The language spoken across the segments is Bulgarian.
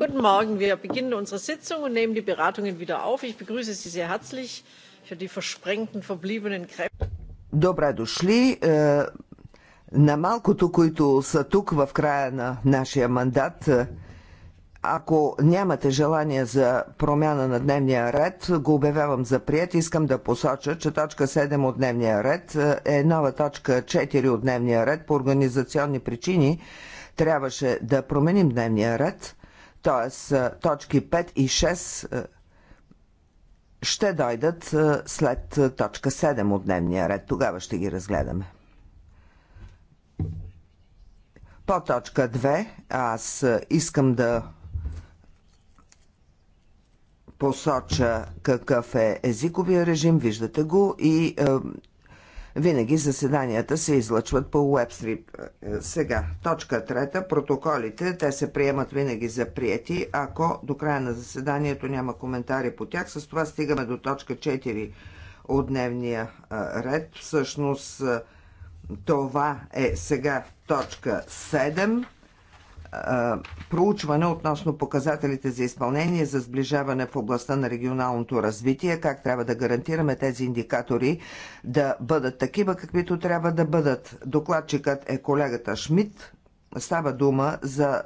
Guten Morgen. Wir beginnen unsere Sitzung und nehmen die Beratungen wieder auf. Ich begrüße Sie sehr herzlich für die versprengten verbliebenen Kräfte. Добре дошли е, на малкото, които са тук в края на нашия мандат. Ако нямате желание за промяна на дневния ред, го обявявам за прият. Искам да посоча, че точка 7 от дневния ред е, е нова точка 4 от дневния ред. По организационни причини трябваше да променим дневния ред т.е. точки 5 и 6 е, ще дойдат е, след е, точка 7 от дневния ред. Тогава ще ги разгледаме. По точка 2 аз искам да посоча какъв е езиковия режим, виждате го и винаги заседанията се излъчват по уебстрит. Сега, точка трета, протоколите, те се приемат винаги за прияти, ако до края на заседанието няма коментари по тях. С това стигаме до точка 4 от дневния е, ред. Всъщност е, това е сега точка 7 проучване относно показателите за изпълнение за сближаване в областта на регионалното развитие, как трябва да гарантираме тези индикатори да бъдат такива, каквито трябва да бъдат. Докладчикът е колегата Шмидт. Става дума за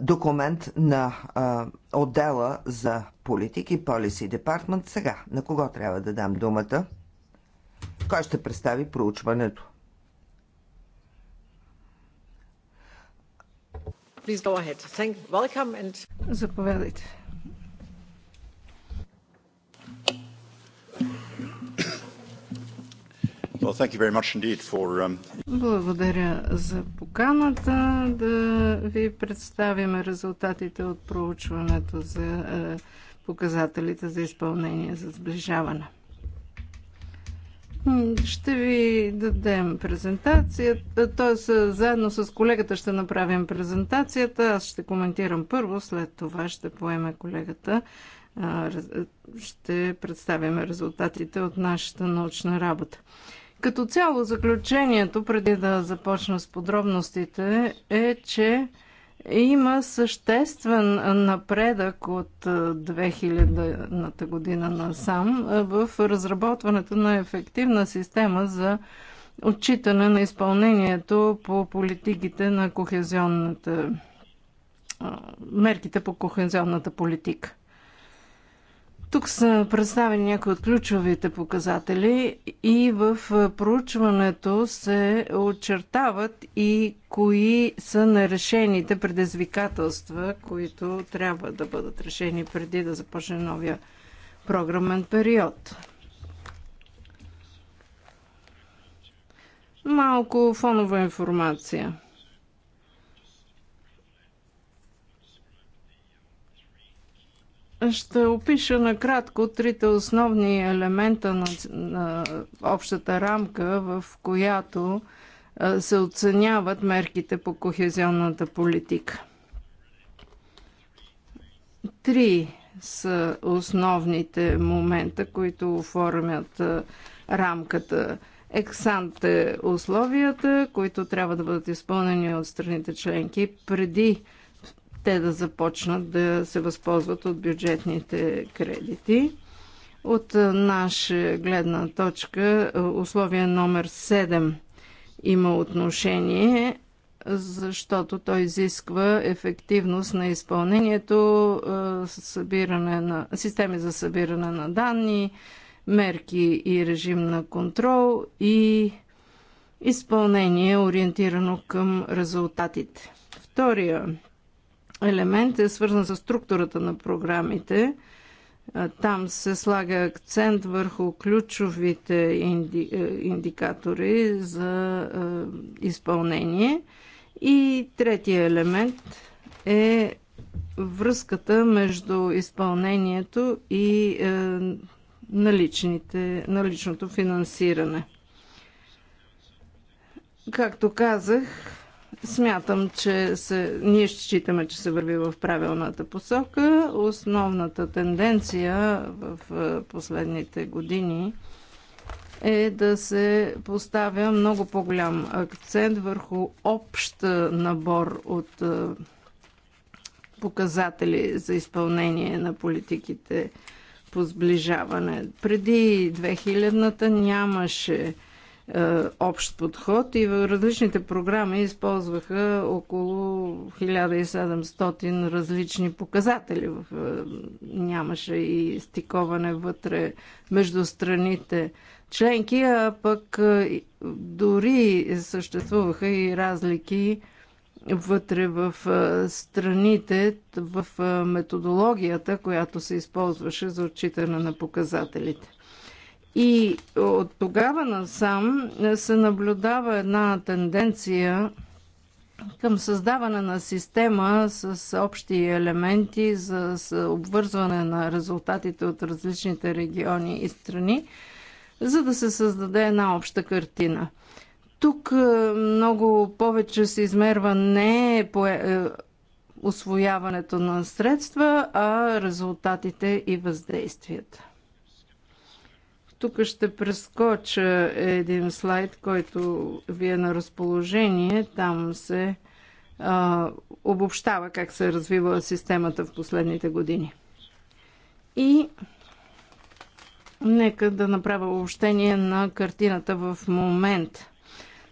документ на а, отдела за политики, Policy Department. Сега, на кого трябва да дам думата? Кой ще представи проучването? Please go ahead. welcome and... Заповядайте. Well, thank you very much indeed for, um, Благодаря за поканата да ви представим резултатите от проучването за е, показателите за изпълнение за сближаване. Ще ви дадем презентацията, т.е. заедно с колегата ще направим презентацията. Аз ще коментирам първо, след това ще поеме колегата. Ще представим резултатите от нашата научна работа. Като цяло заключението, преди да започна с подробностите, е, че има съществен напредък от 2000-та година насам в разработването на ефективна система за отчитане на изпълнението по политиките на кохезионната мерките по кохезионната политика. Тук са представени някои от ключовите показатели и в проучването се очертават и кои са нарешените предизвикателства, които трябва да бъдат решени преди да започне новия програмен период. Малко фонова информация – Ще опиша накратко трите основни елемента на, на общата рамка, в която се оценяват мерките по кохезионната политика. Три са основните момента, които оформят рамката. Ексанте условията, които трябва да бъдат изпълнени от страните членки преди те да започнат да се възползват от бюджетните кредити. От наша гледна точка, условие номер 7 има отношение, защото той изисква ефективност на изпълнението, събиране на, системи за събиране на данни, мерки и режим на контрол и изпълнение ориентирано към резултатите. Втория елемент е свързан с структурата на програмите. Там се слага акцент върху ключовите инди, е, индикатори за е, изпълнение. И третия елемент е връзката между изпълнението и е, наличните, наличното финансиране. Както казах, Смятам, че се, ние считаме, че се върви в правилната посока. Основната тенденция в е, последните години е да се поставя много по-голям акцент върху общ набор от е, показатели за изпълнение на политиките по сближаване. Преди 2000-та нямаше е, общ подход и в различните програми използваха около 1700 различни показатели. Е, нямаше и стиковане вътре между страните членки, а пък е, дори съществуваха и разлики вътре в страните, в методологията, която се използваше за отчитане на показателите. И от тогава насам е, се наблюдава една тенденция към създаване на система с общи елементи за обвързване на резултатите от различните региони и страни, за да се създаде една обща картина. Тук е, много повече се измерва не по е, освояването на средства, а резултатите и въздействията. Тук ще прескоча един слайд, който ви е на разположение. Там се а, обобщава как се е развивала системата в последните години. И нека да направя обобщение на картината в момент,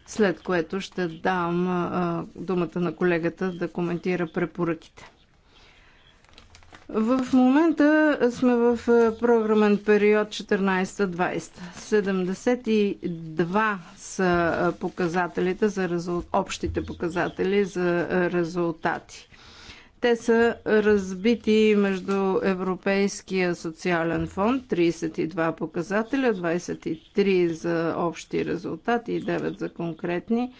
след което ще дам а, думата на колегата да коментира препоръките. В момента сме в е, програмен период 14-20. 72 са е, показателите за резул... общите показатели за е, резултати. Те са разбити между Европейския социален фонд, 32 показателя, 23 за общи резултати и 9 за конкретни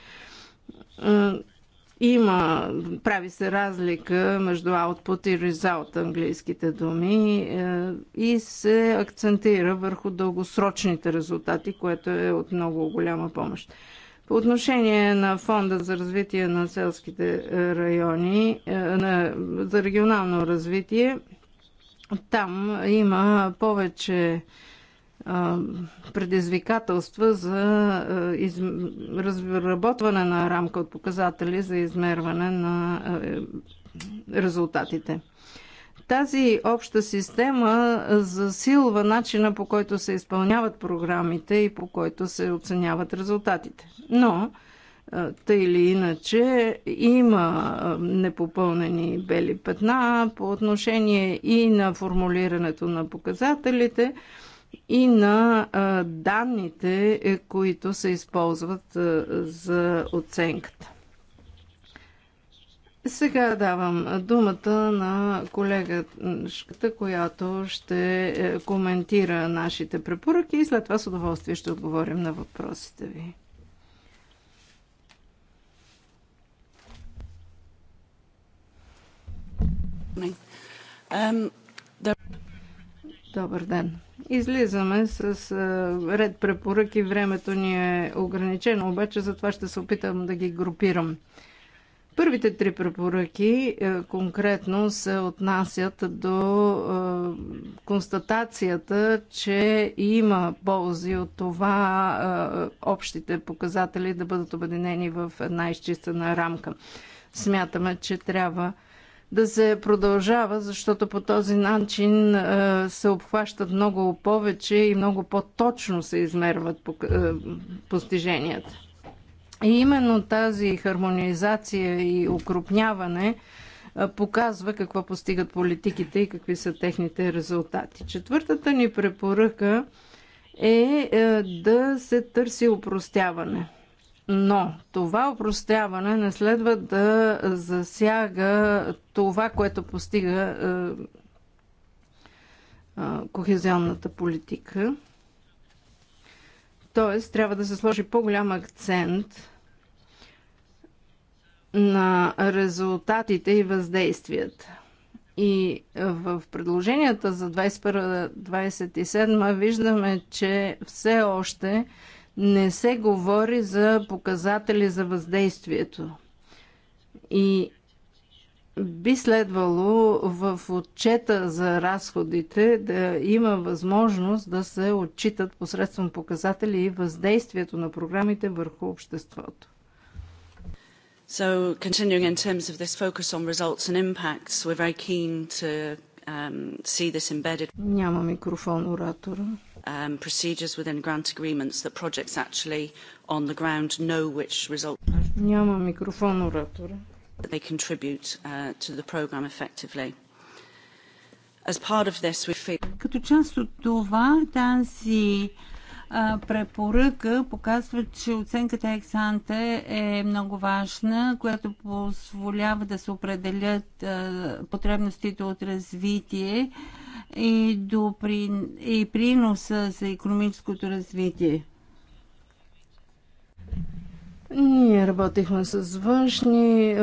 има, прави се разлика между output и result, английските думи, е, и се акцентира върху дългосрочните резултати, което е от много голяма помощ. По отношение на Фонда за развитие на селските е, райони, е, за регионално развитие, там има повече предизвикателства за разработване на рамка от показатели за измерване на е, резултатите. Тази обща система засилва начина по който се изпълняват програмите и по който се оценяват резултатите. Но, тъй или иначе, има непопълнени бели петна по отношение и на формулирането на показателите – и на данните, е, които се използват за оценката. Сега давам думата на колегата, която ще е, коментира нашите препоръки и след това с удоволствие ще отговорим на въпросите ви. Um, Добър ден. Излизаме с ред препоръки. Времето ни е ограничено, обаче затова ще се опитам да ги групирам. Първите три препоръки конкретно се отнасят до констатацията, че има ползи от това общите показатели да бъдат обединени в една изчистена рамка. Смятаме, че трябва да се продължава, защото по този начин се обхващат много повече и много по-точно се измерват постиженията. И именно тази хармонизация и укрупняване показва какво постигат политиките и какви са техните резултати. Четвъртата ни препоръка е, е да се търси упростяване. Но това опростяване не следва да засяга това, което постига е, е, кохезионната политика. Тоест, трябва да се сложи по-голям акцент на резултатите и въздействията. И в предложенията за 2021-2027 виждаме, че все още не се говори за показатели за въздействието. И би следвало в отчета за разходите да има възможност да се отчитат посредством показатели и въздействието на програмите върху обществото. So, continuing in terms of this focus on results and impacts, we're very keen to um, see this embedded. Няма микрофон оратора um, procedures within grant agreements that projects actually on the ground know which result that they contribute uh, to the program effectively. As part of this, we feel... Като част от това, тази препоръка показва, че оценката ексанте е много важна, която позволява да се определят потребностите от развитие и, до при... и приноса за економическото развитие? Ние работихме с външни, е,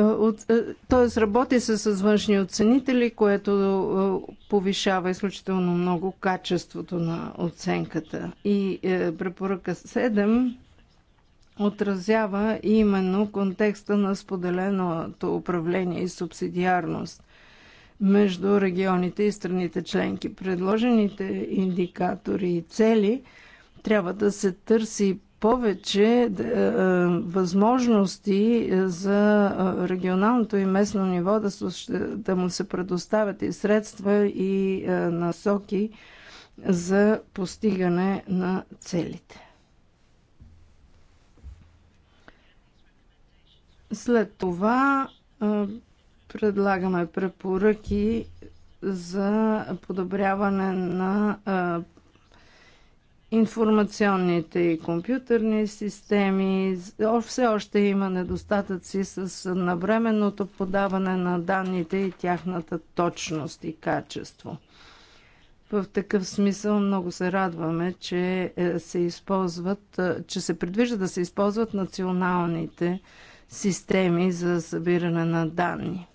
е, т.е. работи се с външни оценители, което е, повишава изключително много качеството на оценката. И препоръка 7 отразява именно контекста на споделеното управление и субсидиарност между регионите и страните членки. Предложените индикатори и цели трябва да се търси повече е, е, възможности е, за регионалното и местно ниво да, да му се предоставят и средства и насоки за постигане на целите. След това Предлагаме препоръки за подобряване на а, информационните и компютърни системи. Все още има недостатъци с навременното подаване на данните и тяхната точност и качество. В такъв смисъл много се радваме, че е, се използват, е, че се предвижда да се използват националните системи за събиране на данни.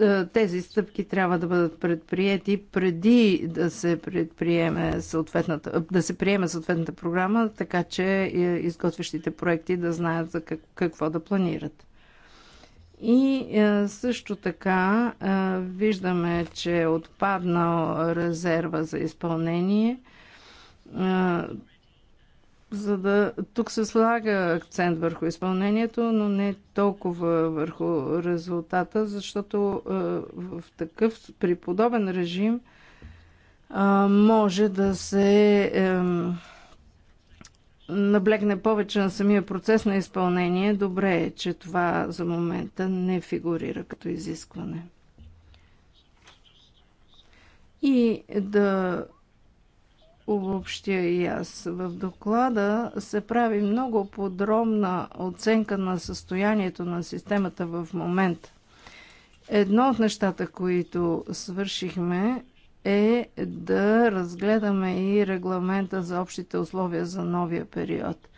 Е, тези стъпки трябва да бъдат предприяти преди да се предприеме съответната, да се приеме съответната програма, така че е, изготвящите проекти да знаят за как, какво да планират. И е, също така виждаме, че е отпаднал резерва за изпълнение – за да тук се слага акцент върху изпълнението, но не толкова върху резултата, защото е, в такъв, при подобен режим е, може да се е, наблегне повече на самия процес на изпълнение. Добре е, че това за момента не фигурира като изискване. И да обобщя и аз. В доклада се прави много подробна оценка на състоянието на системата в момента. Едно от нещата, които свършихме, е да разгледаме и регламента за общите условия за новия период.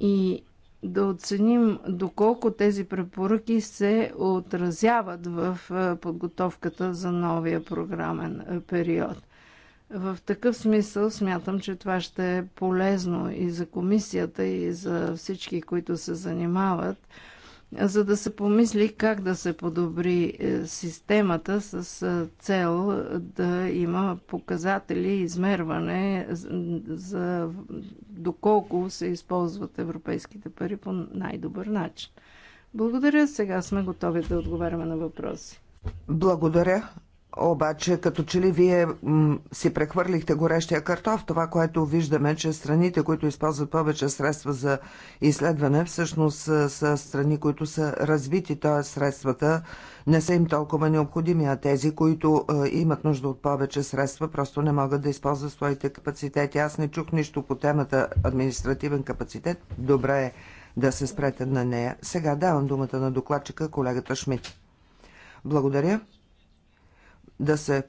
И да оценим доколко тези препоръки се отразяват в подготовката за новия програмен период. В такъв смисъл смятам, че това ще е полезно и за комисията, и за всички, които се занимават, за да се помисли как да се подобри е, системата с е, цел е, да има показатели и измерване за доколко се използват европейските пари по най-добър начин. Благодаря. Сега сме готови да отговаряме на въпроси. Благодаря. Обаче, като че ли вие си прехвърлихте горещия картоф, това, което виждаме, че страните, които използват повече средства за изследване, всъщност са, са страни, които са развити, т.е. средствата не са им толкова необходими, а тези, които е, имат нужда от повече средства, просто не могат да използват своите капацитети. Аз не чух нищо по темата административен капацитет. Добре е да се спрете на нея. Сега давам думата на докладчика, колегата Шмидт. Благодаря да се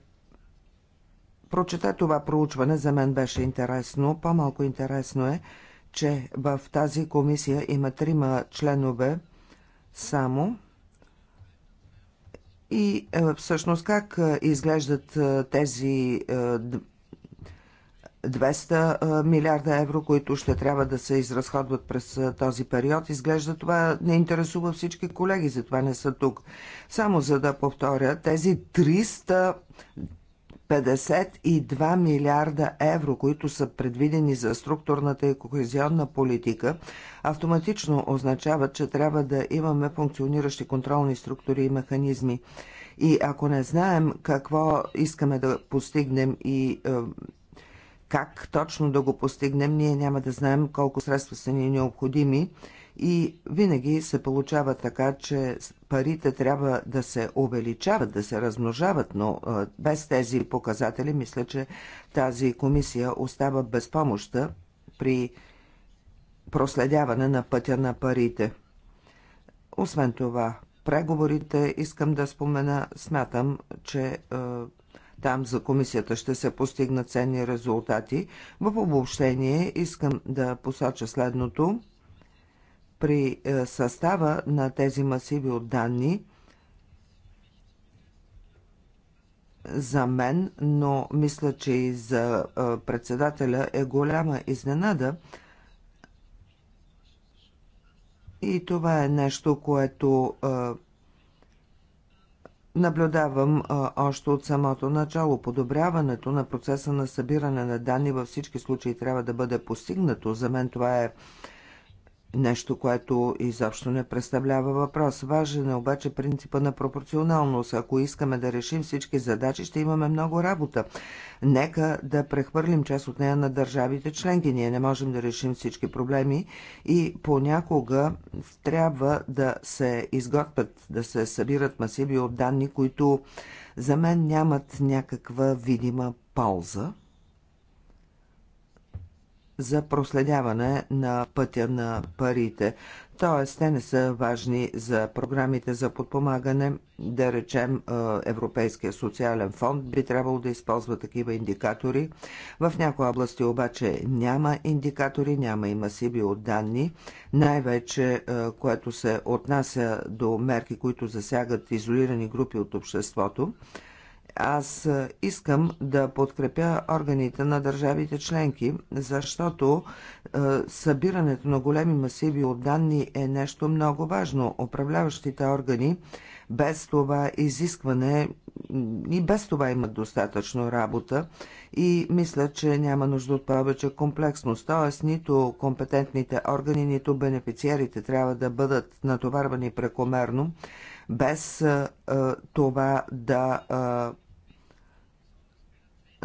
прочете това проучване. За мен беше интересно. По-малко интересно е, че в тази комисия има трима членове само. И е, всъщност как е, изглеждат е, тези 200 милиарда евро, които ще трябва да се изразходват през този период. Изглежда това не интересува всички колеги, затова не са тук. Само за да повторя, тези 352 милиарда евро, които са предвидени за структурната и кохезионна политика, автоматично означават, че трябва да имаме функциониращи контролни структури и механизми. И ако не знаем какво искаме да постигнем и е, как точно да го постигнем, ние няма да знаем колко средства са ни необходими и винаги се получава така, че парите трябва да се увеличават, да се размножават, но без тези показатели мисля, че тази комисия остава без помощта при проследяване на пътя на парите. Освен това, преговорите искам да спомена, смятам, че там за комисията ще се постигнат ценни резултати. В обобщение искам да посоча следното. При е, състава на тези масиви от данни за мен, но мисля, че и за е, председателя е голяма изненада, и това е нещо, което а, е, Наблюдавам а, още от самото начало подобряването на процеса на събиране на данни във всички случаи трябва да бъде постигнато. За мен това е нещо, което изобщо не представлява въпрос. Важен е обаче принципа на пропорционалност. Ако искаме да решим всички задачи, ще имаме много работа. Нека да прехвърлим част от нея на държавите членки. Ние не можем да решим всички проблеми и понякога трябва да се изготвят, да се събират масиви от данни, които за мен нямат някаква видима полза за проследяване на пътя на парите. Тоест, те не са важни за програмите за подпомагане. Да речем, е, Европейския социален фонд би трябвало да използва такива индикатори. В някои области обаче няма индикатори, няма и масиви от данни. Най-вече, е, което се отнася до мерки, които засягат изолирани групи от обществото. Аз е, искам да подкрепя органите на държавите членки, защото е, събирането на големи масиви от данни е нещо много важно. Управляващите органи без това изискване и без това имат достатъчно работа и мисля, че няма нужда от повече комплексност, т.е. нито компетентните органи, нито бенефициарите трябва да бъдат натоварвани прекомерно, без а, е, това да а,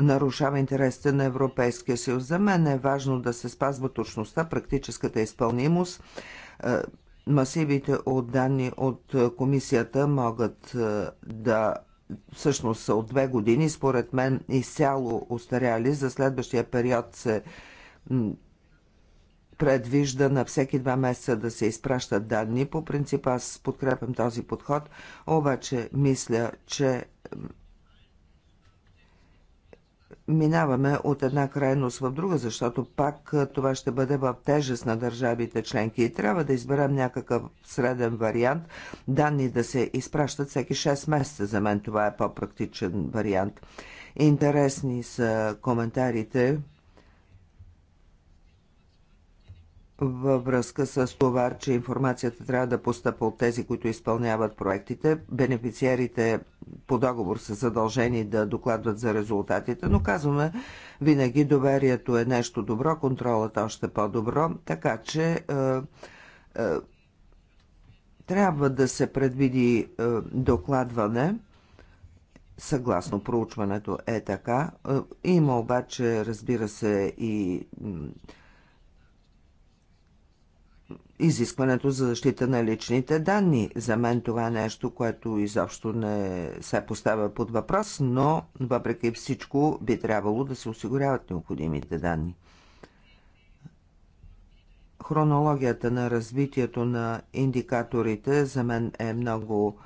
нарушава интересите на Европейския съюз. За мен е важно да се спазва точността, практическата изпълнимост. Е, масивите от данни от е, комисията могат е, да всъщност са от две години, според мен изцяло устаряли. За следващия период се предвижда на всеки два месеца да се изпращат данни. По принцип аз подкрепям този подход, обаче мисля, че минаваме от една крайност в друга, защото пак това ще бъде в тежест на държавите членки и трябва да изберем някакъв среден вариант, данни да се изпращат всеки 6 месеца. За мен това е по-практичен вариант. Интересни са коментарите във връзка с това, че информацията трябва да постъпва от тези, които изпълняват проектите. Бенефициерите по договор са задължени да докладват за резултатите, но казваме, винаги доверието е нещо добро, контролът още по-добро, така че е, е, трябва да се предвиди е, докладване съгласно проучването е така. Е, има обаче, разбира се, и изискването за защита на личните данни. За мен това е нещо, което изобщо не се поставя под въпрос, но въпреки всичко би трябвало да се осигуряват необходимите данни. Хронологията на развитието на индикаторите за мен е много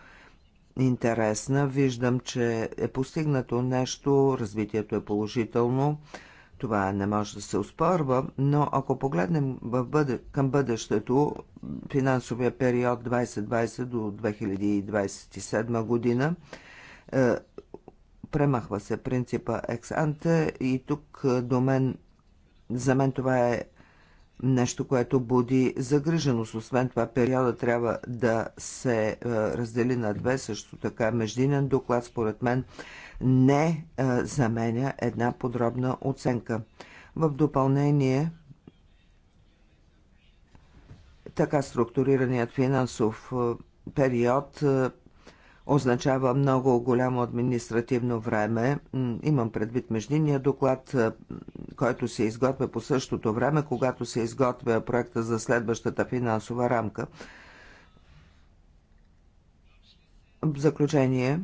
интересна. Виждам, че е постигнато нещо, развитието е положително. Това не може да се успорва, но ако погледнем бъде, към бъдещето, финансовия период 2020 до 2027 година, е, премахва се принципа ex-ante и тук е, до мен, за мен това е нещо, което буди загриженост. Освен това, периода трябва да се е, раздели на две, също така междинен доклад, според мен, не заменя една подробна оценка. В допълнение, така структурираният финансов период означава много голямо административно време. Имам предвид междинния доклад, който се изготвя по същото време, когато се изготвя проекта за следващата финансова рамка. В заключение,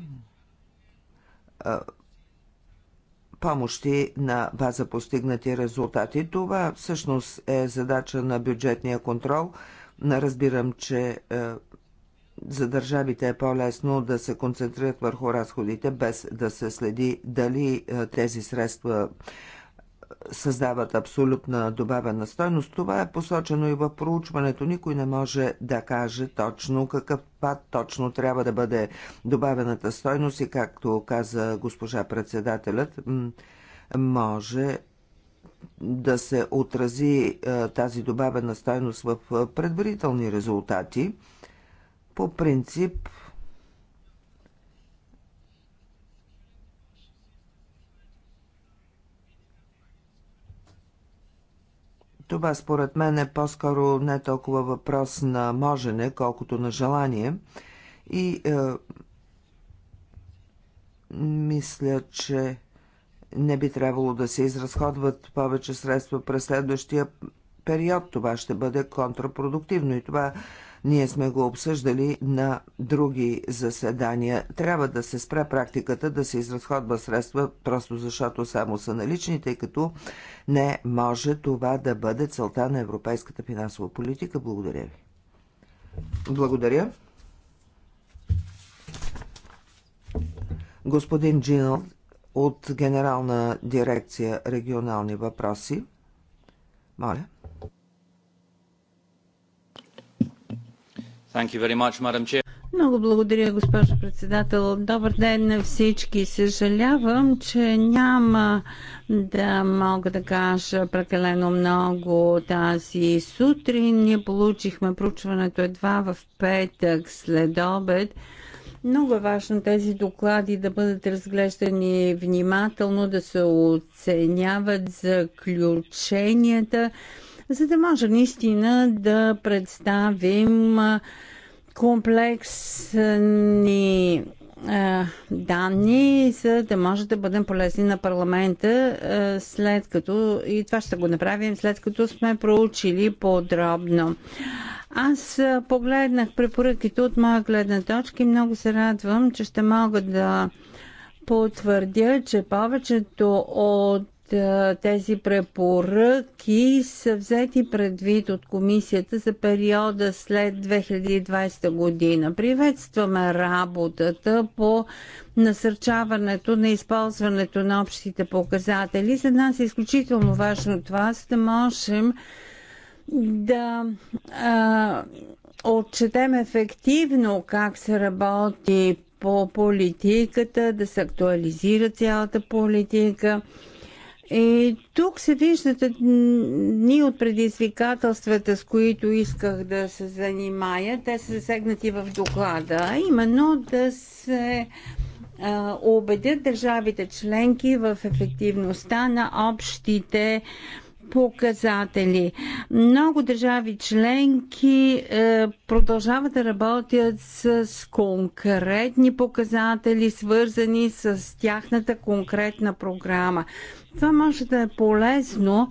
помощи на база постигнати резултати. Това всъщност е задача на бюджетния контрол. Разбирам, че за държавите е по-лесно да се концентрират върху разходите, без да се следи дали тези средства създават абсолютна добавена стойност. Това е посочено и в проучването. Никой не може да каже точно какъв пад точно трябва да бъде добавената стойност и както каза госпожа председателят, може да се отрази е, тази добавена стойност в е, предварителни резултати. По принцип, Това според мен е по-скоро не толкова въпрос на можене, колкото на желание. И е, мисля, че не би трябвало да се изразходват повече средства през следващия период. Това ще бъде контрапродуктивно и това ние сме го обсъждали на други заседания. Трябва да се спре практиката да се изразходва средства, просто защото само са налични, тъй като не може това да бъде целта на европейската финансова политика. Благодаря ви. Благодаря. Господин Джинал от Генерална дирекция регионални въпроси. Моля. Много благодаря, госпожо председател. Добър ден на всички. Съжалявам, че няма да мога да кажа прекалено много тази сутрин. Ние получихме проучването едва в петък след обед. Много е важно тези доклади да бъдат разглеждани внимателно, да се оценяват заключенията за да може наистина да представим комплексни данни, за да може да бъдем полезни на парламента след като и това ще го направим след като сме проучили подробно. Аз погледнах препоръките от моя гледна точка и много се радвам, че ще мога да потвърдя, че повечето от е, тези препоръки са взети предвид от комисията за периода след 2020 година. Приветстваме работата по насърчаването на използването на общите показатели. За нас е изключително важно това, за да можем да а, отчетем ефективно как се работи по политиката, да се актуализира цялата политика. И тук се виждат ни от предизвикателствата, с които исках да се занимая. Те са засегнати в доклада, именно да се убедят държавите членки в ефективността на общите показатели. Много държави членки е, продължават да работят с конкретни показатели, свързани с тяхната конкретна програма. Това може да е полезно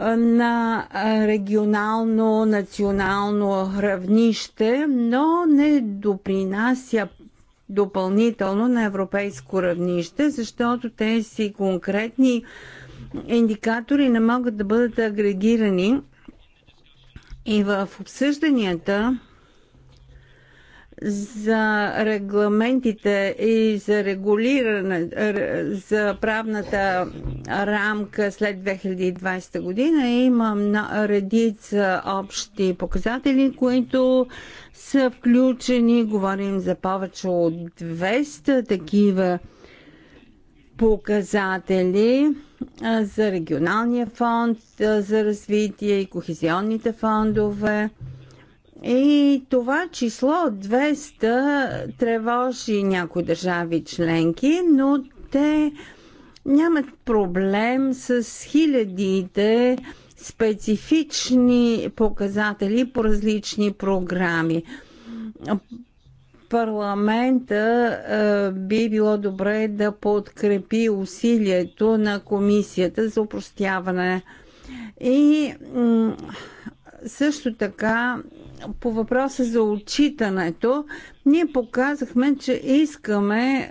е, на регионално, национално равнище, но не допринася допълнително на европейско равнище, защото тези конкретни индикатори не могат да бъдат агрегирани и в обсъжданията за регламентите и за регулиране за правната рамка след 2020 година има редица общи показатели, които са включени. Говорим за повече от 200 такива показатели за регионалния фонд за развитие и кохезионните фондове. И това число от 200 тревожи някои държави членки, но те нямат проблем с хилядите специфични показатели по различни програми парламента е, би било добре да подкрепи усилието на комисията за упростяване. И също така по въпроса за отчитането, ние показахме, че искаме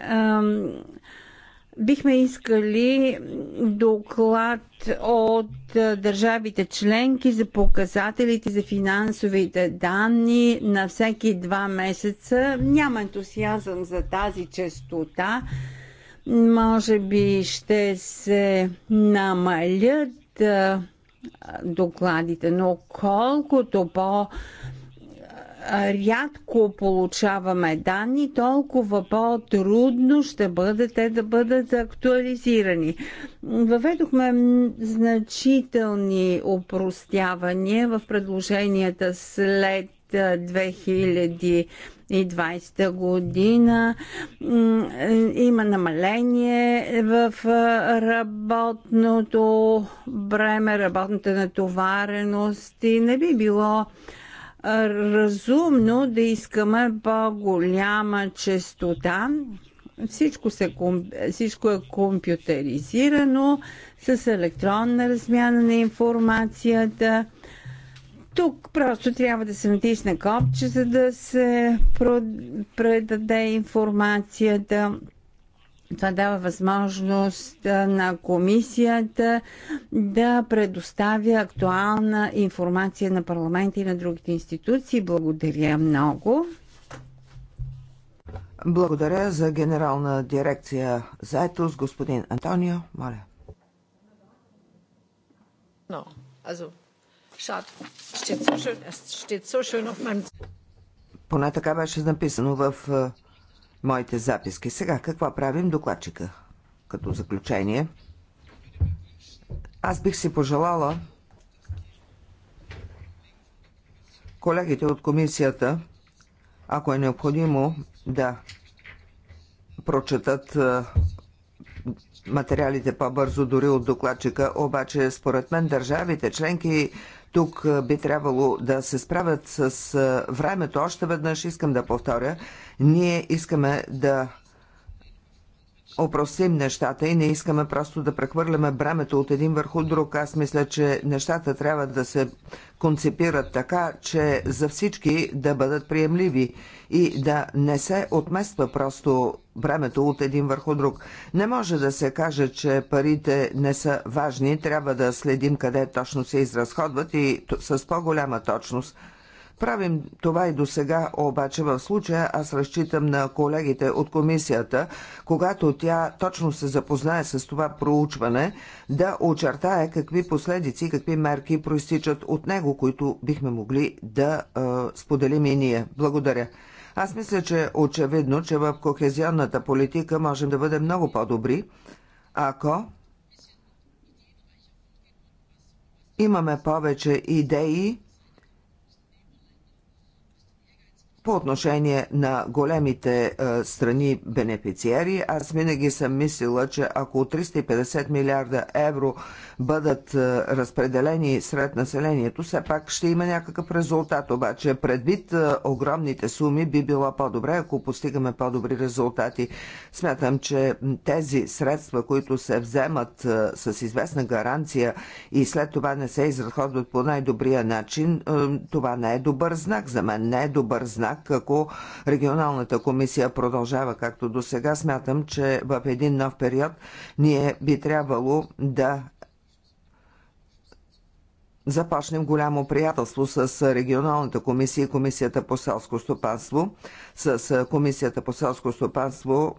Бихме искали доклад от държавите членки за показателите за финансовите данни на всеки два месеца. Няма ентусиазъм за тази честота, Може би ще се намалят докладите, но колкото по- рядко получаваме данни, толкова по-трудно ще бъде те да бъдат актуализирани. Въведохме значителни упростявания в предложенията след 2020 година. Е, има намаление в работното бреме, работната натовареност и не би било разумно да искаме по-голяма честота. Всичко, се, всичко е компютеризирано с електронна размяна на информацията. Тук просто трябва да се натисне копче, за да се предаде информацията това дава възможност на комисията да предоставя актуална информация на парламента и на другите институции. Благодаря много. Благодаря за генерална дирекция заетост, господин Антонио. Моля. No, also, steht so schön, steht so schön auf meinem... Поне така беше написано в моите записки. Сега какво правим докладчика като заключение? Аз бих си пожелала колегите от комисията, ако е необходимо, да прочетат е, материалите по-бързо дори от докладчика, обаче според мен държавите членки тук би трябвало да се справят с времето. Още веднъж искам да повторя. Ние искаме да опростим нещата и не искаме просто да прехвърляме бремето от един върху друг. Аз мисля, че нещата трябва да се концепират така, че за всички да бъдат приемливи и да не се отмества просто бремето от един върху друг. Не може да се каже, че парите не са важни, трябва да следим къде точно се изразходват и с по-голяма точност – Правим това и до сега, обаче в случая аз разчитам на колегите от комисията, когато тя точно се запознае с това проучване, да очертае какви последици, какви мерки проистичат от него, които бихме могли да е, споделим и ние. Благодаря. Аз мисля, че е очевидно, че в кохезионната политика можем да бъдем много по-добри, ако имаме повече идеи, по отношение на големите е, страни бенефициери, аз винаги съм мислила, че ако 350 милиарда евро бъдат е, разпределени сред населението, все пак ще има някакъв резултат. Обаче предвид е, огромните суми би било по-добре, ако постигаме по-добри резултати. Смятам, че тези средства, които се вземат с известна гаранция и след това не се изразходват по най-добрия начин, това не е добър знак. За мен не е добър знак так, ако регионалната комисия продължава както до сега, смятам, че в един нов период ние би трябвало да започнем голямо приятелство с регионалната комисия и комисията по селско стопанство. С комисията по селско стопанство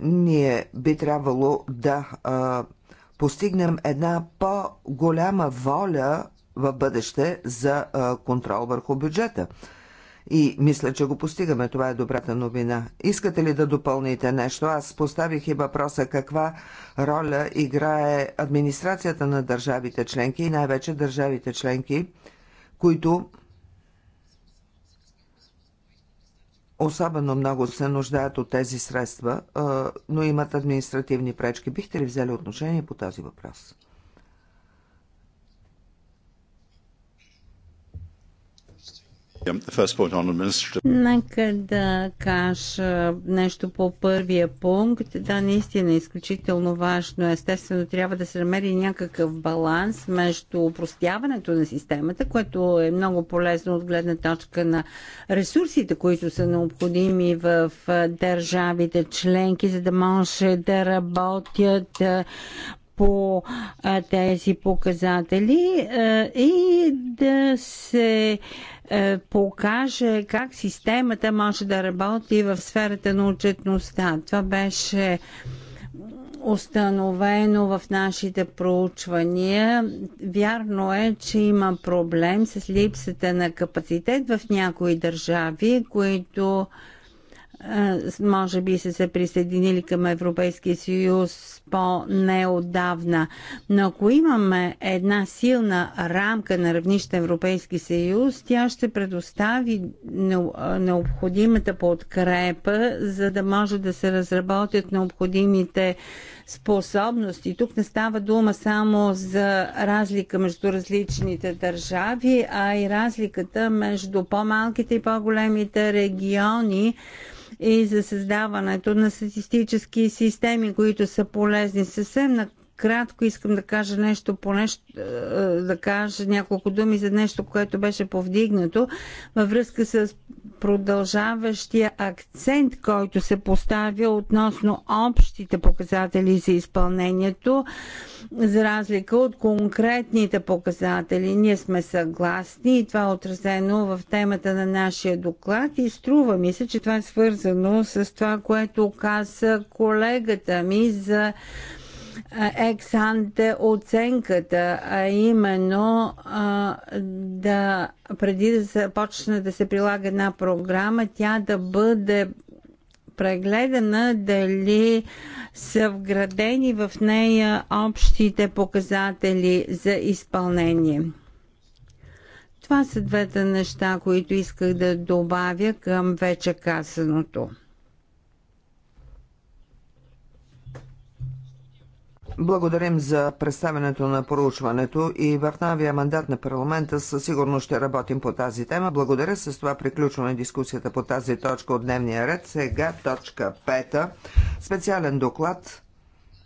ние би трябвало да а, постигнем една по-голяма воля в бъдеще за контрол върху бюджета. И мисля, че го постигаме. Това е добрата новина. Искате ли да допълните нещо? Аз поставих и въпроса каква роля играе администрацията на държавите членки и най-вече държавите членки, които особено много се нуждаят от тези средства, но имат административни пречки. Бихте ли взели отношение по този въпрос? Нека да кажа нещо по първия пункт. Да, наистина е изключително важно. Естествено, трябва да се намери някакъв баланс между упростяването на системата, което е много полезно от гледна точка на ресурсите, които са необходими в държавите членки, за да може да работят по тези показатели и да се е, покаже как системата може да работи в сферата на отчетността. Това беше установено в нашите проучвания. Вярно е, че има проблем с липсата на капацитет в някои държави, които може би са се присъединили към Европейския съюз по-неодавна. Но ако имаме една силна рамка на равнище Европейски съюз, тя ще предостави необходимата подкрепа, за да може да се разработят необходимите способности. Тук не става дума само за разлика между различните държави, а и разликата между по-малките и по-големите региони, и за създаването на статистически системи, които са полезни. Съвсем на кратко искам да кажа нещо по нещо, е, да кажа няколко думи за нещо, което беше повдигнато във връзка с продължаващия акцент, който се поставя относно общите показатели за изпълнението, за разлика от конкретните показатели. Ние сме съгласни и това е отразено в темата на нашия доклад и струва ми се, че това е свързано с това, което каза колегата ми за ексанте оценката, а именно а, да преди да почне да се прилага една програма, тя да бъде прегледана дали са вградени в нея общите показатели за изпълнение. Това са двете неща, които исках да добавя към вече казаното. Благодарим за представенето на проучването и в новия мандат на парламента със сигурност ще работим по тази тема. Благодаря. С това приключваме дискусията по тази точка от дневния ред. Сега точка Пета. Специален доклад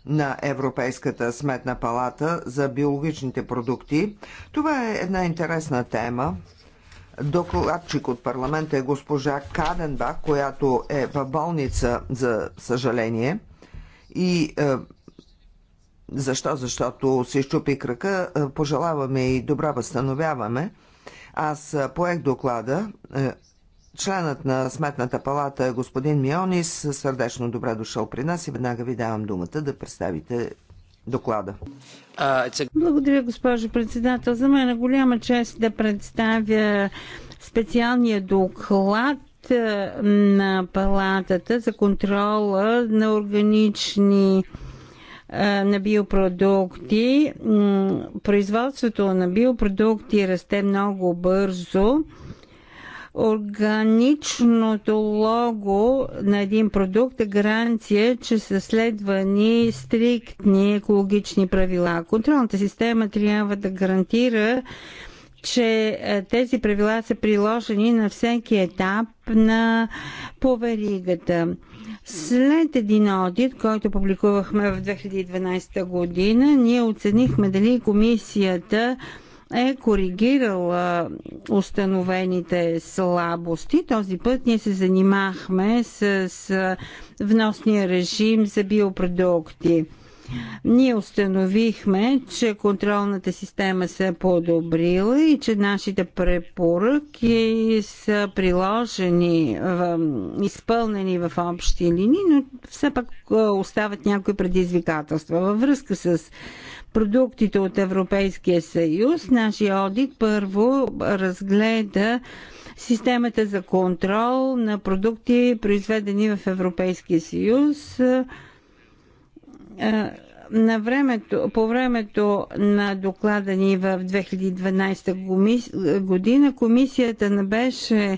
на Европейската сметна палата за биологичните продукти. Това е една интересна тема. Докладчик от парламента е госпожа Каденбах, която е в болница, за съжаление. И е, защо? Защото се щупи крака. Пожелаваме и добра възстановяваме. Аз поех доклада. Членът на Сметната палата, е господин Мионис, сърдечно добре дошъл при нас и веднага ви давам думата да представите доклада. Благодаря, госпожо председател. За мен е голяма чест да представя специалния доклад на палатата за контрола на органични е, на биопродукти. Производството на биопродукти расте много бързо. Органичното лого на един продукт е гаранция, че са следвани стриктни екологични правила. Контролната система трябва да гарантира, че е, тези правила са приложени на всеки етап на поверигата. След един аудит, който публикувахме в 2012 година, ние оценихме дали комисията е коригирала установените слабости. Този път ние се занимахме с вносния режим за биопродукти. Ние установихме, че контролната система се е подобрила и че нашите препоръки са приложени, изпълнени в общи линии, но все пак е, остават някои предизвикателства. Във връзка с продуктите от Европейския съюз, нашия одит първо разгледа системата за контрол на продукти, произведени в Европейския съюз. Е, на времето, по времето на доклада ни в 2012 година комисията не беше е,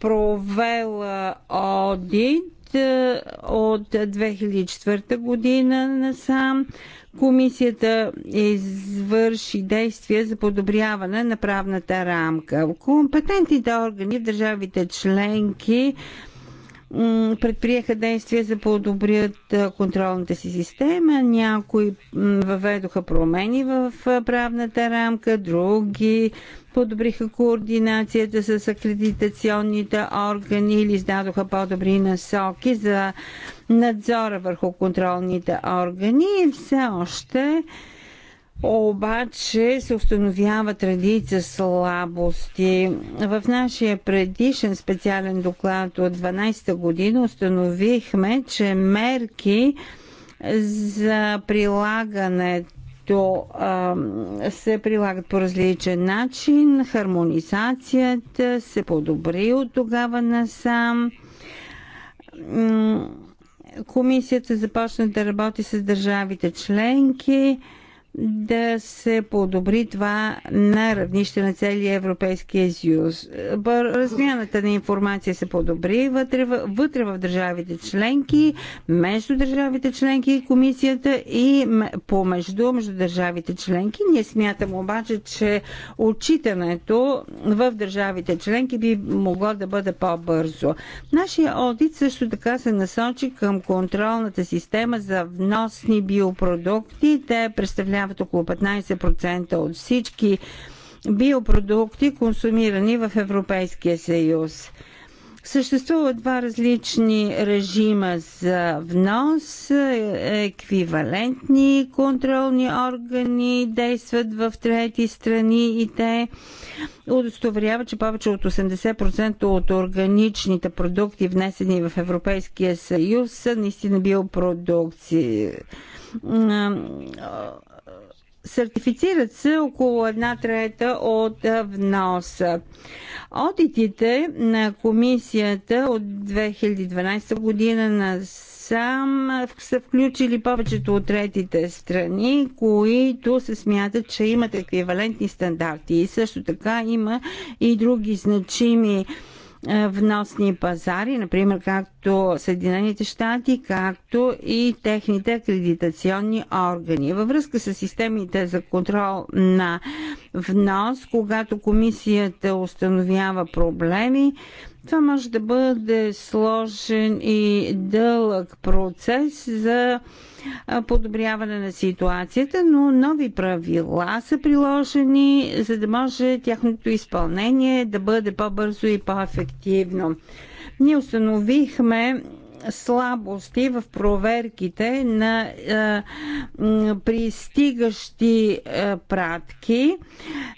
провела одит е, от 2004 година насам. Комисията извърши действия за подобряване на правната рамка. Компетентните органи в държавите членки предприеха действия за подобрят контролната си система. Някои въведоха промени в правната рамка, други подобриха координацията с акредитационните органи или издадоха по-добри насоки за надзора върху контролните органи. И все още обаче се установява традиция слабости. В нашия предишен специален доклад от 12-та година установихме, че мерки за прилагането а, се прилагат по различен начин. Хармонизацията се подобри от тогава насам. Комисията започна да работи с държавите членки да се подобри това на равнище на целия Европейския съюз. Размяната на информация се подобри вътре, вътре в държавите членки, между държавите членки и комисията и помежду между държавите членки. Ние смятам обаче, че отчитането в държавите членки би могло да бъде по-бързо. Нашия одит също така се насочи към контролната система за вносни биопродукти. Те представляват представляват около 15% от всички биопродукти, консумирани в Европейския съюз. Съществуват два различни режима за внос, еквивалентни контролни органи действат в трети страни и те удостоверяват, че повече от 80% от органичните продукти, внесени в Европейския съюз, са наистина биопродукции Сертифицират се около една трета от вноса. Одитите на комисията от 2012 година на сам са включили повечето от третите страни, които се смятат, че имат еквивалентни стандарти. И също така има и други значими е, вносни пазари, например както Съединените щати, както и техните акредитационни органи. Във връзка с системите за контрол на внос, когато комисията установява проблеми, това може да бъде сложен и дълъг процес за подобряване на ситуацията, но нови правила са приложени, за да може тяхното изпълнение да бъде по-бързо и по-ефективно. Ние установихме слабости в проверките на а, е, пристигащи а, е, пратки.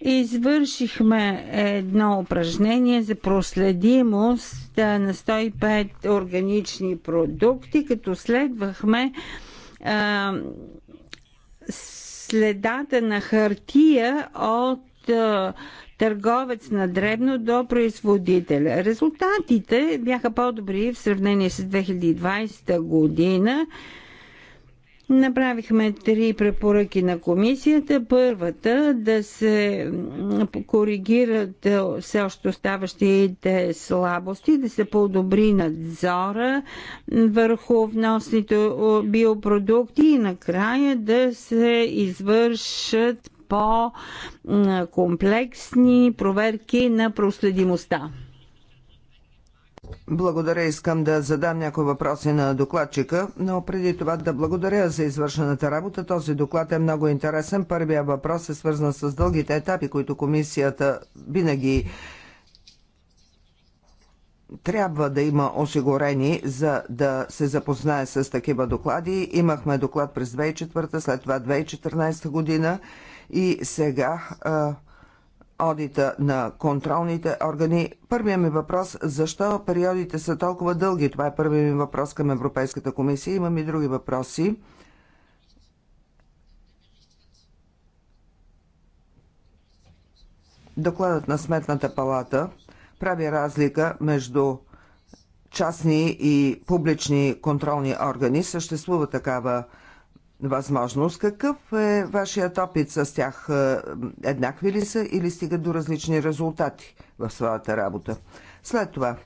Извършихме едно упражнение за проследимост а, е, на 105 органични продукти, като следвахме а, следата на хартия от търговец на дребно до производителя. Резултатите бяха по-добри в сравнение с 2020 година. Направихме три препоръки на комисията. Първата да се коригират все още оставащите слабости, да се подобри надзора върху вносните биопродукти и накрая да се извършат по-комплексни проверки на проследимостта. Благодаря. Искам да задам някои въпроси на докладчика, но преди това да благодаря за извършената работа. Този доклад е много интересен. Първия въпрос е свързан с дългите етапи, които комисията винаги трябва да има осигурени, за да се запознае с такива доклади. Имахме доклад през 2004, след това 2014 година и сега а, одита на контролните органи. Първият ми въпрос – защо периодите са толкова дълги? Това е първият ми въпрос към Европейската комисия. Имам и други въпроси. Докладът на Сметната палата прави разлика между частни и публични контролни органи. Съществува такава възможност. Какъв е вашият опит с тях? Е, еднакви ли са или стигат до различни резултати в своята работа? След това,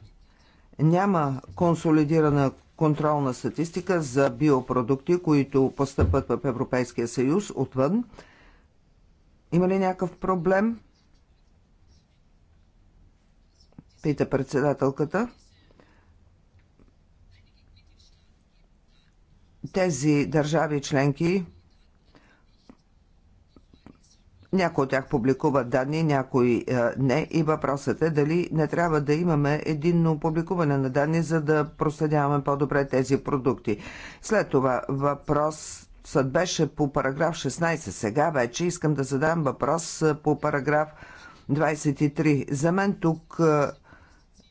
няма консолидирана контролна статистика за биопродукти, които постъпват в Европейския съюз отвън. Има ли някакъв проблем? Пита председателката. тези държави членки, някои от тях публикуват данни, някои е, не. И въпросът е дали не трябва да имаме единно публикуване на данни, за да проследяваме по-добре тези продукти. След това въпрос съд беше по параграф 16. Сега вече искам да задам въпрос е, по параграф 23. За мен тук е,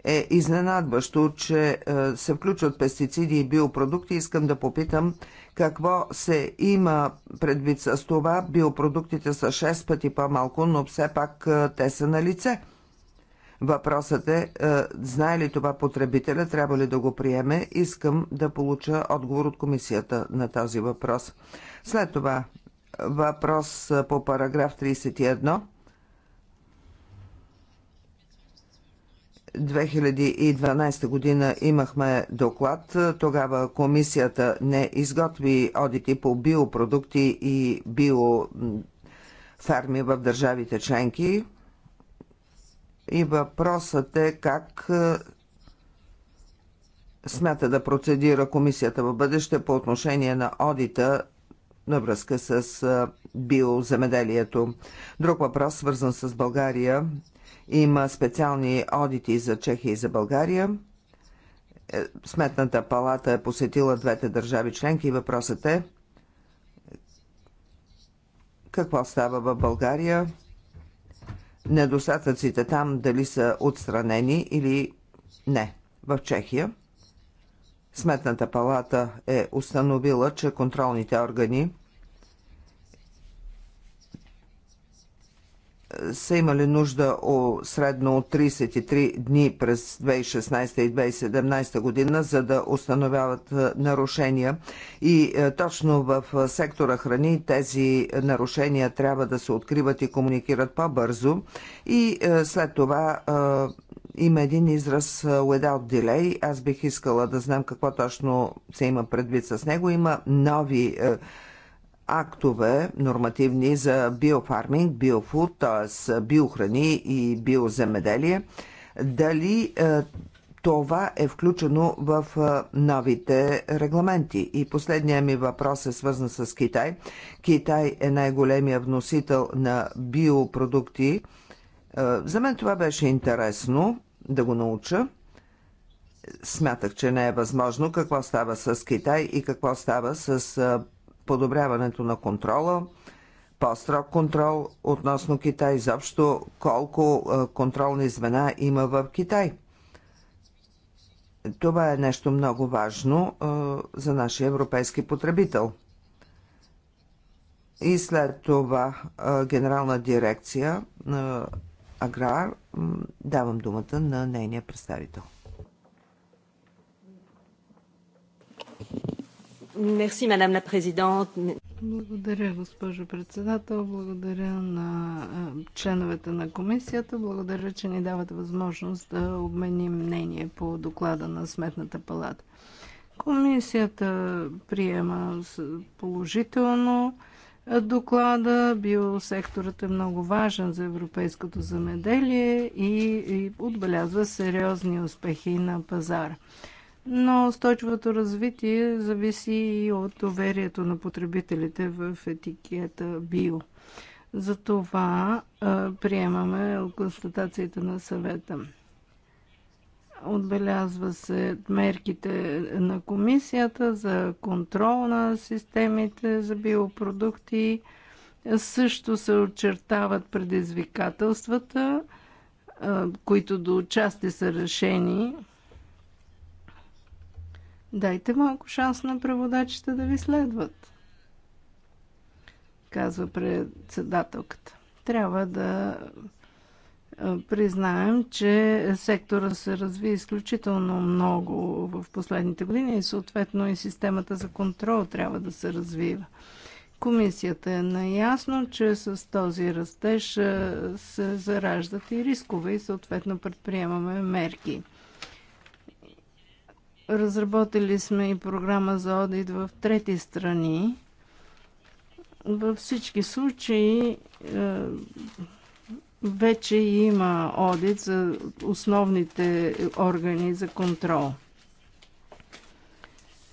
е изненадващо, че е, се включват пестициди и биопродукти. Искам да попитам какво се има предвид с това. Биопродуктите са 6 пъти по-малко, но все пак е, те са на лице. Въпросът е, е, знае ли това потребителя, трябва ли да го приеме? Искам да получа отговор от комисията на този въпрос. След това въпрос по параграф 31. 2012 година имахме доклад. Тогава комисията не изготви одити по биопродукти и биофарми в държавите членки. И въпросът е как е, смята да процедира комисията в бъдеще по отношение на одита на връзка с е, биоземеделието. Друг въпрос, свързан с България, има специални одити за Чехия и за България. Е, Сметната палата е посетила двете държави членки и въпросът е какво става в България, недостатъците там дали са отстранени или не. В Чехия Сметната палата е установила, че контролните органи са имали нужда о средно от 33 дни през 2016 и 2017 година, за да установяват нарушения. И точно в сектора храни тези нарушения трябва да се откриват и комуникират по-бързо. И след това има един израз without delay. Аз бих искала да знам какво точно се има предвид с него. Има нови актове нормативни за биофарминг, биофуд, т.е. биохрани и биоземеделие. Дали е, това е включено в е, новите регламенти. И последният ми въпрос е свързан с Китай. Китай е най-големия вносител на биопродукти. Е, за мен това беше интересно да го науча. Смятах, че не е възможно какво става с Китай и какво става с подобряването на контрола, по-строг контрол относно Китай, изобщо колко е, контролни звена има в Китай. Това е нещо много важно е, за нашия европейски потребител. И след това е, генерална дирекция Аграр давам думата на нейния представител. Мерси, мадам на президент. Благодаря, госпожо председател. Благодаря на членовете на комисията. Благодаря, че ни дават възможност да обменим мнение по доклада на Сметната палата. Комисията приема положително доклада. Биосекторът е много важен за европейското замеделие и, и отбелязва сериозни успехи на пазара но устойчивото развитие зависи и от доверието на потребителите в етикета био. Затова приемаме констатациите на съвета. Отбелязва се мерките на комисията за контрол на системите за биопродукти. Също се очертават предизвикателствата, които до части са решени Дайте малко шанс на преводачите да ви следват, казва председателката. Трябва да признаем, че сектора се разви изключително много в последните години и съответно и системата за контрол трябва да се развива. Комисията е наясно, че с този растеж се зараждат и рискове и съответно предприемаме мерки. Разработили сме и програма за одит в трети страни. Във всички случаи е, вече има одит за основните органи за контрол.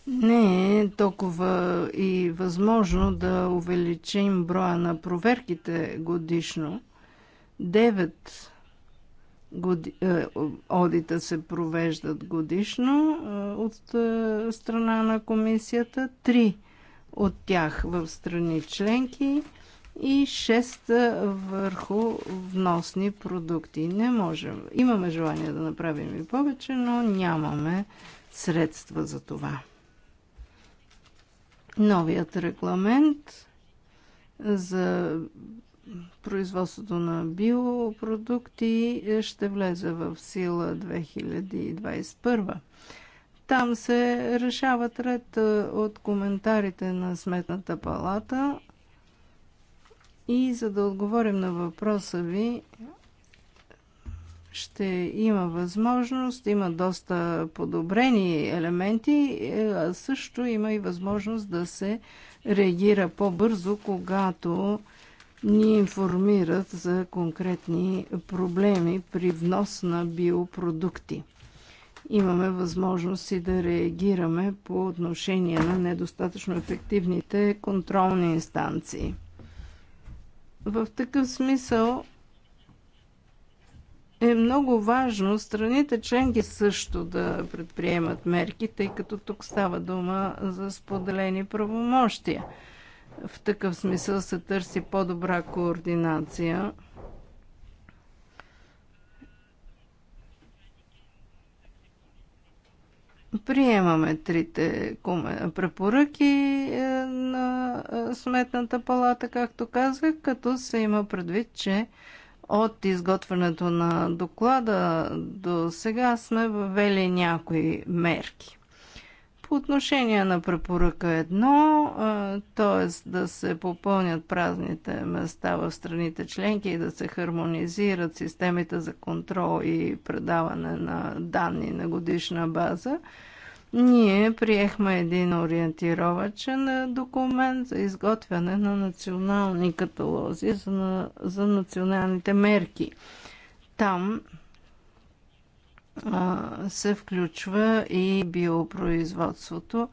Не е толкова и възможно да увеличим броя на проверките годишно. Девет годи, е, одита се провеждат годишно е, от е, страна на комисията, три от тях в страни членки и шест е, върху вносни продукти. Не можем. Имаме желание да направим и повече, но нямаме средства за това. Новият регламент за производството на биопродукти ще влезе в сила 2021. Там се решават ред от коментарите на Сметната палата. И за да отговорим на въпроса ви, ще има възможност, има доста подобрени елементи, а също има и възможност да се реагира по-бързо, когато ни информират за конкретни проблеми при внос на биопродукти. Имаме възможност и да реагираме по отношение на недостатъчно ефективните контролни инстанции. В такъв смисъл е много важно страните членки също да предприемат мерки, тъй като тук става дума за споделени правомощия. В такъв смисъл се търси по-добра координация. Приемаме трите препоръки е, на е, Сметната палата, както казах, като се има предвид, че от изготвянето на доклада до сега сме въвели някои мерки. По отношение на препоръка едно, т.е. да се попълнят празните места в страните членки и да се хармонизират системите за контрол и предаване на данни на годишна база, ние приехме един ориентировачен документ за изготвяне на национални каталози за, на, за националните мерки. Там се включва и биопроизводството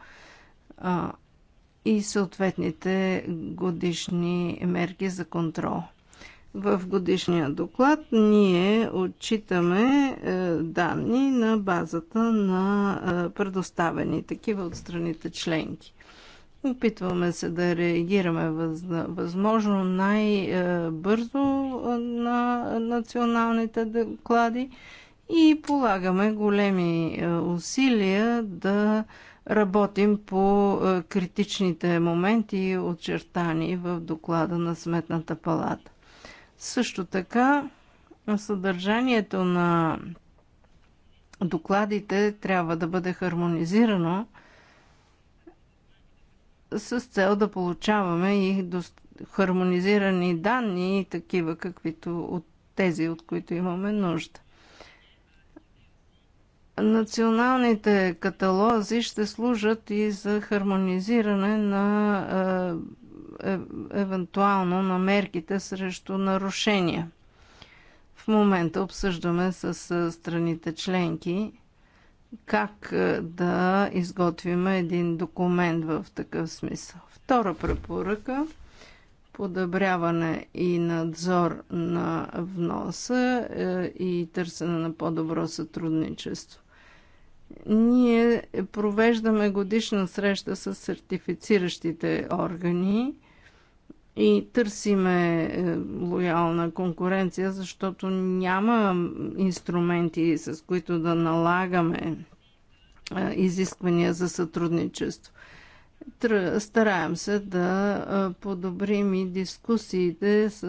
и съответните годишни мерки за контрол. В годишния доклад ние отчитаме е, данни на базата на е, предоставени такива от страните членки. Опитваме се да реагираме възможно най-бързо е, на националните доклади и полагаме големи е, усилия да работим по е, критичните моменти, очертани в доклада на Сметната палата. Също така, съдържанието на докладите трябва да бъде хармонизирано с цел да получаваме и хармонизирани данни, такива каквито от тези, от които имаме нужда. Националните каталози ще служат и за хармонизиране на е, е, евентуално на мерките срещу нарушения. В момента обсъждаме с е, страните членки как е, да изготвим един документ в такъв смисъл. Втора препоръка подобряване и надзор на вноса е, и търсене на по-добро сътрудничество. Ние провеждаме годишна среща с сертифициращите органи и търсиме е, лоялна конкуренция, защото няма инструменти, с които да налагаме е, изисквания за сътрудничество. Стараем се да подобрим и дискусиите с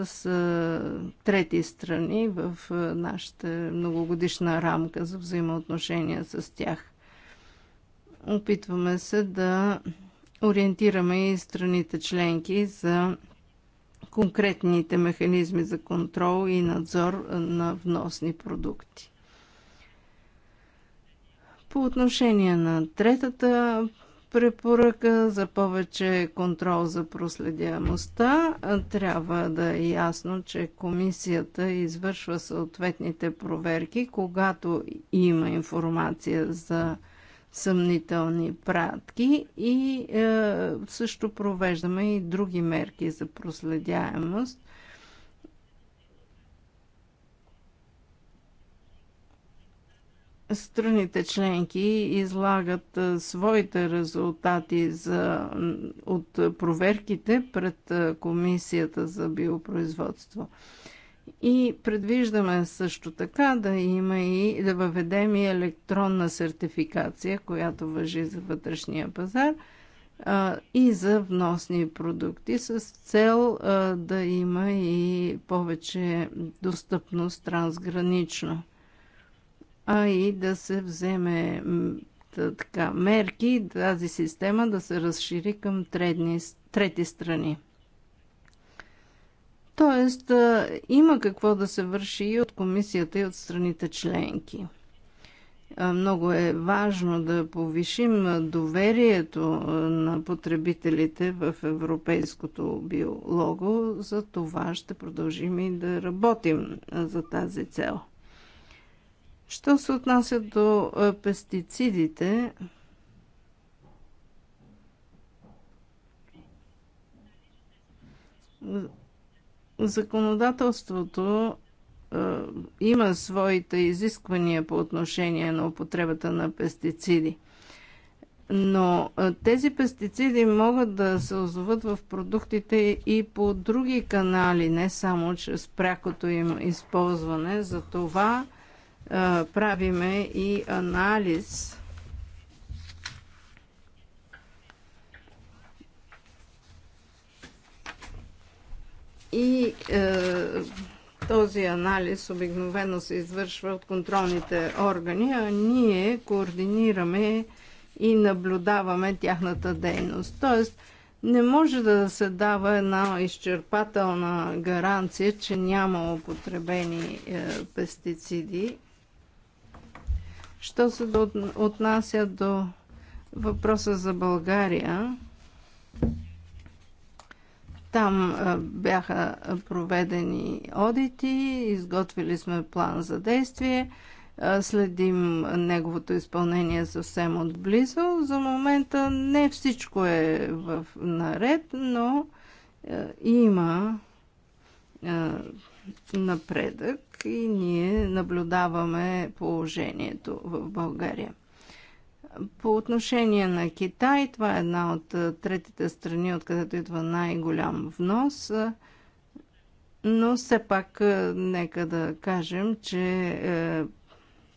трети страни в нашата многогодишна рамка за взаимоотношения с тях. Опитваме се да ориентираме и страните членки за конкретните механизми за контрол и надзор на вносни продукти. По отношение на третата препоръка за повече контрол за проследяемостта. Трябва да е ясно, че комисията извършва съответните проверки, когато има информация за съмнителни пратки и е, също провеждаме и други мерки за проследяемост – страните членки излагат своите резултати за, от проверките пред Комисията за биопроизводство. И предвиждаме също така да има и да въведем и електронна сертификация, която въжи за вътрешния пазар а, и за вносни продукти с цел а, да има и повече достъпност трансгранично а и да се вземе така, мерки тази система да се разшири към тредни, трети страни. Тоест, има какво да се върши и от комисията, и от страните членки. Много е важно да повишим доверието на потребителите в европейското биолого. За това ще продължим и да работим за тази цел. Що се отнася до е, пестицидите, законодателството е, има своите изисквания по отношение на употребата на пестициди. Но е, тези пестициди могат да се озоват в продуктите и по други канали, не само чрез прякото им използване. за това правиме и анализ и е, този анализ обикновено се извършва от контролните органи, а ние координираме и наблюдаваме тяхната дейност. Тоест, не може да се дава една изчерпателна гаранция, че няма употребени е, пестициди Що се отнася до въпроса за България, там бяха проведени одити, изготвили сме план за действие, следим неговото изпълнение съвсем отблизо. За момента не всичко е в наред, но има напредък и ние наблюдаваме положението в България. По отношение на Китай, това е една от третите страни, откъдето идва най-голям внос. Но все пак, нека да кажем, че е,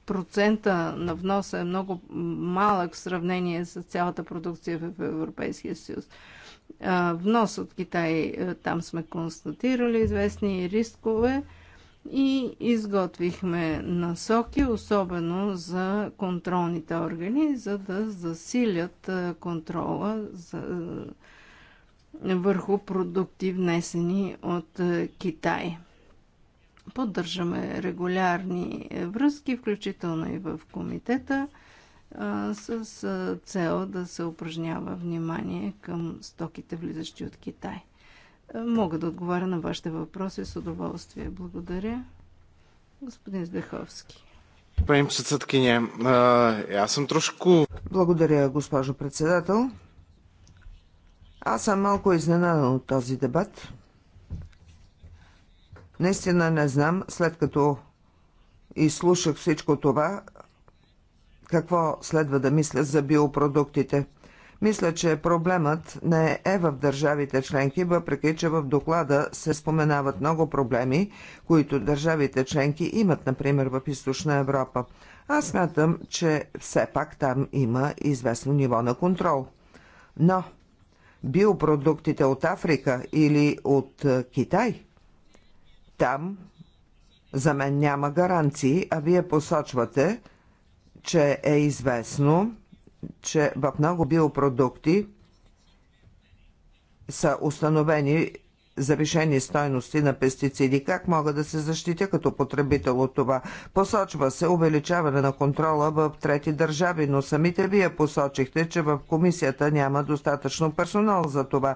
процента на вноса е много малък в сравнение с цялата продукция в Европейския съюз внос от Китай. Там сме констатирали известни рискове и изготвихме насоки, особено за контролните органи, за да засилят контрола за, върху продукти внесени от Китай. Поддържаме регулярни връзки, включително и в комитета – с цел да се упражнява внимание към стоките, влизащи от Китай. Мога да отговаря на вашите въпроси с удоволствие. Благодаря. Господин Здеховски. Пани председкиня, аз съм трошко... Благодаря, госпожо председател. Аз съм малко изненадан от този дебат. Наистина не знам, след като изслушах всичко това, какво следва да мисля за биопродуктите. Мисля, че проблемът не е в държавите членки, въпреки че в доклада се споменават много проблеми, които държавите членки имат, например, в Източна Европа. Аз смятам, че все пак там има известно ниво на контрол. Но биопродуктите от Африка или от е, Китай, там за мен няма гаранции, а вие посочвате – че е известно, че в много биопродукти са установени завишени стойности на пестициди. Как мога да се защитя като потребител от това? Посочва се увеличаване на контрола в трети държави, но самите вие посочихте, че в комисията няма достатъчно персонал за това.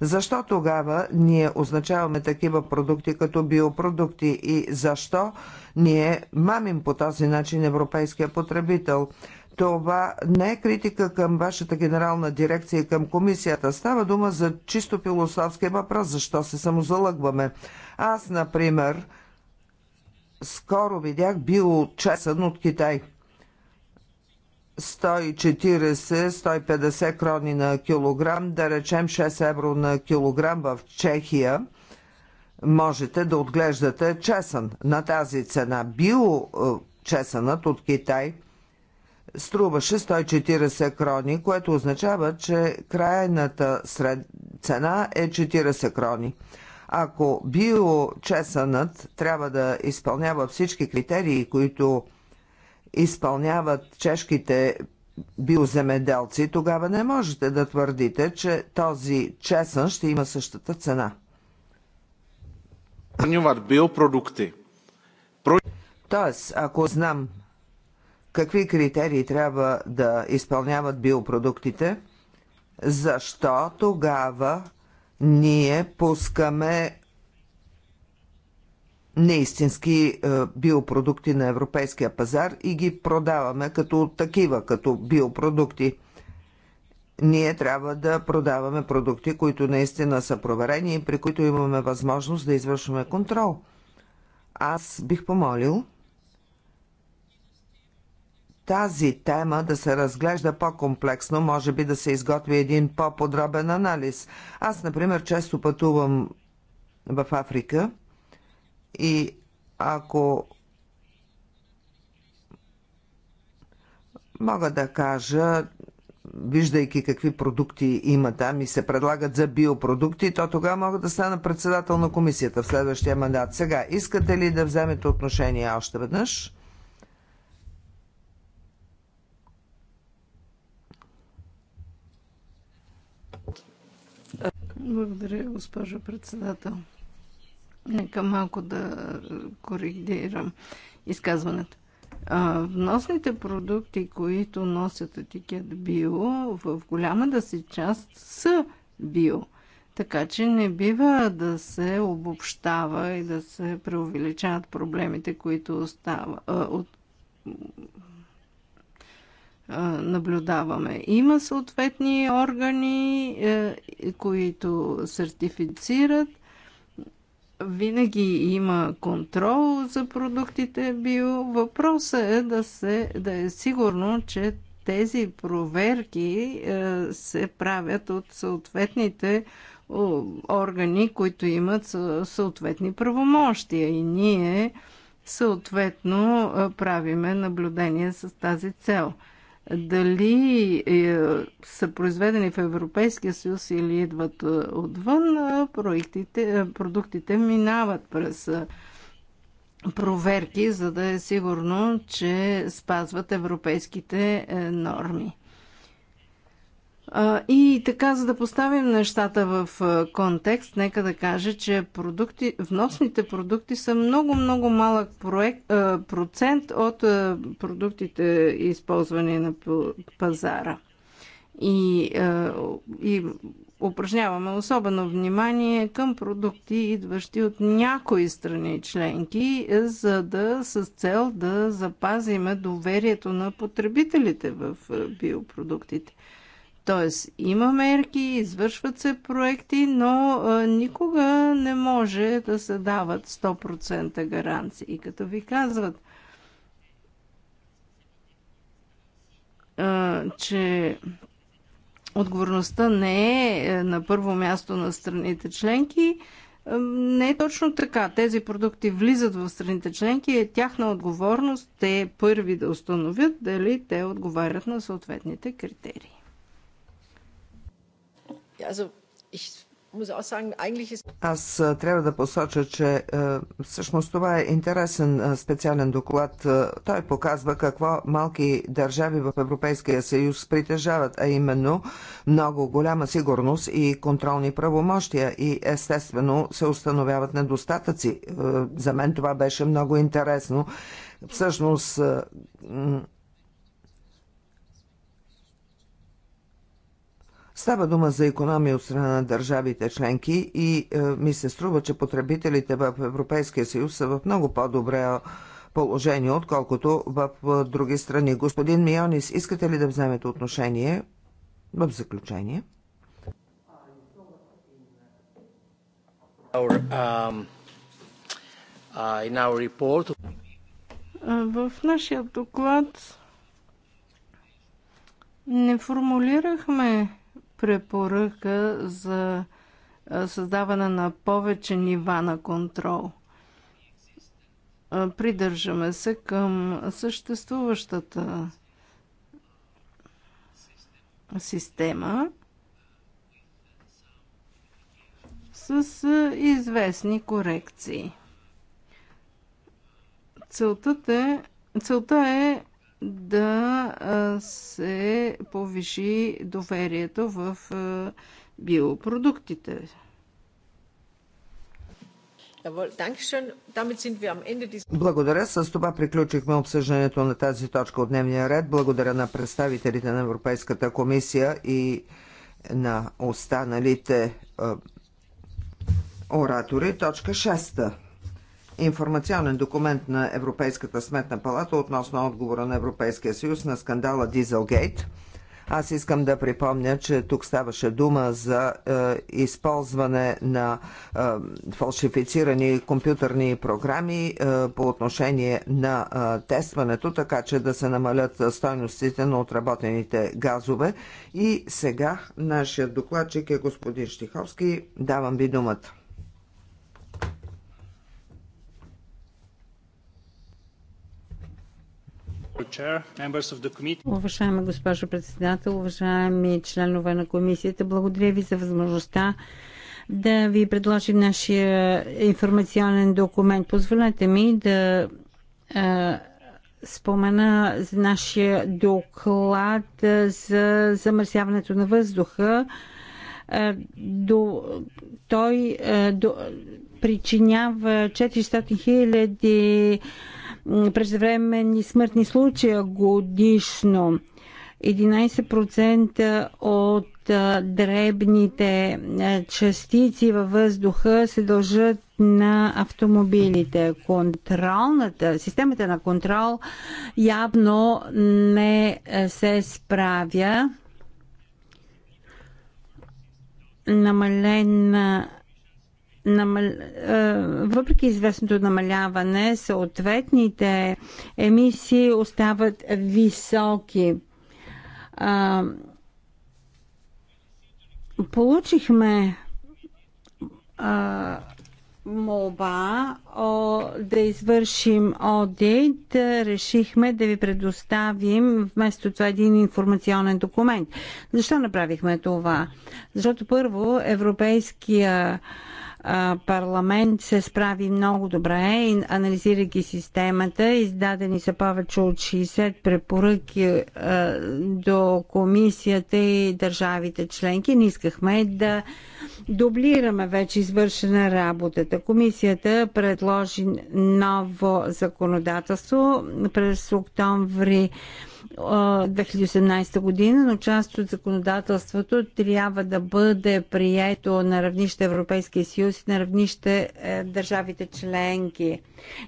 Защо тогава ние означаваме такива продукти като биопродукти и защо ние мамим по този начин европейския потребител? това не е критика към вашата генерална дирекция и към комисията. Става дума за чисто философски въпрос, защо се самозалъгваме. Аз, например, скоро видях бил чесън от Китай. 140-150 крони на килограм, да речем 6 евро на килограм в Чехия, можете да отглеждате чесън на тази цена. Бил е, чесънът от Китай – струваше 140 крони, което означава, че крайната сред... цена е 40 крони. Ако биочесънът трябва да изпълнява всички критерии, които изпълняват чешките биоземеделци, тогава не можете да твърдите, че този чесън ще има същата цена. Тоест, ако знам какви критерии трябва да изпълняват биопродуктите, защо тогава ние пускаме неистински е, биопродукти на европейския пазар и ги продаваме като такива, като биопродукти. Ние трябва да продаваме продукти, които наистина са проверени и при които имаме възможност да извършваме контрол. Аз бих помолил тази тема да се разглежда по-комплексно, може би да се изготви един по-подробен анализ. Аз, например, често пътувам в Африка и ако мога да кажа, виждайки какви продукти има там и се предлагат за биопродукти, то тогава мога да стана председател на комисията в следващия мандат. Сега, искате ли да вземете отношение още веднъж? Благодаря, госпожо председател. Нека малко да коригирам изказването. Вносните продукти, които носят етикет био, в голямата си част са био. Така че не бива да се обобщава и да се преувеличават проблемите, които остава, от, наблюдаваме. Има съответни органи, е, които сертифицират. Винаги има контрол за продуктите био. Въпросът е да, се, да е сигурно, че тези проверки е, се правят от съответните органи, които имат съответни правомощия. И ние съответно е, правиме наблюдение с тази цел – дали е, са произведени в Европейския съюз или идват е, отвън, е, проектите, продуктите минават през проверки, за да е сигурно, че спазват европейските норми. И така, за да поставим нещата в контекст, нека да кажа, че продукти, вносните продукти са много-много малък проект, процент от продуктите, използвани на пазара. И, и упражняваме особено внимание към продукти, идващи от някои страни членки, за да с цел да запазиме доверието на потребителите в биопродуктите. Тоест, има мерки, извършват се проекти, но а, никога не може да се дават 100% гаранции. И като ви казват, а, че отговорността не е, е на първо място на страните членки, не е точно така. Тези продукти влизат в страните членки е тяхна отговорност те първи да установят дали те отговарят на съответните критерии аз трябва да посоча, че всъщност това е интересен специален доклад. Той показва какво малки държави в Европейския съюз притежават, а именно много голяма сигурност и контролни правомощия и естествено се установяват недостатъци. За мен това беше много интересно. Всъщност Става дума за економия от страна на държавите членки и е, ми се струва, че потребителите в Европейския съюз са в много по-добре положение, отколкото в е, други страни. Господин Мионис, искате ли да вземете отношение в заключение? Um, uh, в нашия доклад не формулирахме препоръка за създаване на повече нива на контрол. Придържаме се към съществуващата система с известни корекции. Целта е, целта е да се повиши доверието в биопродуктите. Благодаря. С това приключихме обсъждането на тази точка от дневния ред. Благодаря на представителите на Европейската комисия и на останалите оратори. Точка 6 информационен документ на Европейската сметна палата относно отговора на Европейския съюз на скандала Дизелгейт. Аз искам да припомня, че тук ставаше дума за е, използване на е, фалшифицирани компютърни програми е, по отношение на е, тестването, така че да се намалят стойностите на отработените газове. И сега нашия докладчик е господин Штиховски. Давам ви думата. Уважаема госпожо председател, уважаеми членове на комисията, благодаря ви за възможността да ви предложим нашия информационен документ. Позволете ми да а, спомена за нашия доклад за замърсяването на въздуха. А, до, той а, до, причинява 400 хиляди 000 преждевременни смъртни случая годишно. 11% от дребните частици във въздуха се дължат на автомобилите. Контролната, системата на контрол явно не се справя. Намалена намаля... Е, въпреки известното намаляване, съответните емисии остават високи. Получихме молба о, да извършим одит, решихме да ви предоставим вместо това един информационен документ. Защо направихме това? Защото първо Европейския парламент се справи много добре, анализирайки системата. Издадени са повече от 60 препоръки до комисията и държавите членки. Не искахме да дублираме вече извършена работата. Комисията предложи ново законодателство през октомври 2018 година, но част от законодателството трябва да бъде прието на равнище Европейския съюз и на равнище е, държавите членки.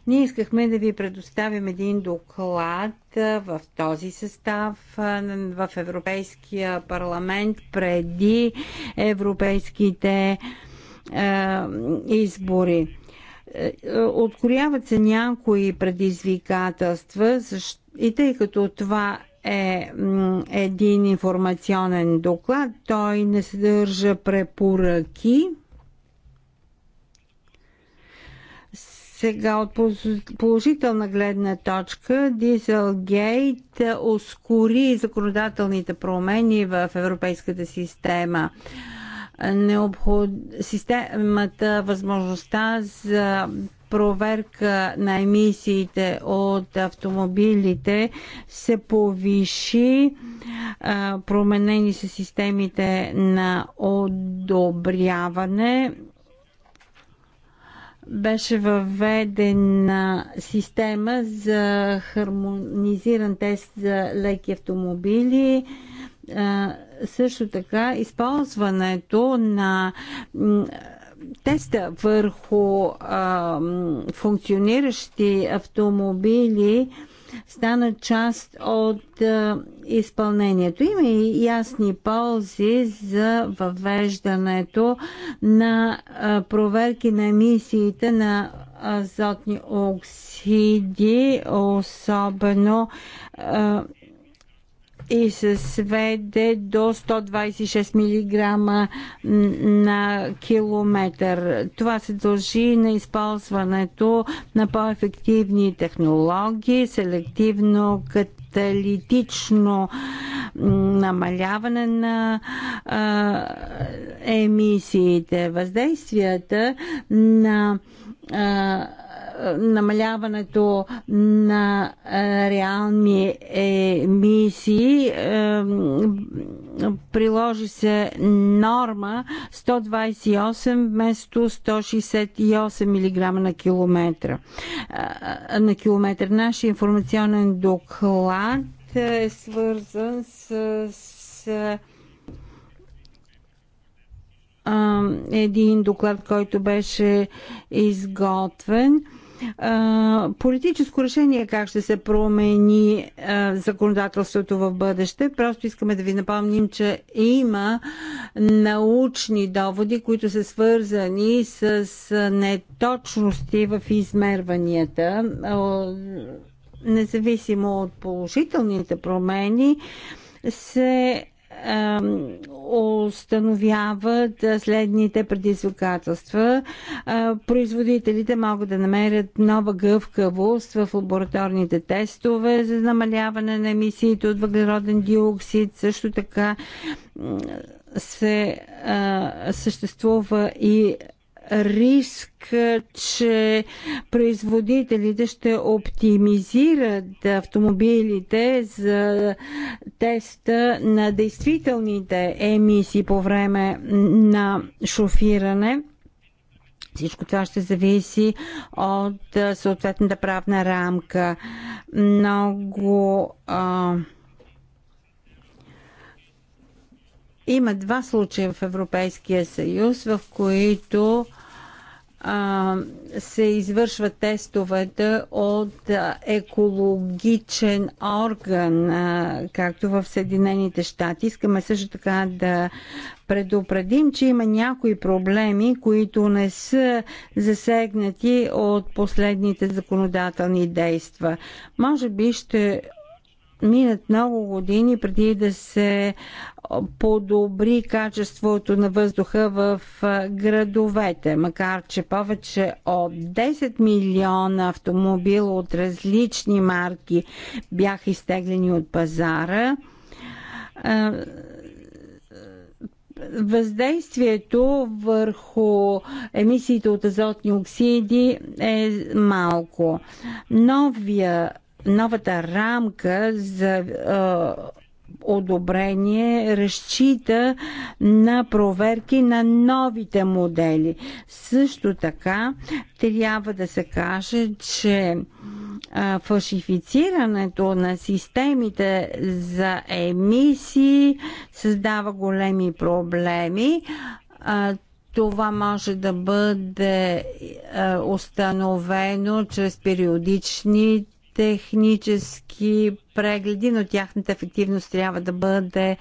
Ние искахме да ви предоставим един доклад в този състав в Европейския парламент преди европейските избори. Е, е, Откоряват се някои предизвикателства, защото и тъй като това е един информационен доклад, той не съдържа препоръки. Сега от положителна гледна точка Дизелгейт ускори законодателните промени в европейската система. Необход... Системата, възможността за проверка на емисиите от автомобилите се повиши, променени са системите на одобряване беше въведена система за хармонизиран тест за леки автомобили. Също така използването на теста върху а, функциониращи автомобили стана част от а, изпълнението. Има и ясни ползи за въвеждането на а, проверки на емисиите на азотни оксиди, особено а, и се сведе до 126 мг на километър. Това се дължи на използването на по-ефективни технологии, селективно каталитично намаляване на а, емисиите. Въздействията на а, намаляването на е, реални емисии. Е, приложи се норма 128 вместо 168 мг на километра. Е, на километър. Нашия информационен доклад е свързан с, с един доклад, който беше изготвен политическо решение е как ще се промени законодателството в бъдеще. Просто искаме да ви напомним, че има научни доводи, които са свързани с неточности в измерванията. Независимо от положителните промени, се установяват следните предизвикателства. Производителите могат да намерят нова гъвкавост в лабораторните тестове за намаляване на емисиите от въглероден диоксид. Също така се съществува и риск, че производителите ще оптимизират автомобилите за теста на действителните емисии по време на шофиране. Всичко това ще зависи от съответната правна рамка. Много а, Има два случая в Европейския съюз, в които а, се извършват тестовете от екологичен орган, а, както в Съединените щати. Искаме също така да предупредим, че има някои проблеми, които не са засегнати от последните законодателни действа. Може би ще минат много години преди да се подобри качеството на въздуха в градовете, макар че повече от 10 милиона автомобила от различни марки бяха изтеглени от пазара въздействието върху емисиите от азотни оксиди е малко. Новия новата рамка за одобрение разчита на проверки на новите модели. Също така трябва да се каже, че фалшифицирането на системите за емисии създава големи проблеми. това може да бъде установено чрез периодични технически прегледи, но тяхната ефективност трябва да бъде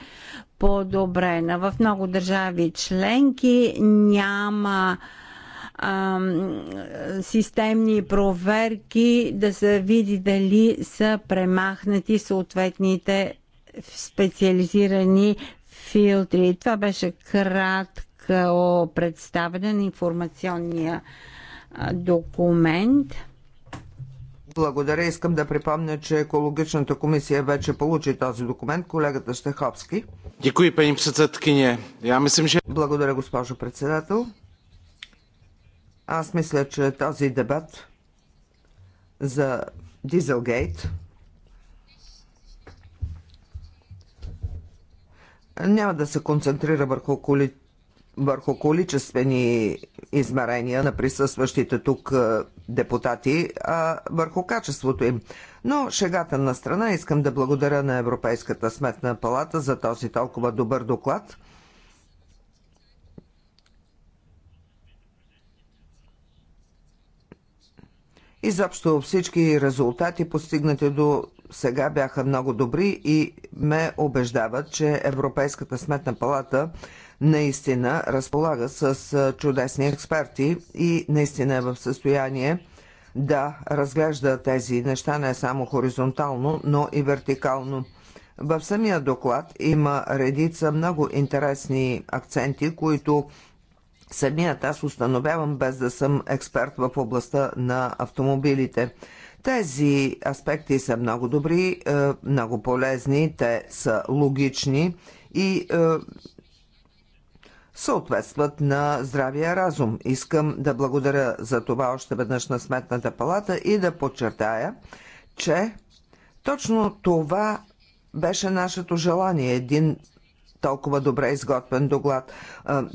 подобрена. В много държави членки няма ам, системни проверки да се види дали са премахнати съответните специализирани филтри. Това беше кратко представене на информационния документ. Благодаря. Искам да припомня, че екологичната комисия вече получи този документ. Колегата Штеховски. Děkuji, пани předsedkyně. Я myslím, че... Благодаря, госпожо председател. Аз мисля, че този дебат за Дизелгейт няма да се концентрира върху колите върху количествени измерения на присъстващите тук е, депутати, а върху качеството им. Но шегата на страна искам да благодаря на Европейската сметна палата за този толкова добър доклад. Изобщо всички резултати, постигнати до сега, бяха много добри и ме убеждават, че Европейската сметна палата наистина разполага с чудесни експерти и наистина е в състояние да разглежда тези неща не само хоризонтално, но и вертикално. В самия доклад има редица много интересни акценти, които самият аз установявам без да съм експерт в областта на автомобилите. Тези аспекти са много добри, е, много полезни, те са логични и е, съответстват на здравия разум. Искам да благодаря за това още веднъж на Сметната палата и да подчертая, че точно това беше нашето желание. Един толкова добре изготвен доклад.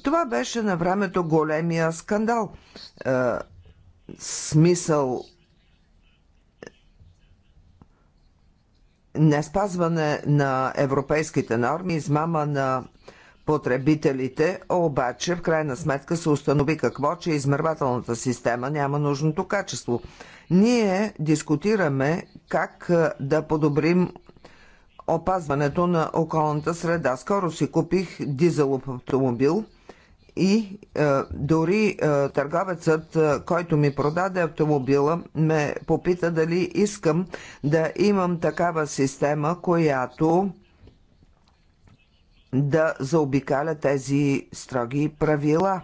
Това беше на времето големия скандал. Смисъл не спазване на европейските норми, измама на потребителите, обаче в крайна сметка се установи какво, че измервателната система няма нужното качество. Ние дискутираме как да подобрим опазването на околната среда. Скоро си купих дизелов автомобил и е, дори е, търговецът, е, който ми продаде автомобила, ме попита дали искам да имам такава система, която да заобикаля тези строги правила.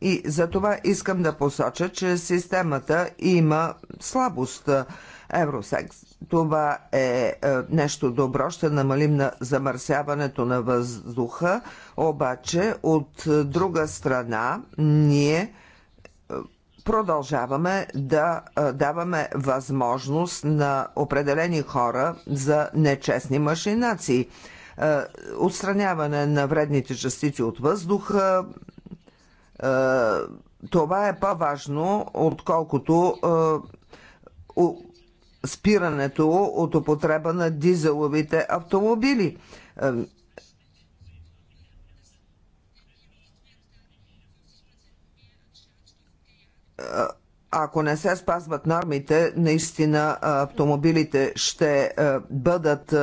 И за това искам да посоча, че системата има слабост. Евросекс. Това е, е нещо добро, ще намалим на замърсяването на въздуха, обаче от друга страна ние е, продължаваме да е, даваме възможност на определени хора за нечестни машинации. Е, отстраняване на вредните частици от въздуха. Е, това е по-важно, отколкото е, спирането от употреба на дизеловите автомобили ако не се спазват нормите, наистина автомобилите ще бъдат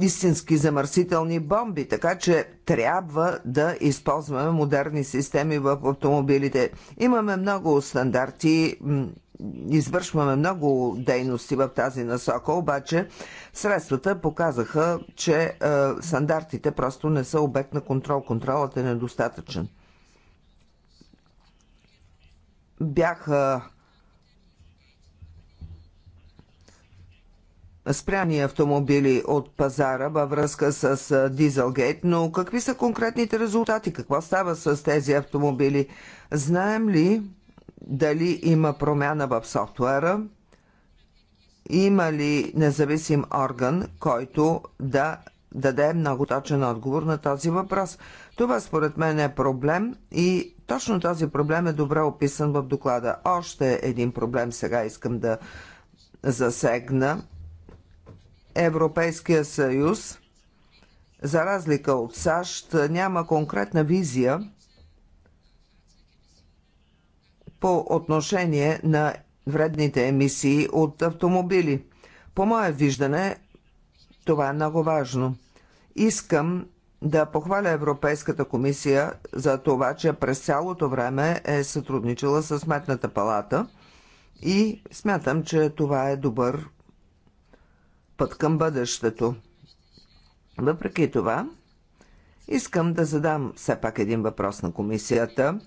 истински замърсителни бомби. Така че трябва да използваме модерни системи в автомобилите. Имаме много стандарти, извършваме много дейности в тази насока, обаче средствата показаха, че стандартите просто не са обект на контрол. Контролът е недостатъчен бяха спряни автомобили от пазара във връзка с Дизелгейт, но какви са конкретните резултати? Какво става с тези автомобили? Знаем ли дали има промяна в софтуера? Има ли независим орган, който да даде много точен отговор на този въпрос? Това според мен е проблем и точно този проблем е добре описан в доклада. Още един проблем сега искам да засегна. Европейския съюз, за разлика от САЩ, няма конкретна визия по отношение на вредните емисии от автомобили. По мое виждане, това е много важно. Искам да похваля Европейската комисия за това, че през цялото време е сътрудничала с Сметната палата и смятам, че това е добър път към бъдещето. Въпреки това, искам да задам все пак един въпрос на комисията.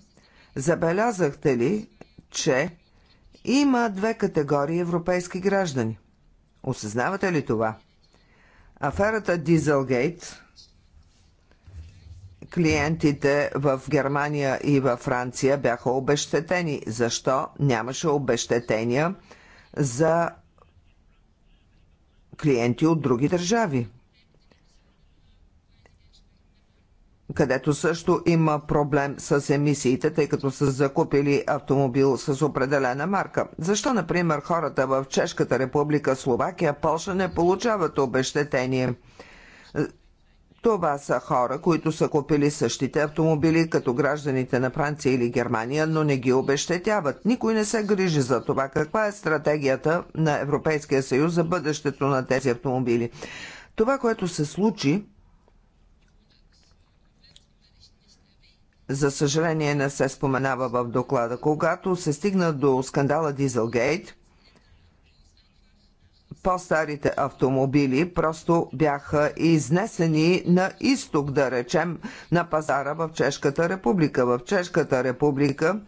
Забелязахте ли, че има две категории европейски граждани? Осъзнавате ли това? Аферата Дизелгейт – клиентите в Германия и във Франция бяха обещетени. Защо нямаше обещетения за клиенти от други държави? където също има проблем с емисиите, тъй като са закупили автомобил с определена марка. Защо, например, хората в Чешката република, Словакия, Полша не получават обещетение? Това са хора, които са купили същите автомобили като гражданите на Франция или Германия, но не ги обещетяват. Никой не се грижи за това каква е стратегията на Европейския съюз за бъдещето на тези автомобили. Това, което се случи, за съжаление не се споменава в доклада. Когато се стигна до скандала Дизелгейт, по-старите автомобили просто бяха изнесени на изток, да речем, на пазара в Чешката република. В Чешката република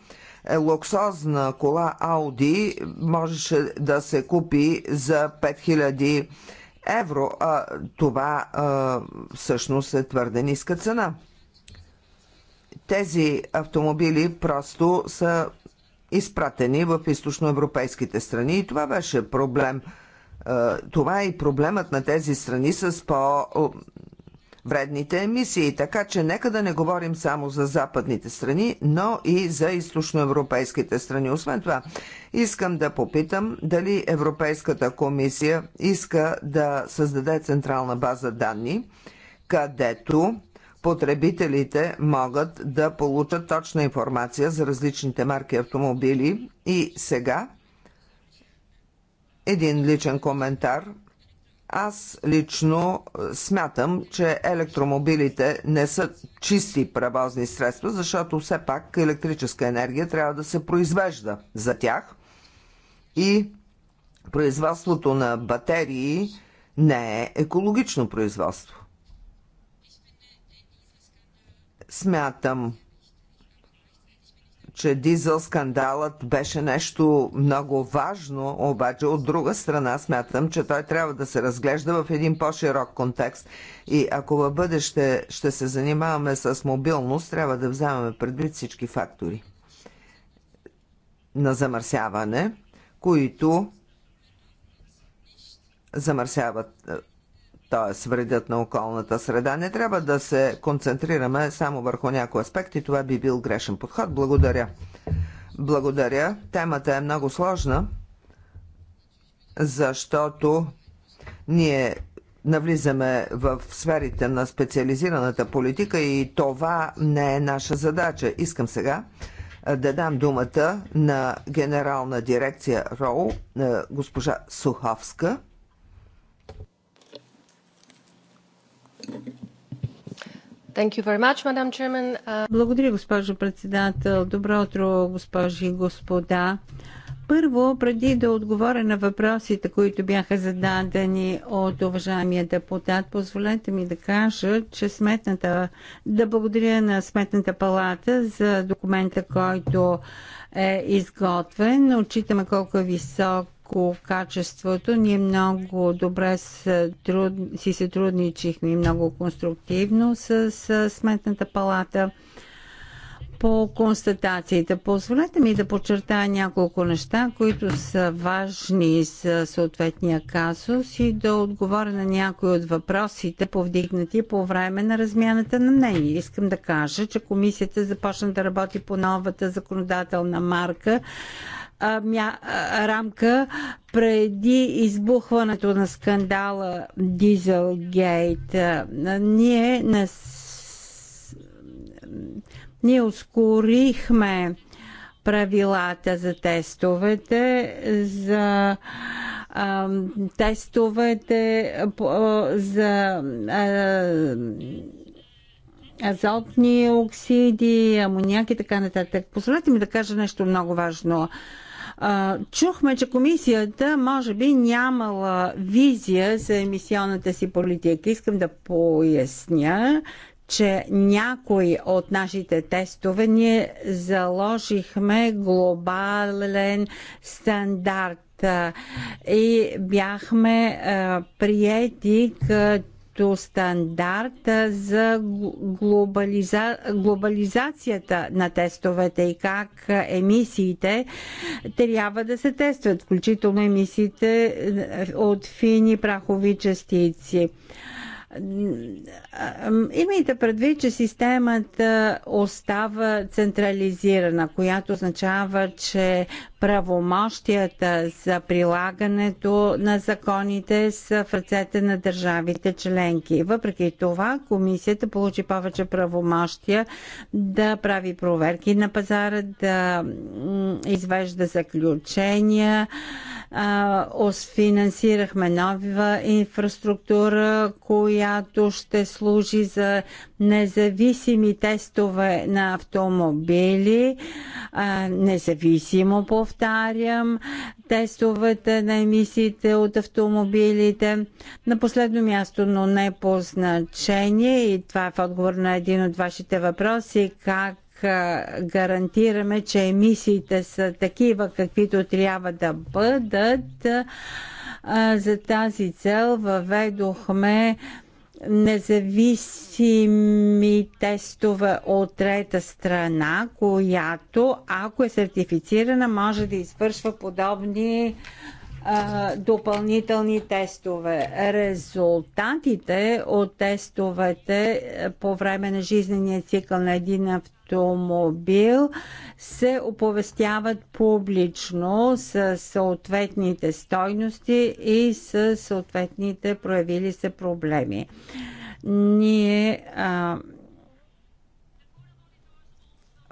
е луксозна кола Ауди можеше да се купи за 5000 евро, а това а, всъщност е твърде ниска цена. Тези автомобили просто са изпратени в източноевропейските страни и това беше проблем – това е и проблемът на тези страни с по вредните емисии. Така че нека да не говорим само за западните страни, но и за източноевропейските страни. Освен това, искам да попитам дали Европейската комисия иска да създаде централна база данни, където потребителите могат да получат точна информация за различните марки автомобили и сега един личен коментар. Аз лично е, смятам, че електромобилите не са чисти превозни средства, защото все пак електрическа енергия трябва да се произвежда за тях. И производството на батерии не е екологично производство. Смятам, че дизел скандалът беше нещо много важно, обаче от друга страна смятам, че той трябва да се разглежда в един по-широк контекст. И ако във бъдеще ще се занимаваме с мобилност, трябва да вземаме предвид всички фактори на замърсяване, които замърсяват т.е. вредят на околната среда. Не трябва да се концентрираме само върху някои аспекти. Това би бил грешен подход. Благодаря. Благодаря. Темата е много сложна, защото ние навлизаме в сферите на специализираната политика и това не е наша задача. Искам сега да дам думата на генерална дирекция РОУ, госпожа Суховска. Uh, благодаря, госпожо председател. Добро утро, госпожи и господа. Първо, преди да отговоря на въпросите, които бяха зададени от уважаемия депутат, позволете ми да кажа, че сметната, да благодаря на Сметната палата за документа, който е изготвен. Отчитаме колко е висок върху качеството. Ние много добре си сътрудничихме и много конструктивно с Сметната палата по констатациите. Позволете ми да подчертая няколко неща, които са важни за съответния казус и да отговоря на някои от въпросите, повдигнати по време на размяната на мнение. Искам да кажа, че комисията започна да работи по новата законодателна марка мя, рамка преди избухването на скандала Дизелгейт. Ние не ние ускорихме правилата за тестовете, за а, тестовете за а, азотни оксиди, амоняки и така нататък. Позволете ми да кажа нещо много важно чухме, че комисията може би нямала визия за емисионната си политика. Искам да поясня, че някои от нашите тестове ние заложихме глобален стандарт и бяхме а, приети като като стандарт за глобализа... глобализацията на тестовете и как емисиите трябва да се тестват, включително емисиите е, от фини прахови частици. Имайте предвид, че системата остава централизирана, която означава, че правомощията за прилагането на законите са в ръцете на държавите членки. Въпреки това, комисията получи повече правомощия да прави проверки на пазара, да извежда заключения. Осфинансирахме нова инфраструктура, която ще служи за независими тестове на автомобили, независимо повтарям, тестовете на емисиите от автомобилите. На последно място, но не по значение, и това е в отговор на един от вашите въпроси, как гарантираме, че емисиите са такива, каквито трябва да бъдат. За тази цел въведохме независими тестове от трета страна, която, ако е сертифицирана, може да извършва подобни допълнителни тестове. Резултатите от тестовете по време на жизнения цикъл на един автомобил автомобил се оповестяват публично с съответните стойности и с съответните проявили се проблеми. Ние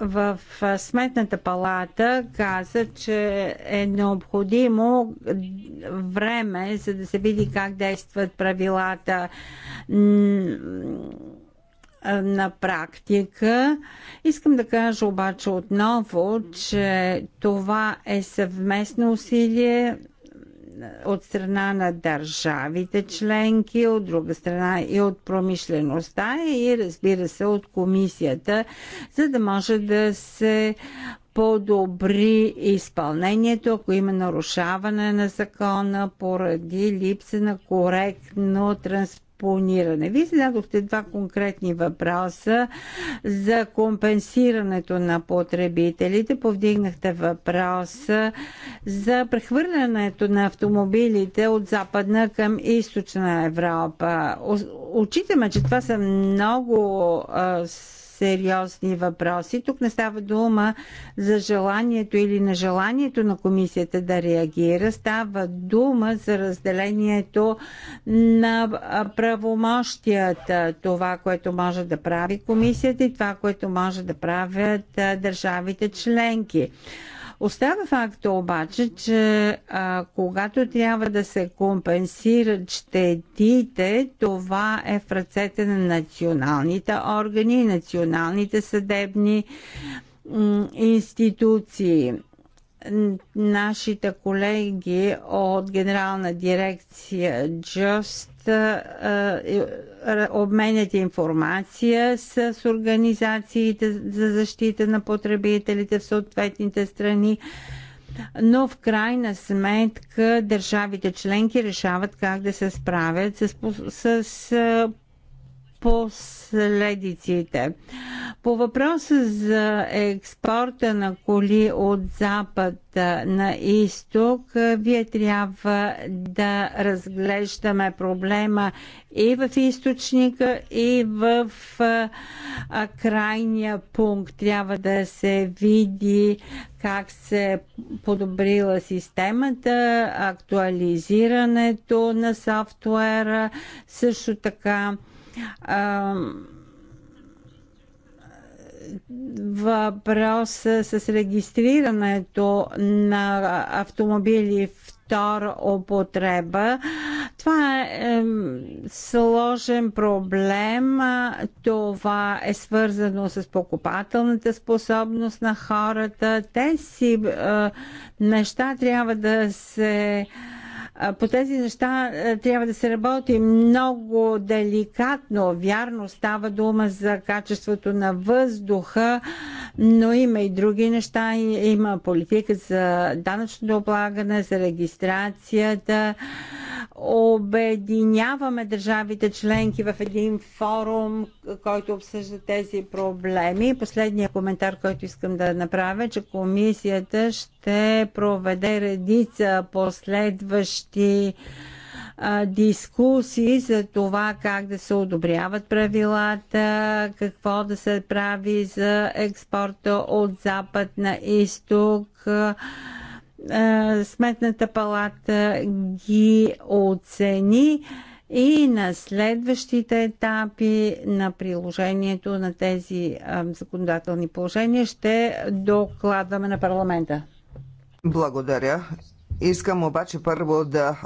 в Сметната палата каза, че е необходимо време, за да се види как действат правилата е, на практика. Искам да кажа обаче отново, че това е съвместно усилие от страна на държавите членки, от друга страна и от промишлеността и разбира се от комисията, за да може да се подобри изпълнението, ако има нарушаване на закона поради липса на коректно транспорт планиране. Вие зададохте два конкретни въпроса за компенсирането на потребителите. Повдигнахте въпроса за прехвърлянето на автомобилите от Западна към Източна Европа. Очитаме, че това са много а, сериозни въпроси. Тук не става дума за желанието или нежеланието на комисията да реагира. Става дума за разделението на правомощията. Това, което може да прави комисията и това, което може да правят държавите членки. Остава факта обаче, че а, когато трябва да се компенсират щетите, това е в ръцете на националните органи и националните съдебни институции нашите колеги от генерална дирекция Just е, е, обменят информация с организациите за защита на потребителите в съответните страни но в крайна сметка държавите членки решават как да се справят с, с, с последиците. По въпроса за експорта на коли от запад на изток, вие трябва да разглеждаме проблема и в източника, и в крайния пункт. Трябва да се види как се подобрила системата, актуализирането на софтуера, също така въпроса с регистрирането на автомобили втора употреба. Това е сложен проблем. Това е свързано с покупателната способност на хората. Тези е, неща трябва да се по тези неща е, трябва да се работи много деликатно. Вярно става дума за качеството на въздуха, но има и други неща. Има политика за данъчното облагане, за регистрацията. Да обединяваме държавите членки в един форум, който обсъжда тези проблеми. Последният коментар, който искам да направя, е, че комисията ще проведе редица последващи дискусии за това как да се одобряват правилата, какво да се прави за експорта от запад на изток е, Сметната палата ги оцени и на следващите етапи на приложението на тези е, законодателни положения ще докладваме на парламента. Благодаря. Искам обаче първо да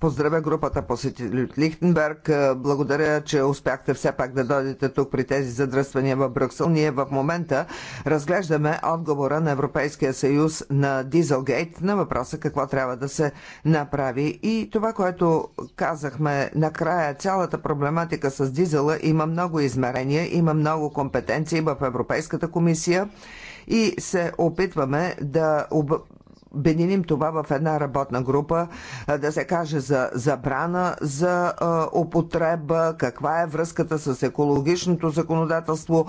поздравя групата посетители от Лихтенберг. Благодаря, че успяхте все пак да дойдете тук при тези задръствания в Брюксел. Ние в момента разглеждаме отговора на Европейския съюз на Дизелгейт на въпроса какво трябва да се направи. И това, което казахме накрая, цялата проблематика с дизела има много измерения, има много компетенции в Европейската комисия и се опитваме да обединим това в една работна група, да се каже за забрана за употреба, каква е връзката с екологичното законодателство,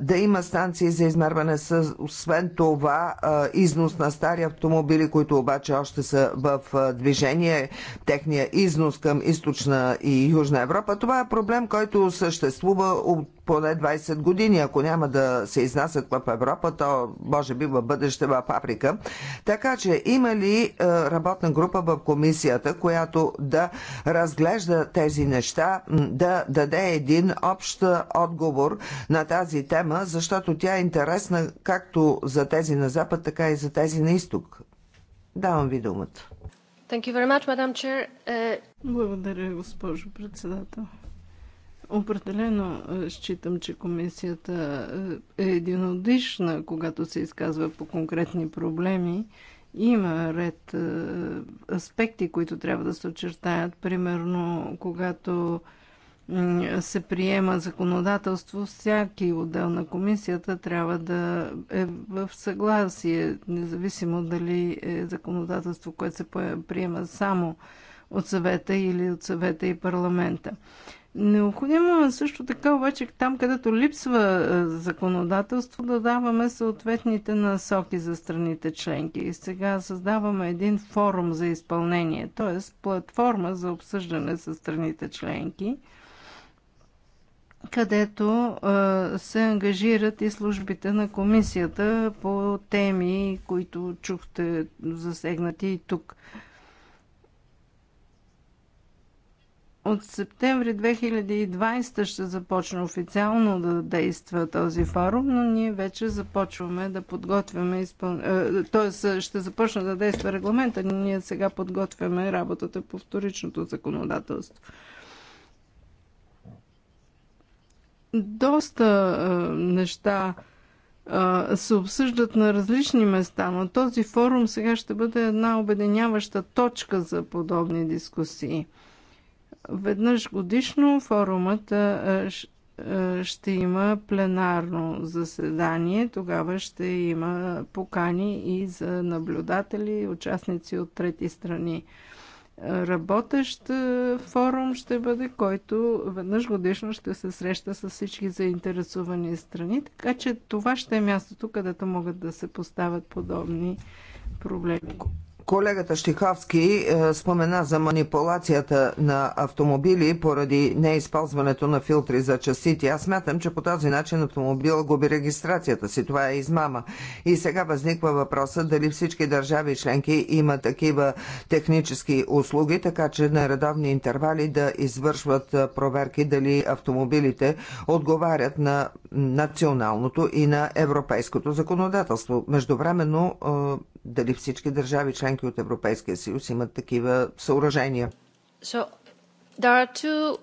да има станции за измерване, с, освен това износ на стари автомобили, които обаче още са в движение, техния износ към източна и южна Европа. Това е проблем, който съществува от поне 20 години. Ако няма да се изнасят в Европа, то може би в бъдеще в Африка. Така така че има ли е, работна група в комисията, която да разглежда тези неща, да даде един общ е, отговор на тази тема, защото тя е интересна както за тези на Запад, така и за тези на Изток. Давам ви думата. Much, е, Благодаря, госпожо председател. Определено считам, че комисията е единодишна, когато се изказва по конкретни проблеми има ред е, аспекти, които трябва да се очертаят. Примерно, когато се приема законодателство, всяки отдел на комисията трябва да е в съгласие, независимо дали е законодателство, което се приема само от съвета или от съвета и парламента. Необходимо е също така обаче там, където липсва е, законодателство, да даваме съответните насоки за страните членки. И сега създаваме един форум за изпълнение, т.е. платформа за обсъждане с страните членки, където е, се ангажират и службите на комисията по теми, които чухте засегнати и тук. От септември 2020 ще започне официално да действа този форум, но ние вече започваме да подготвяме, изпъл... т.е. Е, ще започне да действа регламента, ние сега подготвяме работата по вторичното законодателство. Доста е, неща е, се обсъждат на различни места, но този форум сега ще бъде една обединяваща точка за подобни дискусии. Веднъж годишно форумът ще има пленарно заседание. Тогава ще има покани и за наблюдатели, участници от трети страни. Работещ форум ще бъде, който веднъж годишно ще се среща с всички заинтересувани страни. Така че това ще е мястото, където могат да се поставят подобни проблеми. Колегата Штиховски е, спомена за манипулацията на автомобили поради неизползването на филтри за частите. Аз смятам, че по този начин автомобил губи регистрацията си. Това е измама. И сега възниква въпроса дали всички държави членки има такива технически услуги, така че на редовни интервали да извършват е, проверки дали автомобилите отговарят на националното и на европейското законодателство. Междувременно е, дали всички държави членки от Европейския съюз имат такива съоръжения. So, there are two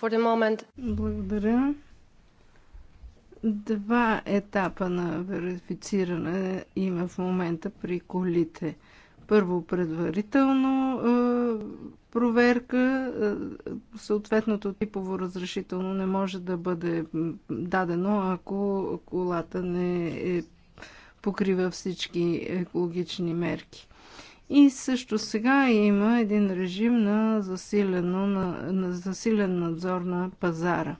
for the moment. Благодаря. Два етапа на верифициране има в момента при колите. Първо предварително е, проверка, е, съответното типово разрешително не може да бъде дадено, ако колата не е покрива всички екологични мерки. И също сега има един режим на, засилено, на, на засилен надзор на пазара.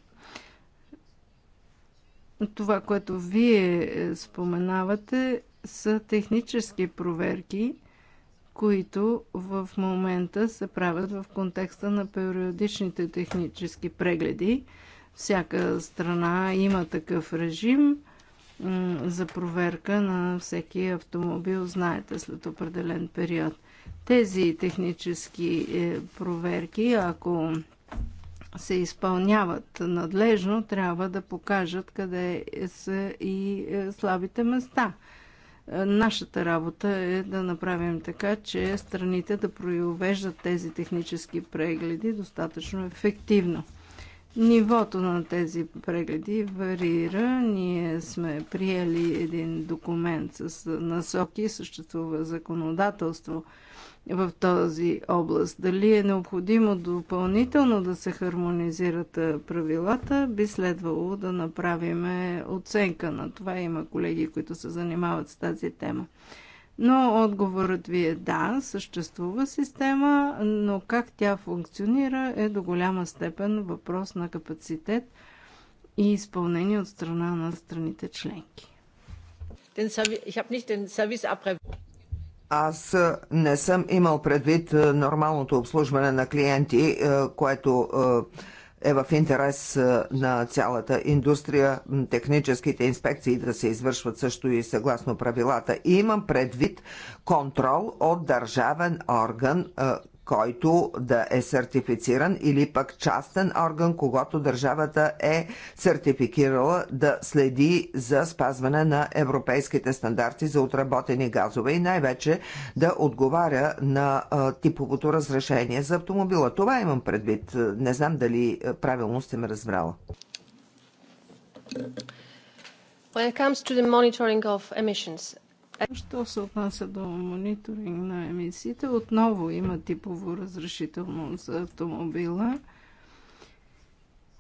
Това, което вие споменавате, са технически проверки, които в момента се правят в контекста на периодичните технически прегледи. Всяка страна има такъв режим – за проверка на всеки автомобил, знаете, след определен период. Тези технически е, проверки, ако се изпълняват надлежно, трябва да покажат къде са и е, слабите места. Е, нашата работа е да направим така, че страните да провеждат тези технически прегледи достатъчно ефективно. Нивото на тези прегледи варира. Ние сме приели един документ с насоки, съществува законодателство в този област. Дали е необходимо допълнително да се хармонизират правилата, би следвало да направим оценка на това. Има колеги, които се занимават с тази тема. Но отговорът ви е да, съществува система, но как тя функционира е до голяма степен въпрос на капацитет и изпълнение от страна на страните членки. Аз не съм имал предвид нормалното обслужване на клиенти, което е в интерес на цялата индустрия, техническите инспекции да се извършват също и съгласно правилата. И имам предвид контрол от държавен орган, който да е сертифициран или пък частен орган, когато държавата е сертификирала да следи за спазване на европейските стандарти за отработени газове и най-вече да отговаря на типовото разрешение за автомобила. Това имам предвид. Не знам дали правилно сте ме разбрала. When it comes to the monitoring of emissions, Що се отнася до мониторинг на емисиите, отново има типово разрешително за автомобила.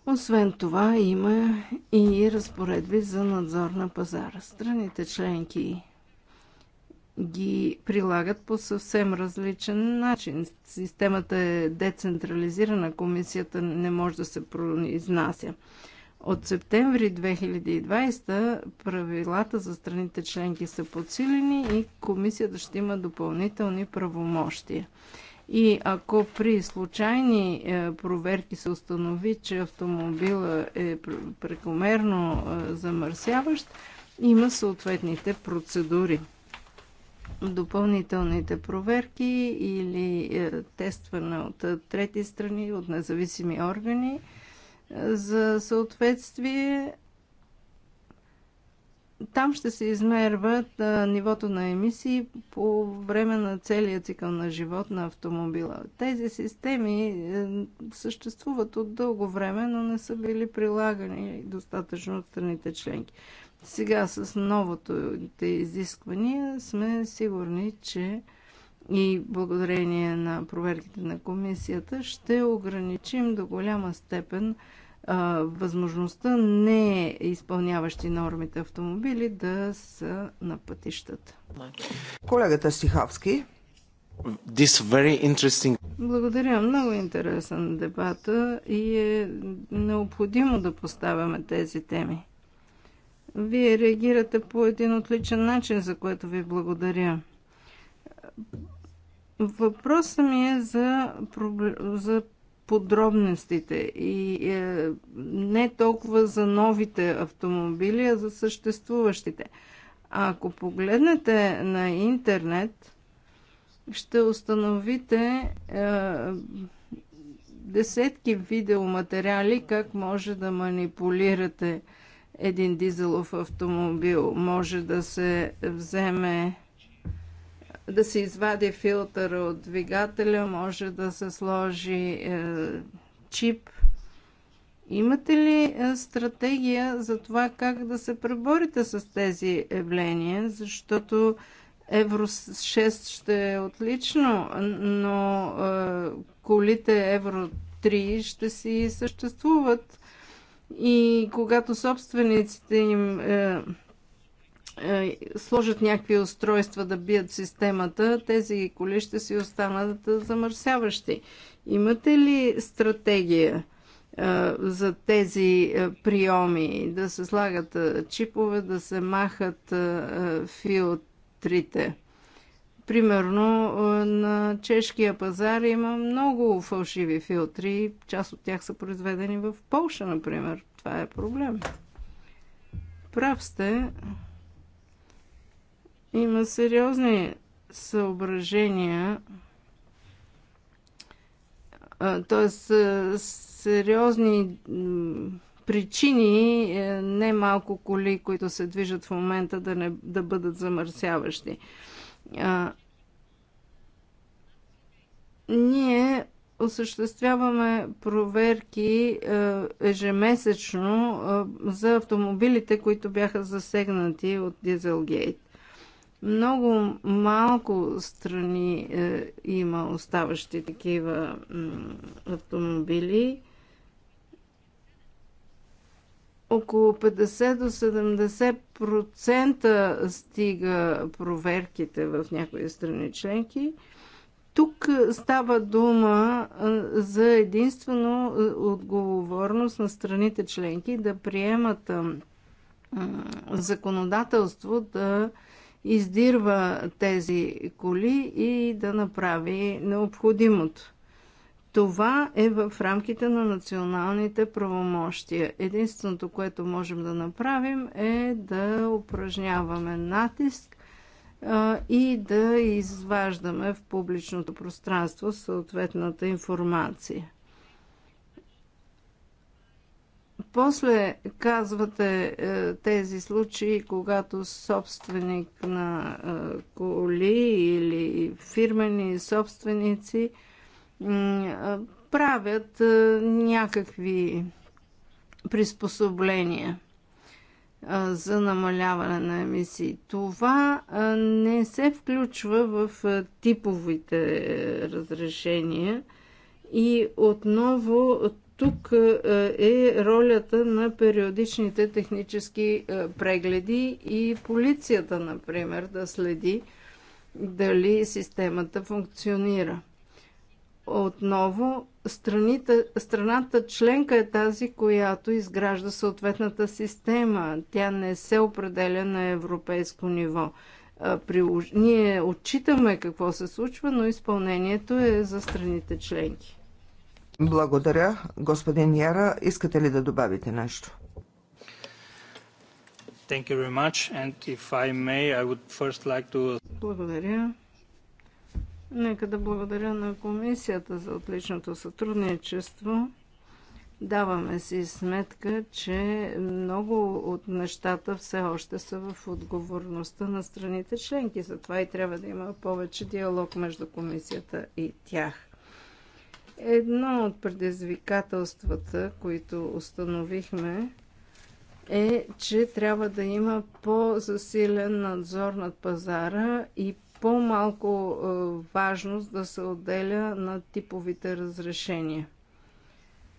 Освен това има и разпоредби за надзор на пазара. Страните членки ги прилагат по съвсем различен начин. Системата е децентрализирана, комисията не може да се произнася. От септември 2020 правилата за страните членки са подсилени и комисията ще има допълнителни правомощия. И ако при случайни е, проверки се установи, че автомобила е прекомерно е, замърсяващ, има съответните процедури. Допълнителните проверки или е, тестване от трети страни, от независими органи – за съответствие там ще се измерват а, нивото на емисии по време на целия цикъл на живот на автомобила. Тези системи е, съществуват от дълго време, но не са били прилагани достатъчно от страните членки. Сега с новото изисквания сме сигурни, че и благодарение на проверките на комисията ще ограничим до голяма степен а, възможността не изпълняващи нормите автомобили да са на пътищата. Колегата Стихавски. This very interesting... Благодаря. Много интересен дебата и е необходимо да поставяме тези теми. Вие реагирате по един отличен начин, за което ви благодаря Въпросът ми е за, за подробностите и е, не толкова за новите автомобили, а за съществуващите. Ако погледнете на интернет, ще установите е, десетки видеоматериали как може да манипулирате един дизелов автомобил. Може да се вземе да се извади филтър от двигателя, може да се сложи е, чип. Имате ли е, стратегия за това как да се преборите с тези явления? Защото Евро 6 ще е отлично, но е, колите Евро 3 ще си съществуват и когато собствениците им е, е, сложат някакви устройства да бият системата, тези коли ще си останат замърсяващи. Имате ли стратегия е, за тези е, приеми? Да се слагат чипове, да се махат филтрите? Примерно на чешкия пазар има много фалшиви филтри. Част от тях са произведени в Полша, например. Това е проблем. Прав сте. Има сериозни съображения, т.е. сериозни причини, е, не малко коли, които се движат в момента, да, не, да бъдат замърсяващи. ние осъществяваме проверки е, ежемесечно е, за автомобилите, които бяха засегнати от Дизелгейт. Много малко страни е, има оставащи такива автомобили. Около 50 до 70% стига проверките в някои страни членки. Тук става дума е, за единствено е, отговорност на страните членки да приемат законодателство да издирва тези коли и да направи необходимото. Това е в рамките на националните правомощия. Единственото, което можем да направим е да упражняваме натиск а, и да изваждаме в публичното пространство съответната информация. После казвате е, тези случаи, когато собственик на е, коли или фирмени собственици е, правят някакви приспособления за намаляване на емисии. Това не се включва в типовите разрешения и отново тук е, е ролята на периодичните технически е, прегледи и полицията, например, да следи дали системата функционира. Отново, страните, страната членка е тази, която изгражда съответната система. Тя не се определя на европейско ниво. Е, ние отчитаме какво се случва, но изпълнението е за страните членки. Благодаря. Господин Яра, искате ли да добавите нещо? Благодаря. Нека да благодаря на комисията за отличното сътрудничество. Даваме си сметка, че много от нещата все още са в отговорността на страните членки. Затова и трябва да има повече диалог между комисията и тях. Едно от предизвикателствата, които установихме, е, че трябва да има по-засилен надзор над пазара и по-малко е, важност да се отделя на типовите разрешения.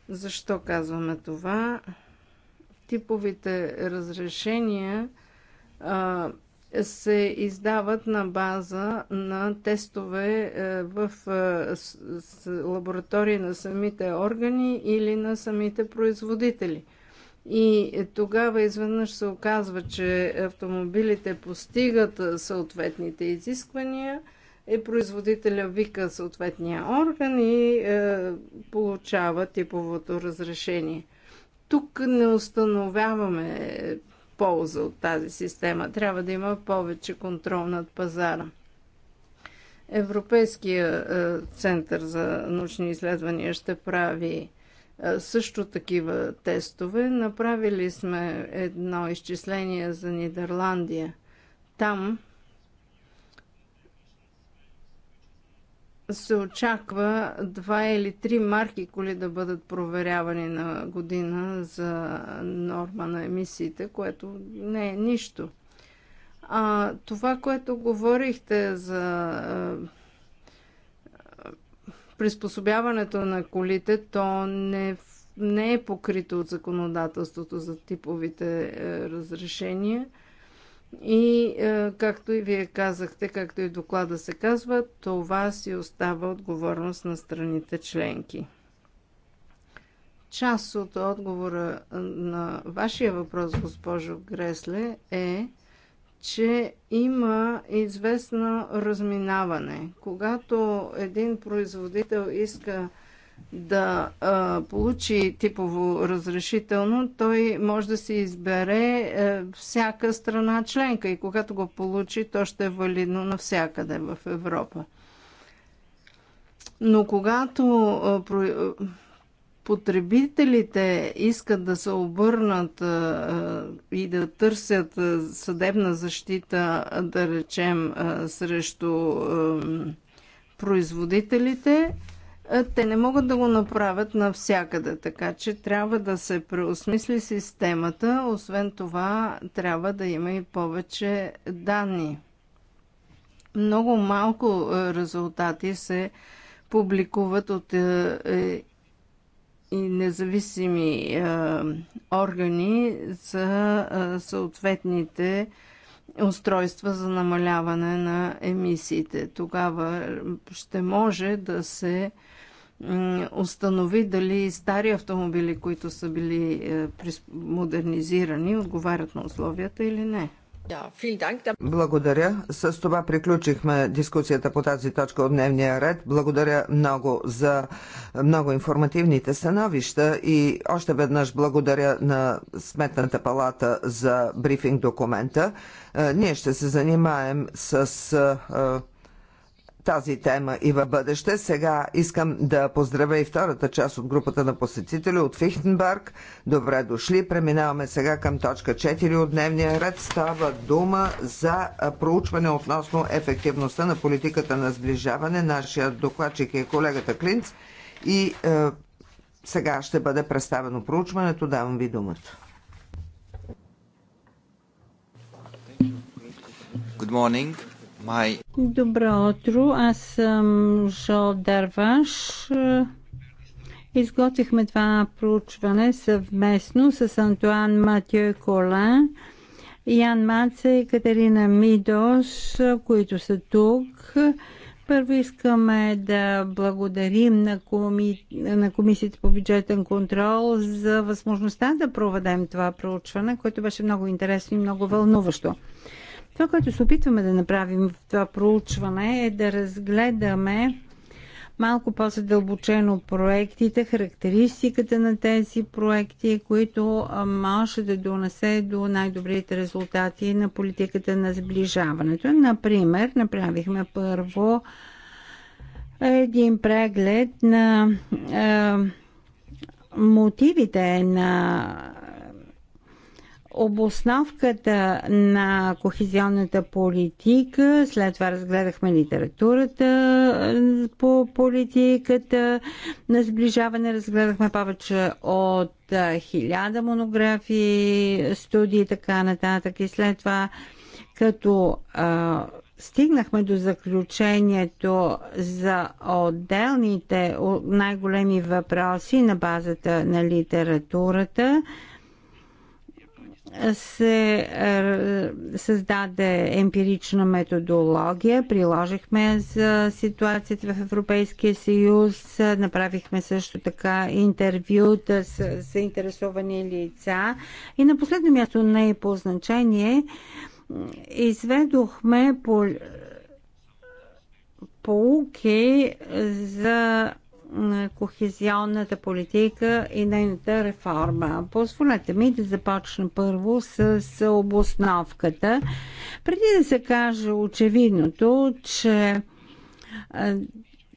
Защо казваме това? Типовите разрешения се издават на база на тестове е, в е, лаборатории на самите органи или на самите производители. И тогава изведнъж се оказва, че автомобилите постигат е, съответните изисквания, е производителя вика съответния орган и е, получава типовото разрешение. Тук не установяваме полза от тази система. Трябва да има повече контрол над пазара. Европейския е, център за научни изследвания ще прави е, също такива тестове. Направили сме едно изчисление за Нидерландия. Там се очаква два или три марки коли да бъдат проверявани на година за норма на емисиите, което не е нищо. А това, което говорихте за е, приспособяването на колите, то не, не е покрито от законодателството за типовите е, разрешения – и е, както и вие казахте, както и доклада се казва, това си остава отговорност на страните членки. Част от отговора е, на вашия въпрос, госпожо Гресле, е, че има известно разминаване. Когато един производител иска да а, получи типово разрешително, той може да си избере е, всяка страна членка и когато го получи, то ще е валидно навсякъде в Европа. Но когато а, про, потребителите искат да се обърнат а, и да търсят а, съдебна защита, а, да речем, а, срещу а, производителите, те не могат да го направят навсякъде, така че трябва да се преосмисли системата. Освен това, трябва да има и повече данни. Много малко е, резултати се публикуват от е, е, и независими органи за съответните устройства за намаляване на емисиите. Тогава ще може да се установи дали стари автомобили, които са били е, модернизирани, отговарят на условията или не. Благодаря. С това приключихме дискусията по тази точка от дневния ред. Благодаря много за много информативните становища и още веднъж благодаря на Сметната палата за брифинг документа. Е, ние ще се занимаем с е, тази тема и в бъдеще. Сега искам да поздравя и втората част от групата на посетители от Фихтенберг. Добре дошли. Преминаваме сега към точка 4 от дневния ред. Става дума за проучване относно ефективността на политиката на сближаване. Нашия докладчик е колегата Клинц и е, сега ще бъде представено проучването. Давам ви думата. Good morning май. Добро утро, аз съм Жо Дарваш. Изготвихме това проучване съвместно с Антуан Матио Кола, Ян Маца и Катерина Мидош, които са тук. Първо искаме да благодарим на, коми... на Комисията по бюджетен контрол за възможността да проведем това проучване, което беше много интересно и много вълнуващо. Това, което се опитваме да направим в това проучване е да разгледаме малко по-задълбочено проектите, характеристиката на тези проекти, които може да донесе до най-добрите резултати на политиката на сближаването. Например, направихме първо един преглед на е, мотивите на обосновката на кохезионната политика, след това разгледахме литературата е, по политиката на сближаване, разгледахме повече от е, хиляда монографии, студии и така нататък. И след това, като а, е, стигнахме до заключението за отделните най-големи въпроси на базата на литературата, се е, създаде емпирична методология, приложихме за ситуацията в Европейския съюз, направихме също така интервюта с заинтересовани лица и на последно място не е по значение изведохме по е, полуки за кохезионната политика и нейната реформа. Позволете ми да започна първо с обосновката. Преди да се каже очевидното, че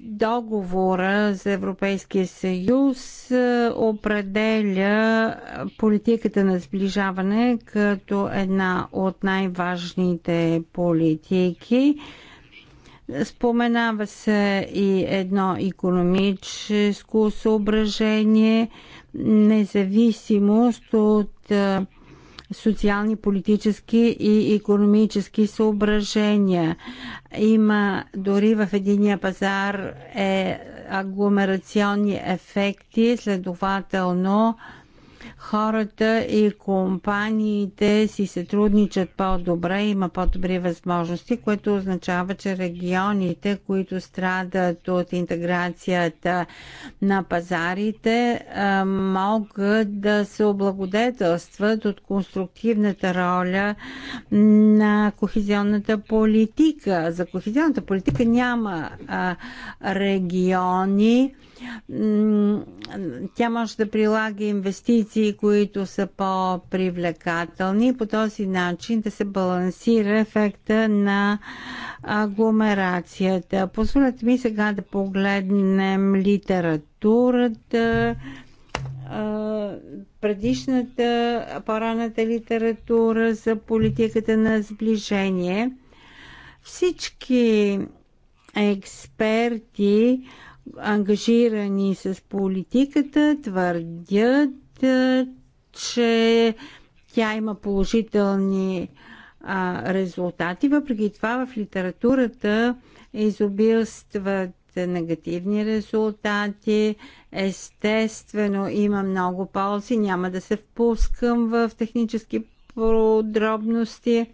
договора за Европейския съюз определя политиката на сближаване като една от най-важните политики – Споменава се и едно економическо съображение, независимост от социални, политически и економически съображения. Има дори в единия пазар е агломерационни ефекти, следователно хората и компаниите си сътрудничат по-добре, има по-добри възможности, което означава, че регионите, които страдат от интеграцията на пазарите, могат да се облагодетелстват от конструктивната роля на кохезионната политика. За кохезионната политика няма региони, тя може да прилага инвестиции, които са по-привлекателни, по този начин да се балансира ефекта на агломерацията. Позволете ми сега да погледнем литературата, предишната параната литература за политиката на сближение. Всички експерти ангажирани с политиката твърдят, че тя има положителни а, резултати. Въпреки това в литературата изобилстват негативни резултати. Естествено има много ползи. Няма да се впускам в технически подробности.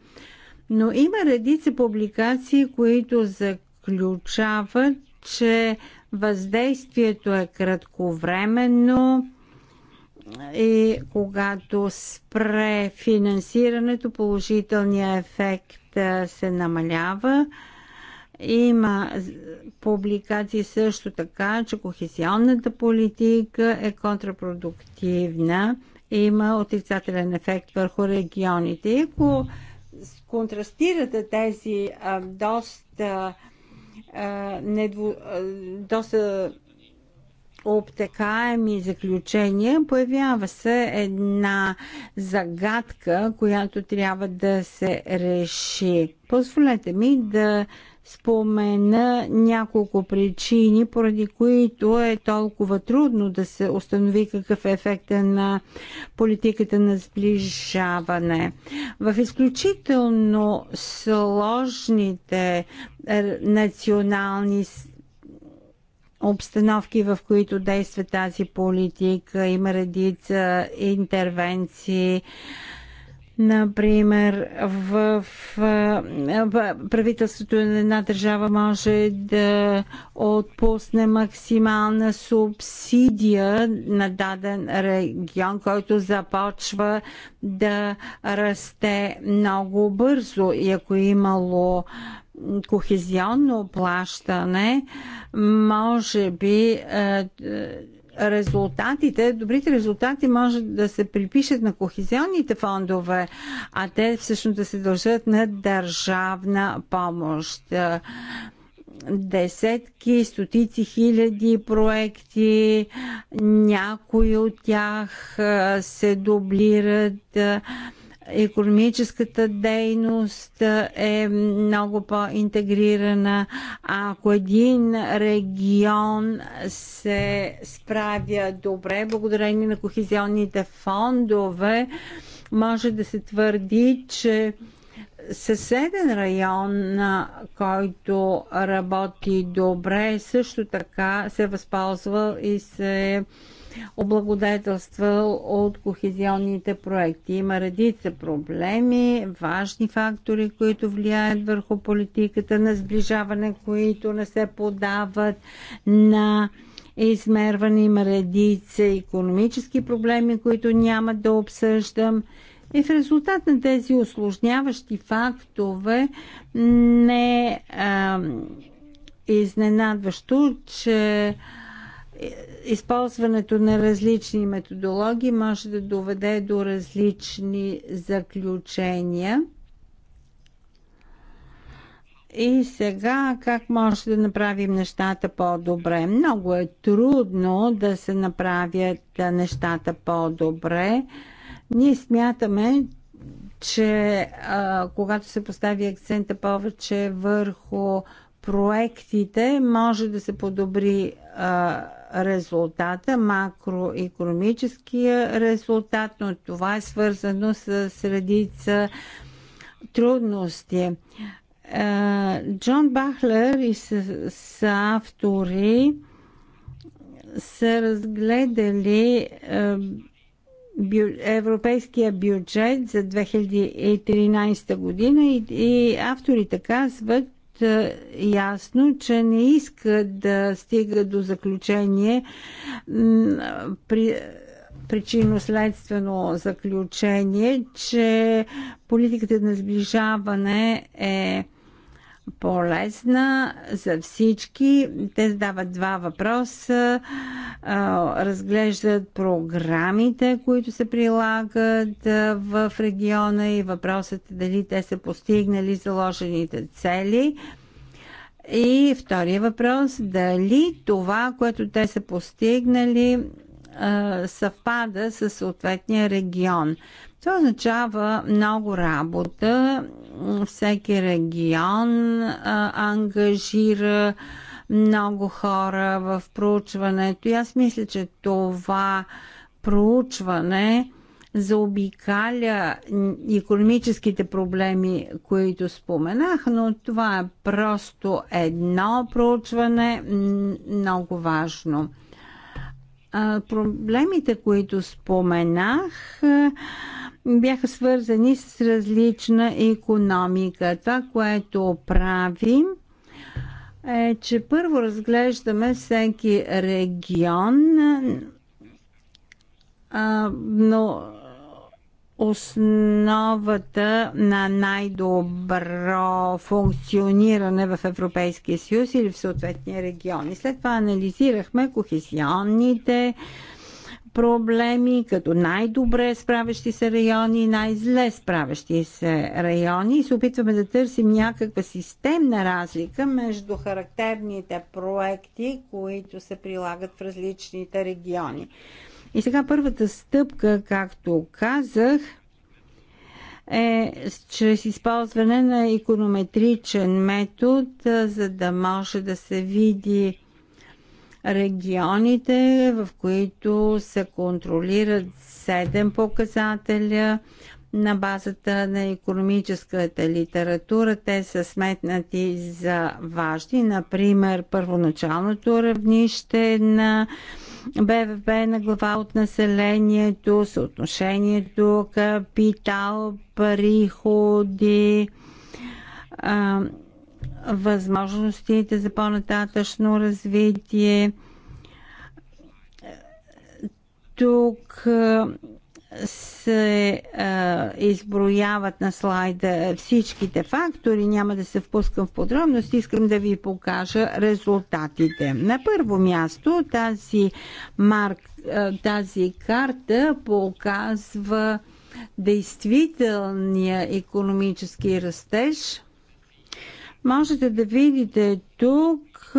Но има редица публикации, които заключават, че Въздействието е кратковременно и когато спре финансирането, положителният ефект се намалява. Има публикации също така, че кохесионната политика е контрапродуктивна. Има отрицателен ефект върху регионите. И ако контрастирате тези а, доста а, недво, а, доста обтекаеми заключения, появява се една загадка, която трябва да се реши. Позволете ми да спомена няколко причини, поради които е толкова трудно да се установи какъв е ефекта на политиката на сближаване. В изключително сложните е, национални обстановки, в които действа тази политика, има редица интервенции, Например, в, правителството на една държава може да отпусне максимална субсидия на даден регион, който започва да расте много бързо. И ако е имало кохезионно плащане, може би резултатите, добрите резултати може да се припишат на кохезионните фондове, а те всъщност да се дължат на държавна помощ десетки, стотици хиляди проекти, някои от тях се дублират, економическата дейност е много по-интегрирана. Ако един регион се справя добре, благодарение на кохезионните фондове, може да се твърди, че съседен район, на който работи добре, също така се възползва и се е облагодетелства от кохезионните проекти. Има редица проблеми, важни фактори, които влияят върху политиката на сближаване, които не се подават на измерване. Има редица економически проблеми, които няма да обсъждам. И в резултат на тези осложняващи фактове не е изненадващо, че използването на различни методологии може да доведе до различни заключения. И сега как може да направим нещата по-добре? Много е трудно да се направят нещата по-добре. Ние смятаме, че а, когато се постави акцента повече върху проектите може да се подобри а, резултата, макроекономическия резултат, но това е свързано с редица трудности. Джон Бахлер и с, с автори са разгледали европейския бюджет за 2013 година и, и авторите казват, е, ясно, че не иска да стига до заключение при причинно-следствено заключение, че политиката на сближаване е по-лесна за всички. Те задават два въпроса, разглеждат програмите, които се прилагат в региона и въпросът е дали те са постигнали заложените цели. И втория въпрос, дали това, което те са постигнали, съвпада с съответния регион. Това означава много работа. Всеки регион а, ангажира много хора в проучването. И аз мисля, че това проучване заобикаля економическите проблеми, които споменах, но това е просто едно проучване, много важно проблемите, които споменах, е, бяха свързани с различна економика. Това, което правим, е, че първо разглеждаме всеки регион, но основата на най-добро функциониране в Европейския съюз или в съответния регион. И след това анализирахме кохезионните проблеми, като най-добре справящи се райони и най-зле справящи се райони и се опитваме да търсим някаква системна разлика между характерните проекти, които се прилагат в различните региони. И сега първата стъпка, както казах, е чрез използване на иконометричен метод, за да може да се види регионите, в които се контролират 7 показателя на базата на економическата литература. Те са сметнати за важни. Например, първоначалното равнище на БВП на глава от населението, съотношението капитал, приходи, възможностите за по-нататъчно развитие. Тук се а, изброяват на слайда всичките фактори, няма да се впускам в подробности, искам да ви покажа резултатите. На първо място тази, марк, тази карта показва действителния економически растеж. Можете да видите тук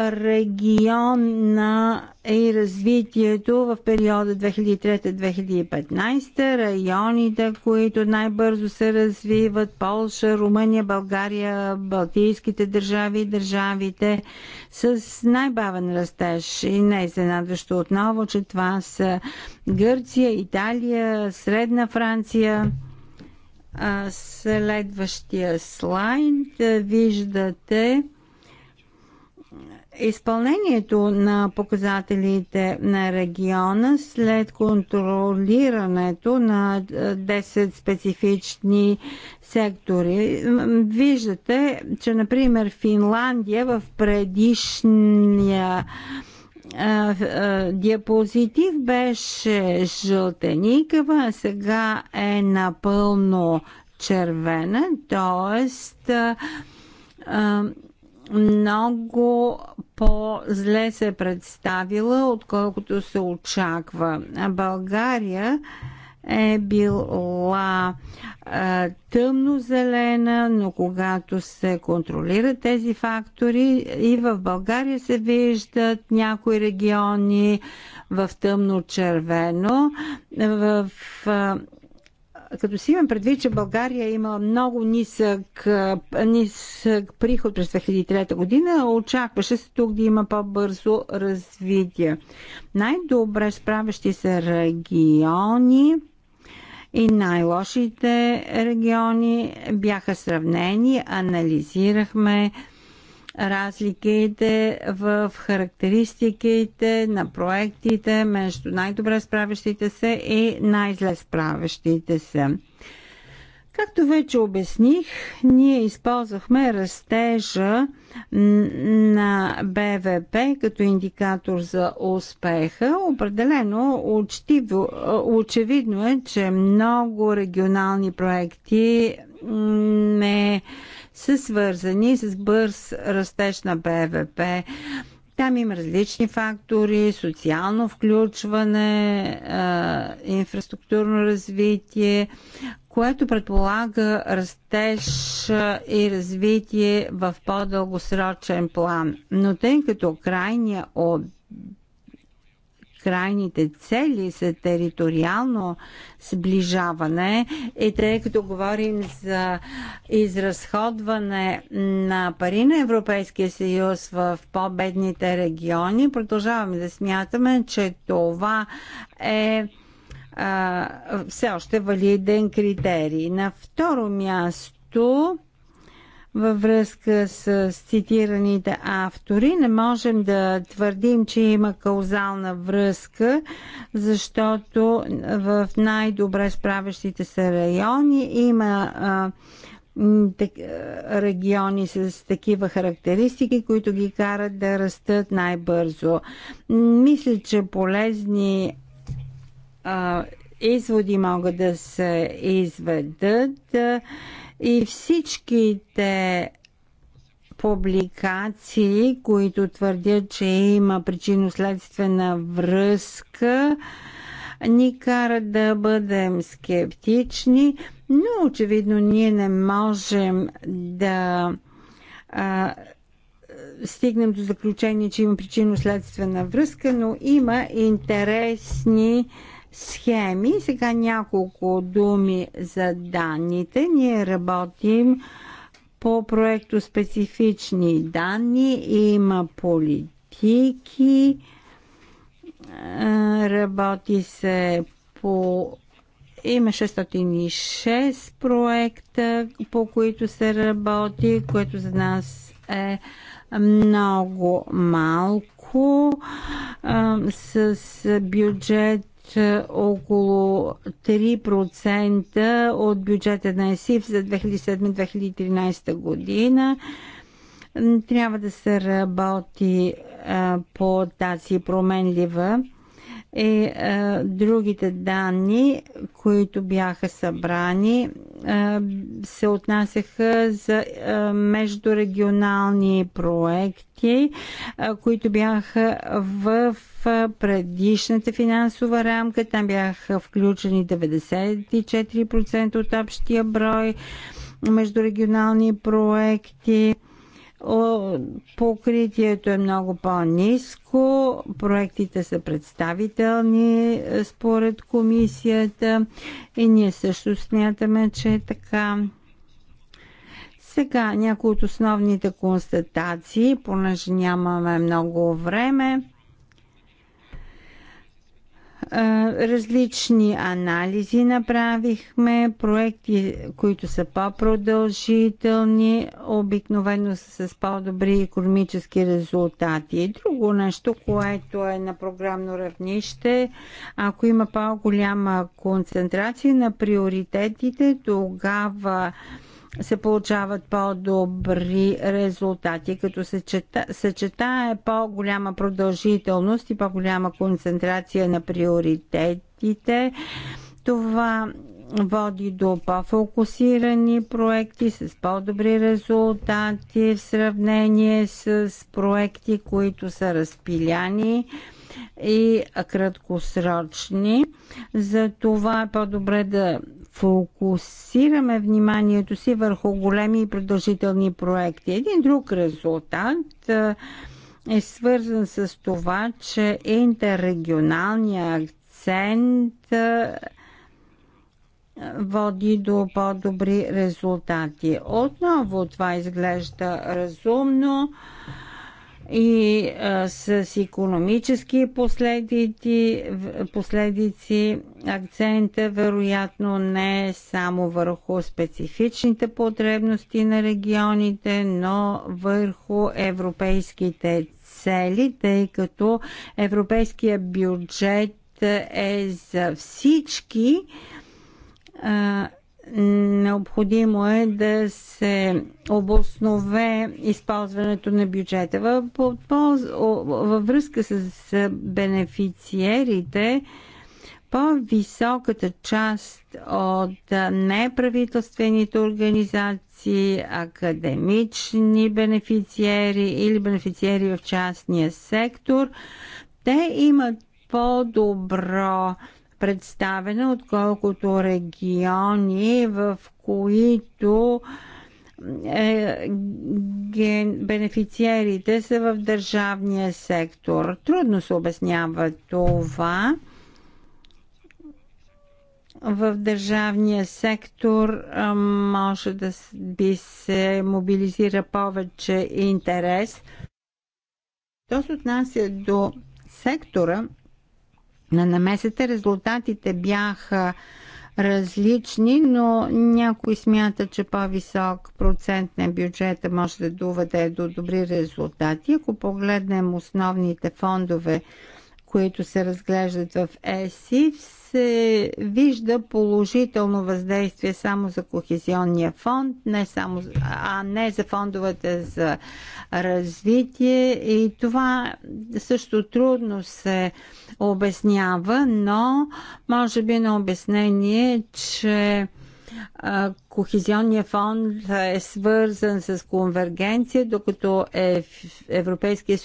регион на и развитието в периода 2003-2015, районите, които най-бързо се развиват, Полша, Румъния, България, Балтийските държави и държавите с най-бавен растеж. И не изненадващо отново, че това са Гърция, Италия, Средна Франция. Следващия слайд виждате изпълнението на показателите на региона след контролирането на 10 специфични сектори. Виждате, че, например, Финландия в предишния диапозитив беше жълтеникава, а сега е напълно червена, т.е много по-зле се е представила, отколкото се очаква. България е била а, тъмно-зелена, но когато се контролират тези фактори и в България се виждат някои региони в тъмно-червено, в а, като си имам предвид, че България има много нисък, нисък приход през 2003 година, очакваше се тук да има по-бързо развитие. Най-добре справящи се региони и най-лошите региони бяха сравнени, анализирахме разликите в характеристиките на проектите между най-добре справящите се и най-зле справящите се. Както вече обясних, ние използвахме растежа на БВП като индикатор за успеха. Определено, учтиво, очевидно е, че много регионални проекти не са свързани с бърз растеж на БВП. Там има различни фактори, социално включване, инфраструктурно развитие, което предполага растеж и развитие в по-дългосрочен план. Но тъй като крайният крайните цели за териториално сближаване и тъй като говорим за изразходване на пари на Европейския съюз в по-бедните региони, продължаваме да смятаме, че това е а, все още валиден критерий. На второ място във връзка с цитираните автори. Не можем да твърдим, че има каузална връзка, защото в най-добре справящите се райони има а, региони с такива характеристики, които ги карат да растат най-бързо. Мисля, че полезни а, изводи могат да се изведат. А, и всичките публикации, които твърдят, че има причинно-следствена връзка, ни карат да бъдем скептични, но очевидно ние не можем да а, стигнем до заключение, че има причинно-следствена връзка, но има интересни а, схеми. Сега няколко думи за данните. Ние работим по проекто специфични данни. Има политики, е, работи се по има 606 проекта, по които се работи, което за нас е много малко е, с бюджет около 3% от бюджета на ЕСИФ за 2007-2013 година. Трябва да се работи а, по тази променлива и а, другите данни, които бяха събрани, а, се отнасяха за а, междурегионални проекти, а, които бяха в предишната финансова рамка. Там бяха включени 94% от общия брой междурегионални проекти покритието е много по-низко, проектите са представителни е, според комисията и ние също смятаме, че е така. Сега някои от основните констатации, понеже нямаме много време. Различни анализи направихме, проекти, които са по-продължителни, обикновено са с по-добри економически резултати. И друго нещо, което е на програмно равнище, ако има по-голяма концентрация на приоритетите, тогава се получават по-добри резултати, като се чета, съчетае по-голяма продължителност и по-голяма концентрация на приоритетите. Това води до по-фокусирани проекти с по-добри резултати в сравнение с проекти, които са разпиляни и краткосрочни. За това е по-добре да фокусираме вниманието си върху големи и продължителни проекти. Един друг резултат е свързан с това, че интеррегионалният акцент води до по-добри резултати. Отново това изглежда разумно и а, с економически последици, последици акцента вероятно не е само върху специфичните потребности на регионите, но върху европейските цели, тъй като европейския бюджет е за всички а, Необходимо е да се обоснове използването на бюджета. Във връзка с бенефициерите, по-високата част от неправителствените организации, академични бенефициери или бенефициери в частния сектор, те имат по-добро представена, отколкото региони, в които е, ген, бенефициерите са в държавния сектор. Трудно се обяснява това. В държавния сектор може да би се мобилизира повече интерес. То се отнася до сектора, на намесата. Резултатите бяха различни, но някои смятат, че по-висок процент на бюджета може да доведе до добри резултати. Ако погледнем основните фондове, които се разглеждат в ЕСИ, се вижда положително въздействие само за кохезионния фонд, не само, а не за фондовете за развитие. И това също трудно се обяснява, но може би на обяснение, че Кохезионният фонд е свързан с конвергенция, докато е Европейския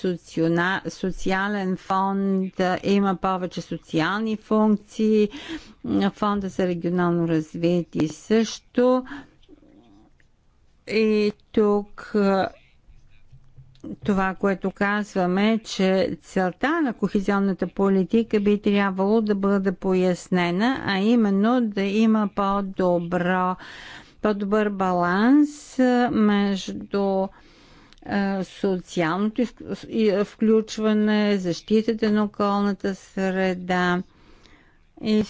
социален фонд има повече социални функции, фонда за регионално развитие също. И тук това, което казваме, че целта на кохезионната политика би трябвало да бъде пояснена, а именно да има по-добро, по-добър баланс между социалното включване, защитата на околната среда и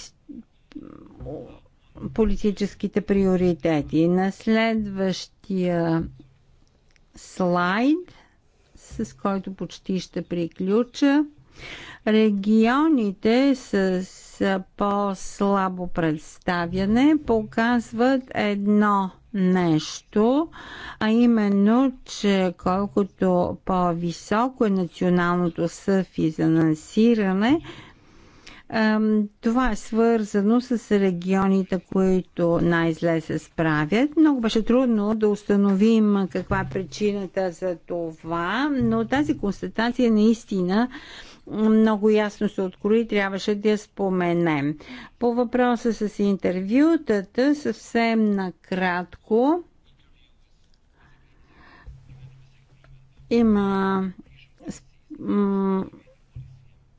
политическите приоритети. На следващия слайд – с който почти ще приключа. Регионите с по-слабо представяне показват едно нещо, а именно, че колкото по-високо е националното съфинансиране, това е свързано с регионите, които най-зле се справят. Много беше трудно да установим каква е причината за това, но тази констатация наистина много ясно се открои, трябваше да я споменем. По въпроса с интервютата, съвсем накратко, има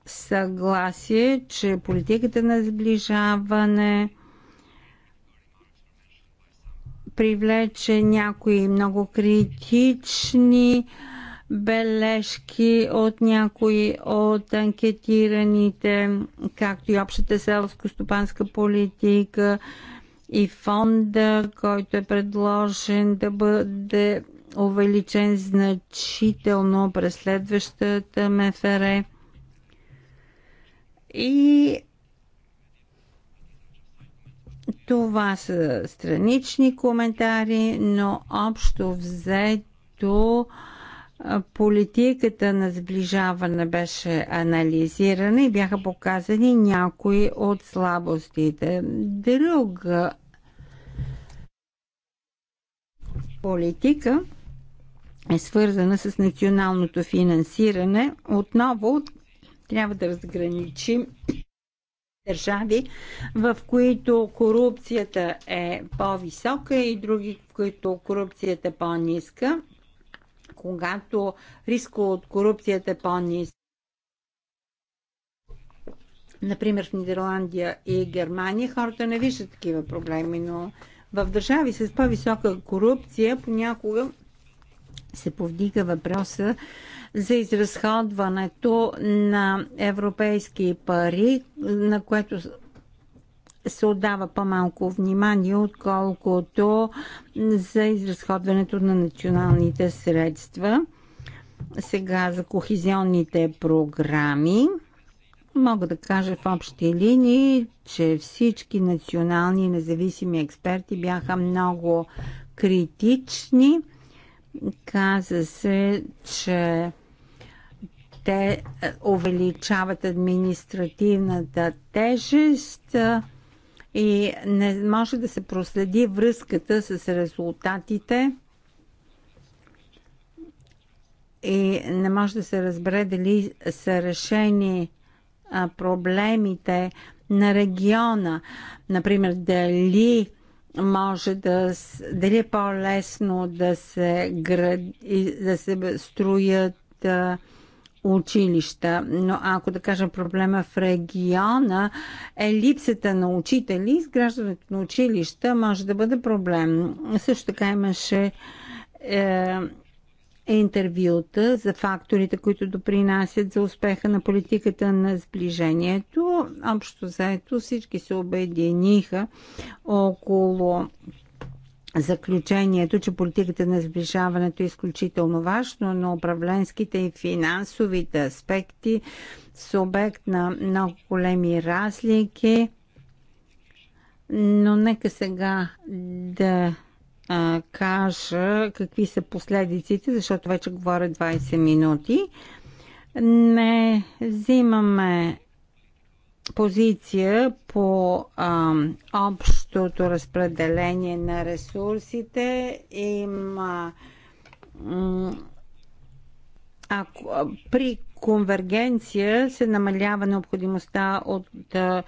съгласие, че политиката на сближаване привлече някои много критични бележки от някои от анкетираните, както и общата селско-стопанска политика и фонда, който е предложен да бъде увеличен значително през следващата МФР. И това са странични коментари, но общо взето политиката на сближаване беше анализирана и бяха показани някои от слабостите. Друга политика е свързана с националното финансиране. Отново трябва да разграничим държави, в които корупцията е по-висока и други, в които корупцията е по-ниска. Когато риска от корупцията е по ниска например в Нидерландия и Германия, хората не виждат такива проблеми, но в държави с по-висока корупция понякога се повдига въпроса за изразходването на европейски пари, на което се отдава по-малко внимание, отколкото за изразходването на националните средства. Сега за кохизионните програми. Мога да кажа в общи линии, че всички национални независими експерти бяха много критични каза се, че те е, увеличават административната тежест е, и не може да се проследи връзката с резултатите и не може да се разбере дали са решени е, проблемите на региона. Например, дали може да, дали е по-лесно да се, град, да се строят а, училища. Но ако да кажем проблема в региона е липсата на учители, изграждането на училища може да бъде проблем. Също така имаше е, е интервюта за факторите, които допринасят за успеха на политиката на сближението. Общо заето всички се обединиха около заключението, че политиката на сближаването е изключително важно, но управленските и финансовите аспекти са обект на много големи разлики. Но нека сега да а, кажа какви са последиците, защото вече говоря 20 минути. Не взимаме позиция по а, общото разпределение на ресурсите. Има ако, при конвергенция се намалява необходимостта от а,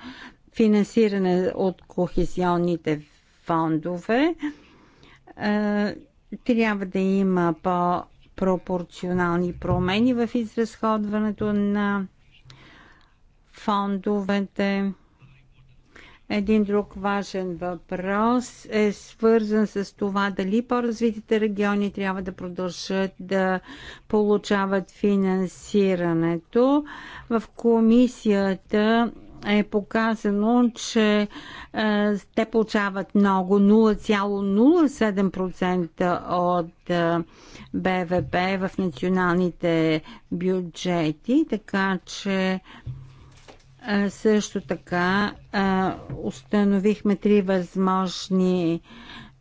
финансиране от кохезионните фондове. А, е, трябва да има по-пропорционални промени в изразходването на фондовете. Един друг важен въпрос е свързан с това дали по-развитите региони трябва да продължат да получават финансирането. В комисията е показано, че е, те получават много 0,07% от е, БВП в националните бюджети, така че е, също така е, установихме три възможни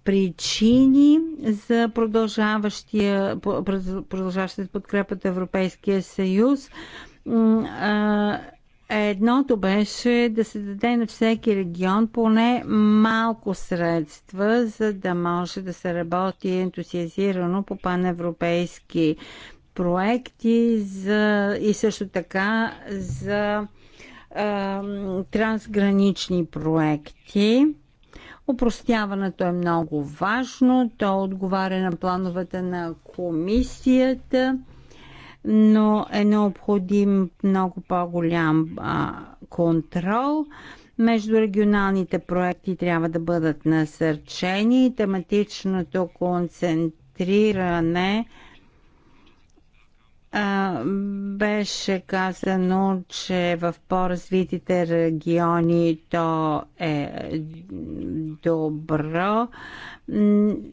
причини за продължаващия, продължаващата подкрепа от Европейския съюз. Е, Едното беше да се даде на всеки регион поне малко средства, за да може да се работи ентусиазирано по паневропейски проекти за, и също така за а, трансгранични проекти. Опростяването е много важно. То отговаря на плановете на комисията но е необходим много по-голям контрол между регионалните проекти трябва да бъдат насърчени. Тематичното концентриране а, беше казано, че в по-развитите региони то е добро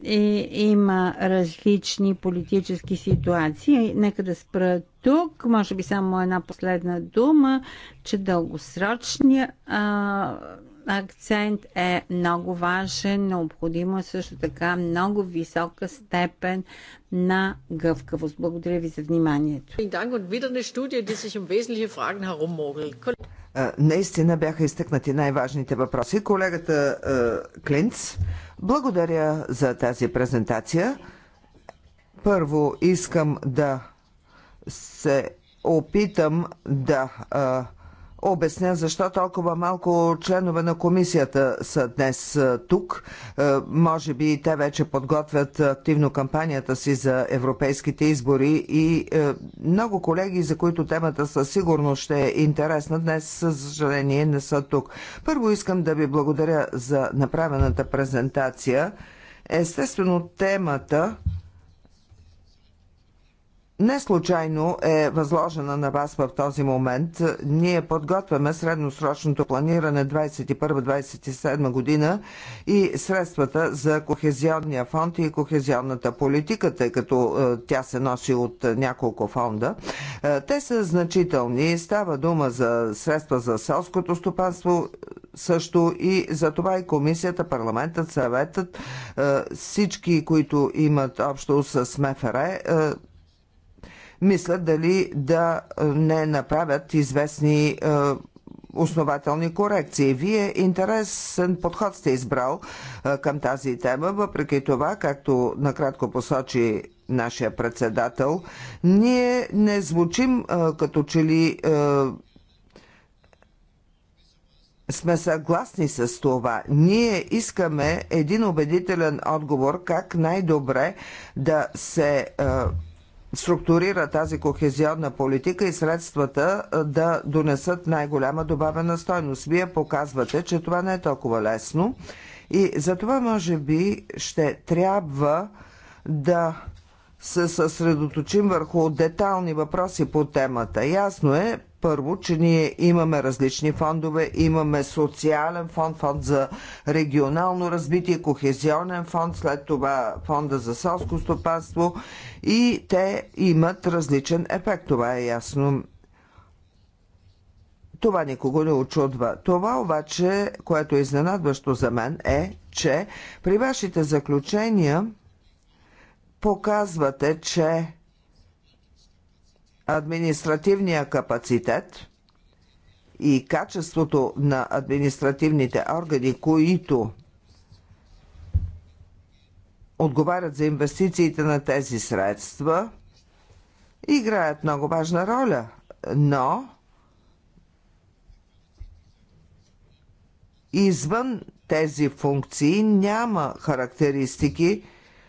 и има различни политически ситуации. Нека да спра тук. Може би само една последна дума, че дългосрочния а, акцент е много важен. Необходимо е също така много висока степен на гъвкавост. Благодаря ви за вниманието. Um наистина бяха изтъкнати най-важните въпроси. Колегата Клинц, благодаря за тази презентация. Първо искам да се опитам да обясня защо толкова малко членове на комисията са днес е, тук. Е, може би те вече подготвят активно кампанията си за европейските избори и е, много колеги, за които темата със сигурност ще е интересна, днес, за съжаление, не са тук. Първо искам да ви благодаря за направената презентация. Естествено, темата не случайно е възложена на вас в този момент. Ние подготвяме средносрочното планиране 2021-2027 година и средствата за Кохезионния фонд и Кохезионната политика, тъй като е, тя се носи от няколко фонда. Е, те са значителни. Става дума за средства за селското стопанство, е, също и за това и комисията, парламентът, съветът, всички, които имат общо с МФР, мислят дали да е, не направят известни е, основателни корекции. Вие интересен подход сте избрал е, към тази тема, въпреки това, както накратко посочи нашия председател, ние не звучим като че ли сме съгласни с това. Ние искаме един убедителен отговор как най-добре да се структурира тази кохезионна политика и средствата да донесат най-голяма добавена стойност. Вие показвате, че това не е толкова лесно и за това може би ще трябва да се съсредоточим върху детални въпроси по темата. Ясно е, първо, че ние имаме различни фондове. Имаме социален фонд, фонд за регионално развитие, кохезионен фонд, след това фонда за селско стопанство и те имат различен ефект. Това е ясно. Това никого не очудва. Това обаче, което е изненадващо за мен е, че при вашите заключения показвате, че административния капацитет и качеството на административните органи, които отговарят за инвестициите на тези средства, играят много важна роля. Но извън тези функции няма характеристики,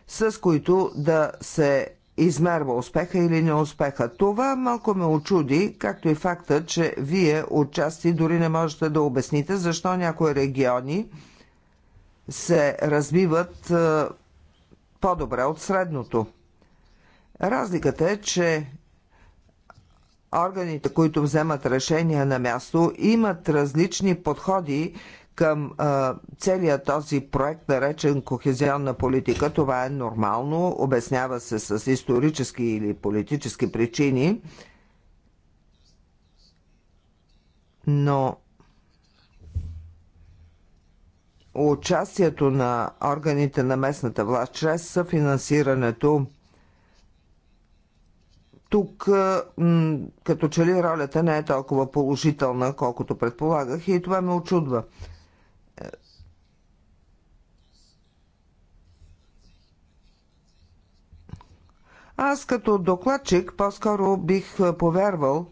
с които да се измерва успеха или неуспеха. Това малко ме очуди, както и факта, че вие отчасти дори не можете да обясните защо някои региони се развиват е, по-добре от средното. Разликата е, че органите, които вземат решения на място, имат различни подходи към а, целият този проект, наречен кохезионна политика. Това е нормално, обяснява се с исторически или политически причини, но участието на органите на местната власт чрез съфинансирането тук като че ли ролята не е толкова положителна, колкото предполагах и това ме очудва. Аз като докладчик по-скоро бих повярвал,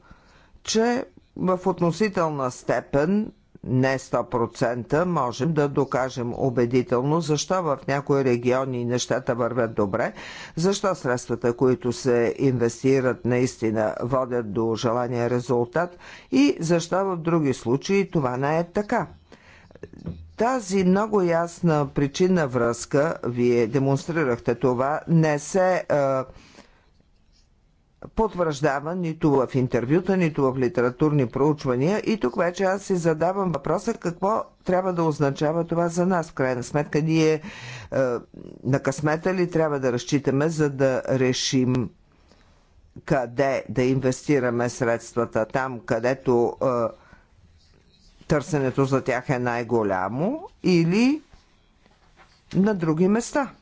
че в относителна степен не 100% можем да докажем убедително защо в някои региони нещата вървят добре, защо средствата, които се инвестират наистина водят до желания резултат и защо в други случаи това не е така. Тази много ясна причина връзка, вие демонстрирахте това, не се е, потвърждава нито в интервюта, нито в литературни проучвания. И тук вече аз си задавам въпроса какво трябва да означава това за нас. В крайна сметка ние е, на късмета ли трябва да разчитаме, за да решим къде да инвестираме средствата, там където е, търсенето за тях е най-голямо или на други места –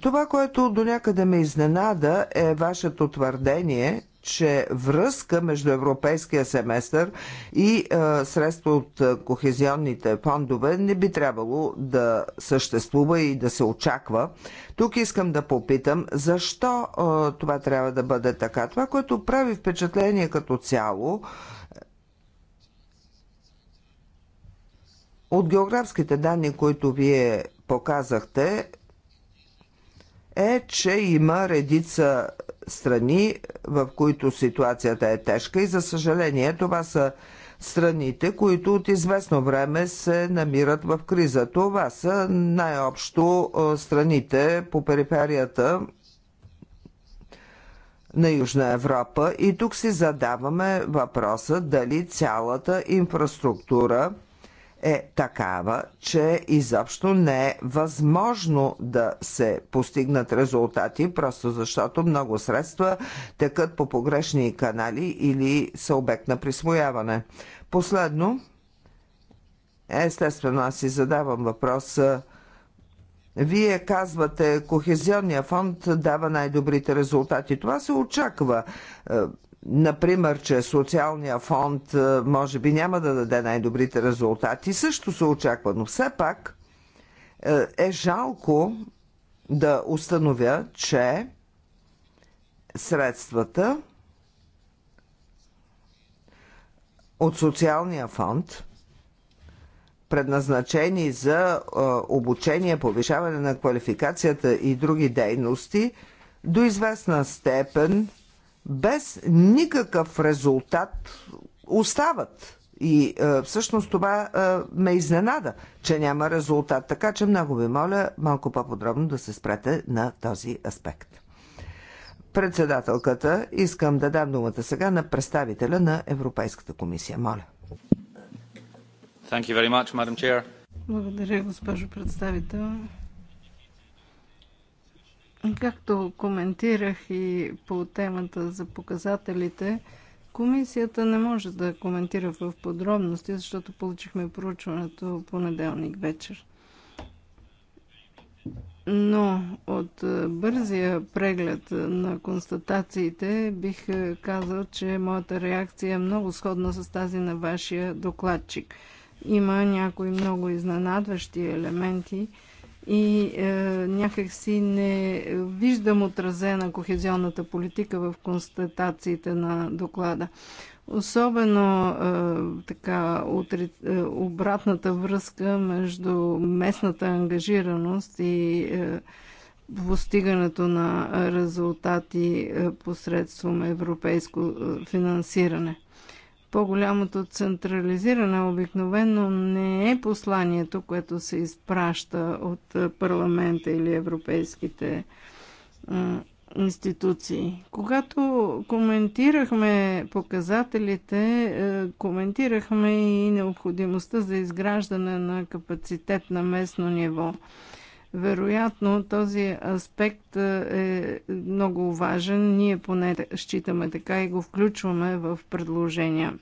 това, което до някъде ме изненада, е вашето твърдение, че връзка между европейския семестър и е, средства от е, кохезионните фондове не би трябвало да съществува и да се очаква. Тук искам да попитам защо е, това трябва да бъде така. Това, което прави впечатление като цяло, е, от географските данни, които вие показахте, е, че има редица страни, в които ситуацията е тежка и за съжаление това са страните, които от известно време се намират в криза. Това са най-общо страните по периферията на Южна Европа и тук си задаваме въпроса дали цялата инфраструктура – е такава, че изобщо не е възможно да се постигнат резултати, просто защото много средства текат по погрешни канали или са обект на присвояване. Последно, естествено, аз си задавам въпроса. Вие казвате, кохезионния фонд дава най-добрите резултати. Това се очаква. Е, например, че социалния фонд е, може би няма да даде най-добрите резултати, също се очаква, но все пак е, е жалко да установя, че средствата от социалния фонд предназначени за е, обучение, повишаване на квалификацията и други дейности, до известна степен – без никакъв резултат остават. И е, всъщност това е, ме изненада, че няма резултат. Така че много ви моля малко по-подробно да се спрете на този аспект. Председателката, искам да дам думата сега на представителя на Европейската комисия. Моля. Thank you very much, Madam Chair. Благодаря, госпожо представител. Както коментирах и по темата за показателите, комисията не може да коментира в подробности, защото получихме проучването понеделник вечер. Но от е, бързия преглед на констатациите бих е, казал, че моята реакция е много сходна с тази на вашия докладчик. Има някои много изненадващи елементи – и е, някакси не виждам отразена кохезионната политика в констатациите на доклада. Особено е, така утре, е, обратната връзка между местната ангажираност и е, постигането на резултати е, посредством европейско е, финансиране по-голямото централизиране обикновено не е посланието, което се изпраща от парламента или европейските институции. Когато коментирахме показателите, коментирахме и необходимостта за изграждане на капацитет на местно ниво. Вероятно този аспект е, е много важен. Ние поне считаме така и го включваме в предложения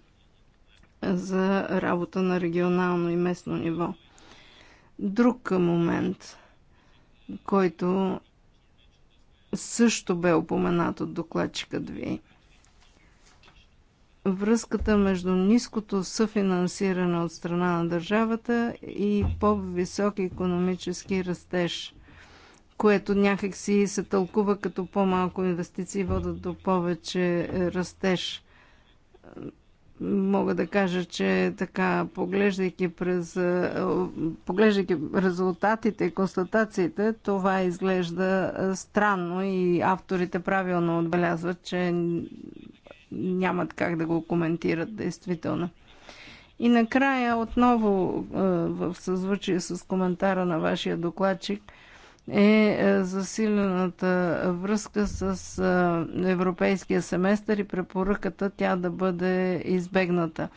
за работа на регионално и местно ниво. Друг момент, който също бе упоменат от докладчикът ви, връзката между ниското съфинансиране от страна на държавата и по-висок економически растеж, което някакси се тълкува като по-малко инвестиции водят до повече е, растеж. Мога да кажа, че така, поглеждайки, през, е, поглеждайки резултатите и констатациите, това изглежда е, странно и авторите правилно отбелязват, че нямат как да го коментират действително. И накрая отново е, в съзвучие с коментара на вашия докладчик е, е засилената връзка с е, европейския семестър и препоръката тя да бъде избегната.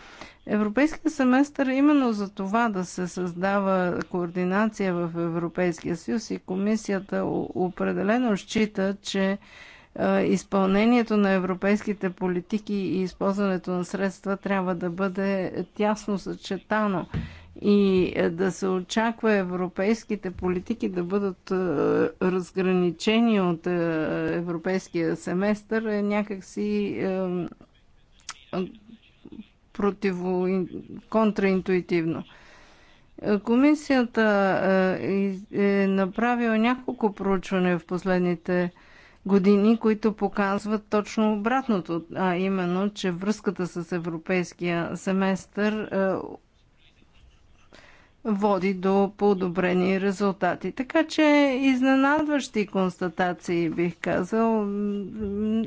Европейския семестър именно за това да се създава координация в Европейския съюз и комисията определено счита, че изпълнението на европейските политики и използването на средства трябва да бъде тясно съчетано и да се очаква европейските политики да бъдат разграничени от европейския семестър е някакси противо, контраинтуитивно. Комисията е направила няколко проучвания в последните години, които показват точно обратното, а именно, че връзката с европейския семестър е, води до подобрени резултати. Така че изненадващи констатации бих казал.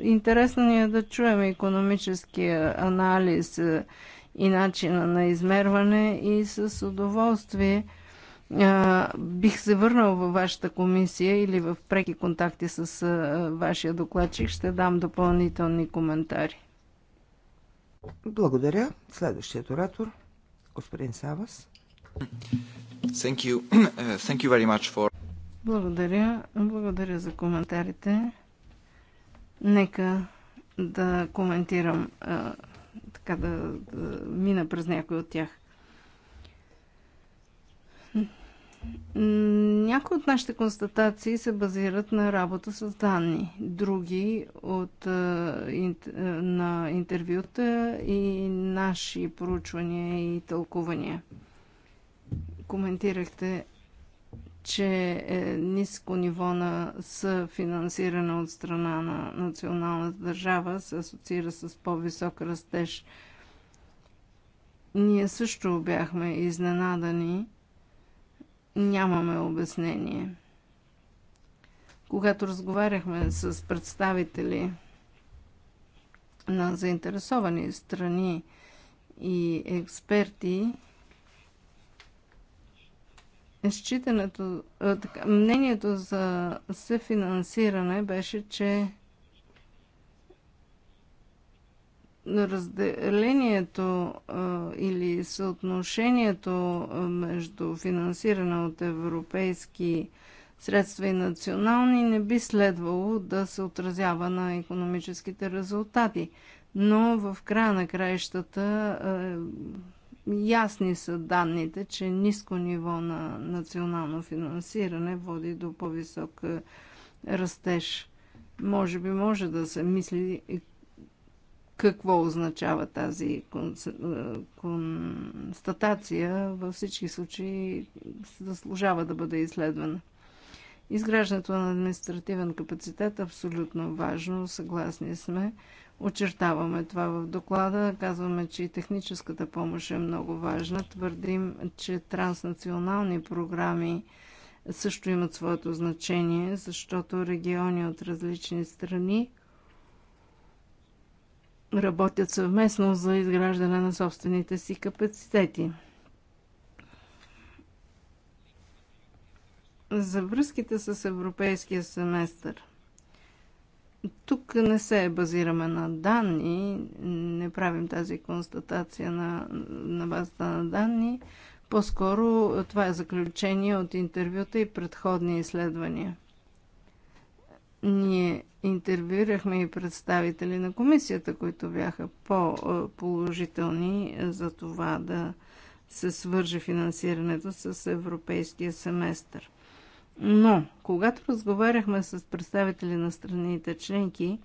Интересно ни е да чуем економическия анализ е, и начина на измерване и с удоволствие а, бих се върнал във вашата комисия или в преки контакти с а, вашия докладчик. Ще дам допълнителни коментари. Благодаря. Следващият оратор, господин Савас. Thank you. Uh, thank you very much for... Благодаря. Благодаря за коментарите. Нека да коментирам, а, така да, да мина през някой от тях. Някои от нашите констатации се базират на работа с данни, други от, е, е, на интервюта и наши проучвания и тълкувания. Коментирахте, че е ниско ниво на съфинансиране от страна на националната държава се асоциира с по-висок растеж. Ние също бяхме изненадани нямаме обяснение. Когато разговаряхме с представители на заинтересовани страни и експерти, считането, мнението за съфинансиране беше, че разделението а, или съотношението между финансиране от европейски средства и национални не би следвало да се отразява на економическите резултати. Но в края на краищата а, ясни са данните, че ниско ниво на национално финансиране води до по-висок растеж. Може би може да се мисли какво означава тази е, констатация, във всички случаи заслужава да бъде изследвана. Изграждането на административен капацитет е абсолютно важно, съгласни сме. Очертаваме това в доклада, казваме, че и техническата помощ е много важна. Твърдим, че транснационални програми също имат своето значение, защото региони от различни страни работят съвместно за изграждане на собствените си капацитети. За връзките с европейския семестър. Тук не се базираме на данни, не правим тази констатация на, на базата на данни. По-скоро това е заключение от интервюта и предходни изследвания. Ние интервюирахме и представители на комисията, които бяха по-положителни за това да се свърже финансирането с европейския семестър. Но, когато разговаряхме с представители на страните членки,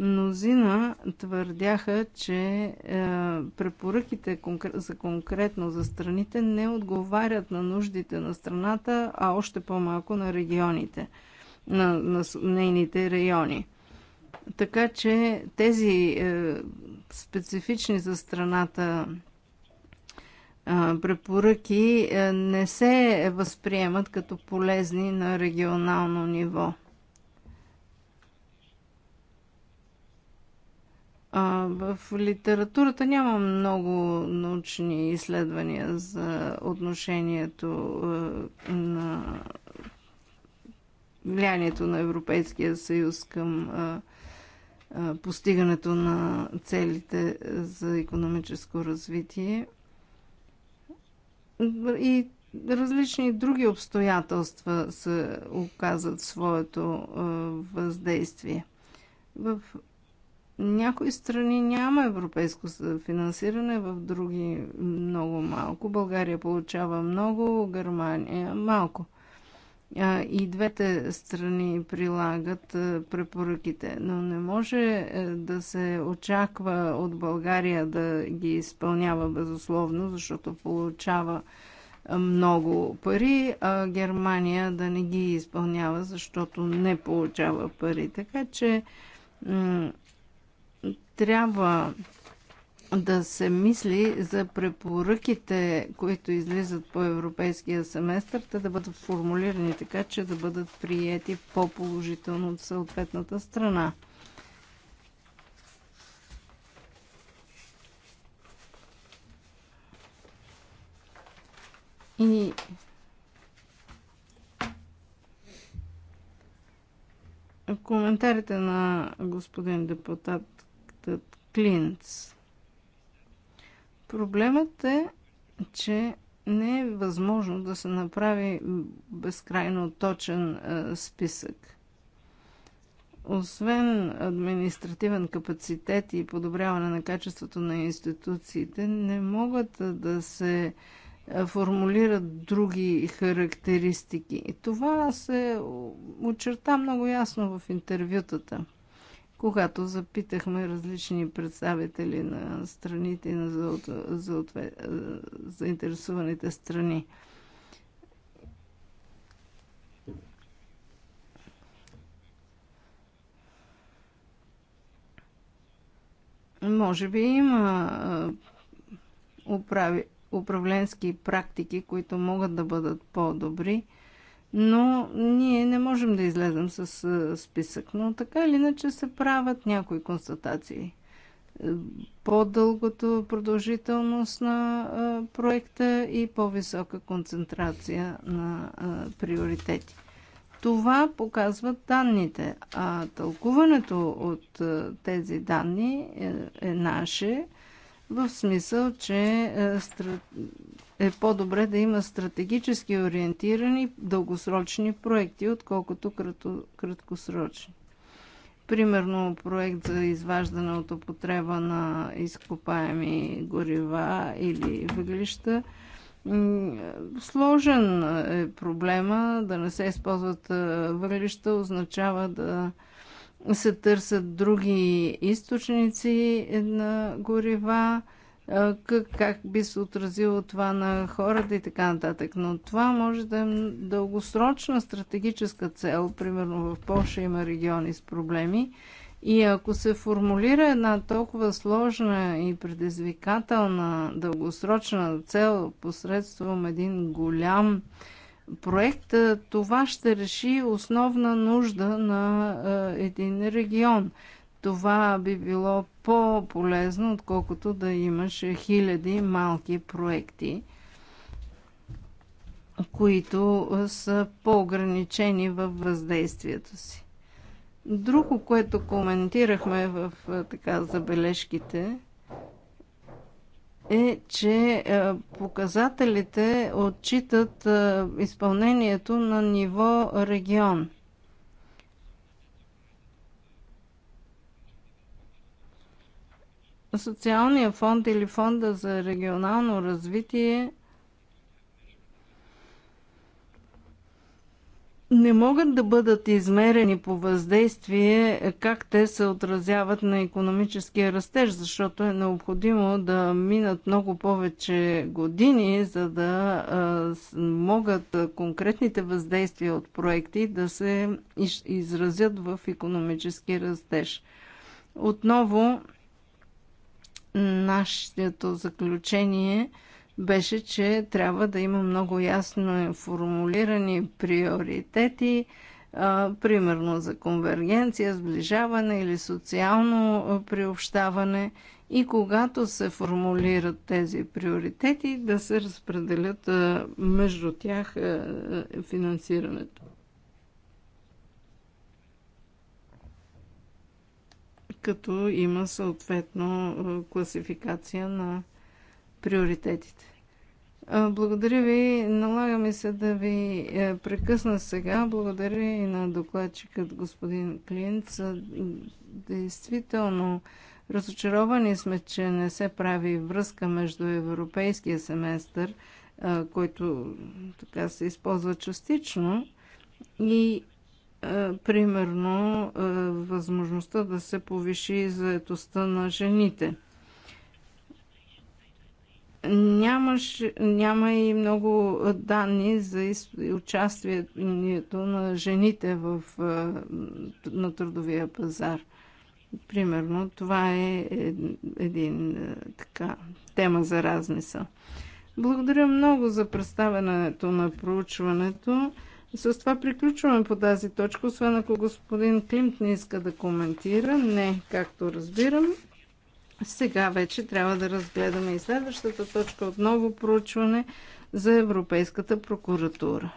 мнозина твърдяха, че е, препоръките за конкретно за страните не отговарят на нуждите на страната, а още по-малко на регионите – на, на нейните райони. Така че тези е, специфични за страната е, препоръки е, не се възприемат като полезни на регионално ниво. В литературата няма много научни изследвания за отношението е, на влиянието на Европейския съюз към постигането на целите за економическо развитие и различни други обстоятелства се оказат своето въздействие. В някои страни няма европейско финансиране, в други много малко. България получава много, Германия малко и двете страни прилагат препоръките, но не може е, да се очаква от България да ги изпълнява безусловно, защото получава много пари, а Германия да не ги изпълнява, защото не получава пари. Така че трябва да се мисли за препоръките, които излизат по европейския семестър, те да бъдат формулирани така, че да бъдат приети по-положително от съответната страна. И коментарите на господин депутат Клинц Проблемът е, че не е възможно да се направи безкрайно точен е, списък. Освен административен капацитет и подобряване на качеството на институциите, не могат е, да се е, формулират други характеристики. И това се очерта много ясно в интервютата когато запитахме различни представители на страните и на за, за, заинтересуваните страни. Може би има управи, управленски практики, които могат да бъдат по-добри но ние не можем да излезем с списък. Но така или иначе се правят някои констатации. Е, по-дългото продължителност на проекта и по-висока концентрация на приоритети. Това показват данните, а тълкуването от тези данни е, е наше, в смисъл, че е, е по-добре да има стратегически ориентирани дългосрочни проекти, отколкото крато, краткосрочни. Примерно проект за изваждане от употреба на изкопаеми горива или въглища. Сложен е проблема. Да не се използват въглища означава да се търсят други източници на горива как би се отразило това на хората и така нататък. Но това може да е дългосрочна стратегическа цел. Примерно в Польша има региони с проблеми. И ако се формулира една толкова сложна и предизвикателна дългосрочна цел посредством един голям проект, това ще реши основна нужда на един регион – това би било по-полезно, отколкото да имаш хиляди малки проекти, които са по-ограничени във въздействието си. Друго, което коментирахме в така забележките, е, че показателите отчитат изпълнението на ниво регион. социалния фонд или фонда за регионално развитие не могат да бъдат измерени по въздействие как те се отразяват на економическия растеж, защото е необходимо да минат много повече години, за да а, могат конкретните въздействия от проекти да се изразят в економически растеж. Отново Нашето заключение беше, че трябва да има много ясно формулирани приоритети, а, примерно за конвергенция, сближаване или социално приобщаване. И когато се формулират тези приоритети, да се разпределят а, между тях а, финансирането. като има съответно класификация на приоритетите. Благодаря ви. Налага ми се да ви е, прекъсна сега. Благодаря и на докладчикът господин Клинц. Действително, разочаровани сме, че не се прави връзка между европейския семестър, който така се използва частично, и е, примерно е, възможността да се повиши заетостта на жените. Нямаш, няма и много данни за участието на жените в, е, на трудовия пазар. Примерно, това е един така тема за размисъл. Благодаря много за представенето на проучването. С това приключваме по тази точка, освен ако господин Климт не иска да коментира. Не, както разбирам. Сега вече трябва да разгледаме и следващата точка отново проучване за Европейската прокуратура.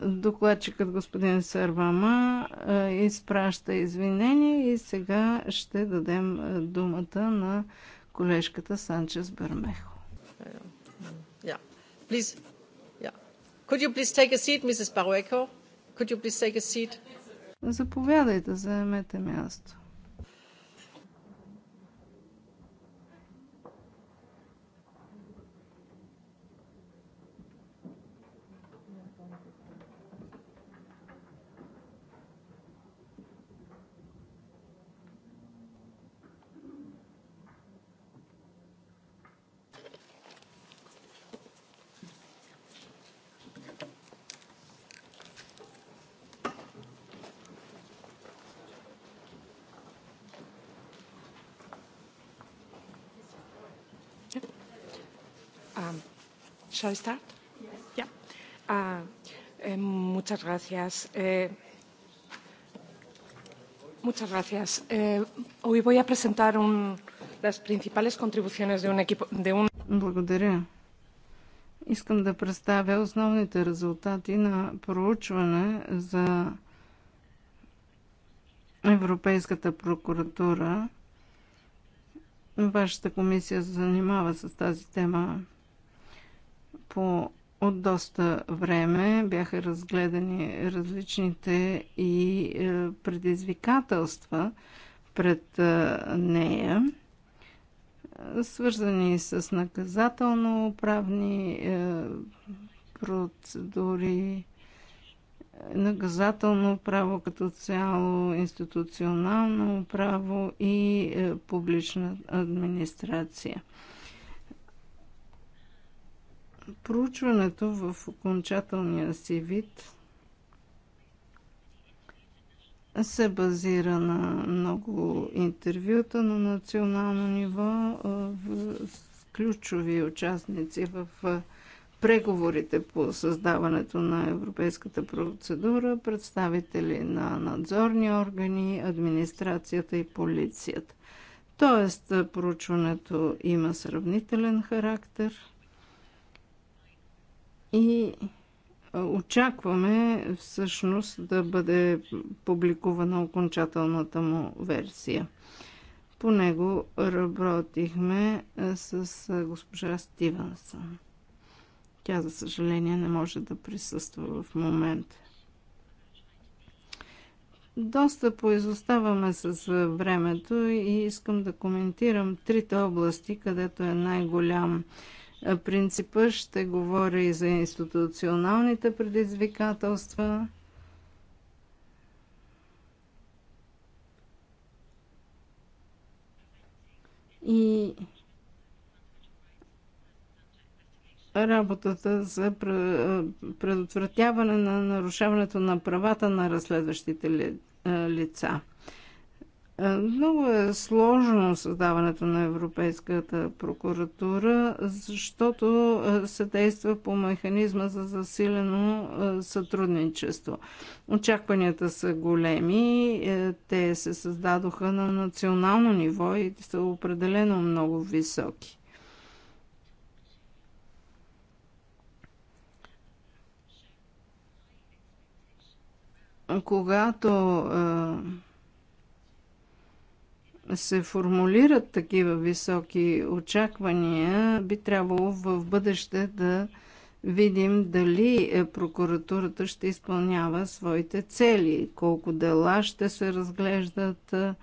докладчикът господин Сървама изпраща извинения и сега ще дадем думата на колежката Санчес Бърмехо. Please, Could you please take a seat, Mrs. Barueco? Could you please take a seat? Заповядайте, заемете място. Shall I start? Yes. Yeah. Uh, eh, muchas gracias. Eh, muchas gracias. Eh, hoy voy a presentar un, las principales contribuciones de un equipo de un. Благодаря. Искам да представя основните резултати на проучване за Европейската прокуратура. Вашата комисия се занимава с тази тема по, от доста време. Бяха разгледани различните и е, предизвикателства пред е, нея, свързани с наказателно-правни е, процедури, наказателно право като цяло, институционално право и публична администрация проучването в окончателния си вид се базира на много интервюта на национално ниво с ключови участници в преговорите по създаването на европейската процедура, представители на надзорни органи, администрацията и полицията. Тоест, проучването има сравнителен характер и очакваме всъщност да бъде публикувана окончателната му версия. По него работихме с госпожа Стивенсън. Тя, за съжаление, не може да присъства в момента. Доста поизоставаме с времето и искам да коментирам трите области, където е най-голям принципа, ще говоря и за институционалните предизвикателства. И работата за предотвратяване на нарушаването на правата на разследващите лица. Е, много е сложно създаването на Европейската прокуратура, защото е, се действа по механизма за засилено е, сътрудничество. Очакванията са големи, те се създадоха на национално ниво и са определено много високи. Когато се формулират такива високи очаквания, би трябвало в бъдеще да видим дали е, прокуратурата ще изпълнява своите цели, колко дела ще се разглеждат, е,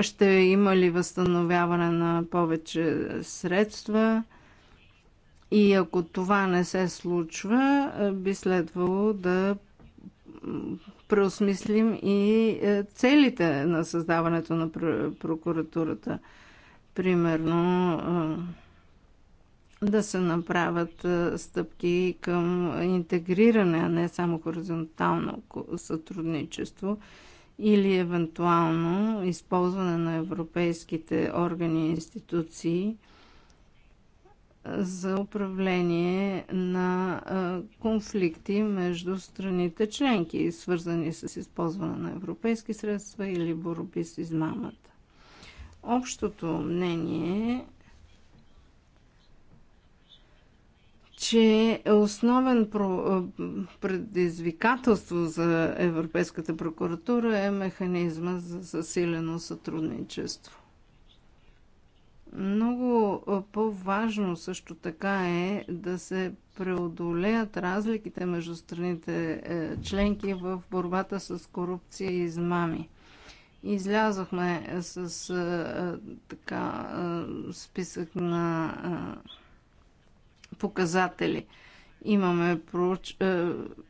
ще има ли възстановяване на повече средства. И ако това не се случва, е, би следвало да преосмислим и е, целите на създаването на прокуратурата. Примерно е, да се направят е, стъпки към интегриране, а не само хоризонтално сътрудничество или евентуално използване на европейските органи и институции – за управление на конфликти между страните членки, свързани с използване на европейски средства или борби с измамата. Общото мнение е, че е основен предизвикателство за Европейската прокуратура е механизма за засилено сътрудничество. Много по-важно също така е да се преодолеят разликите между страните е, членки в борбата с корупция и измами. Излязохме с така списък на показатели. Имаме проуч...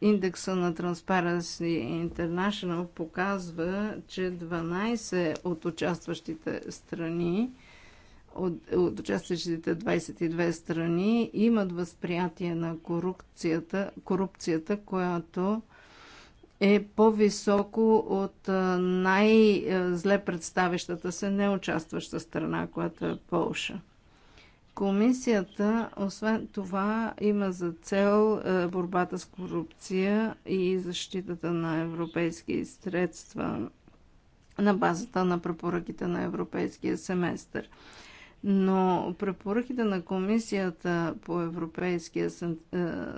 индекса на Transparency International показва, че 12 от участващите страни от, от участващите 22 страни имат възприятие на корупцията, корупцията която е по-високо от най-зле представящата се неучастваща страна, която е Полша. Комисията, освен това, има за цел борбата с корупция и защитата на европейски средства на базата на препоръките на европейския семестър но препоръките на Комисията по европейския е,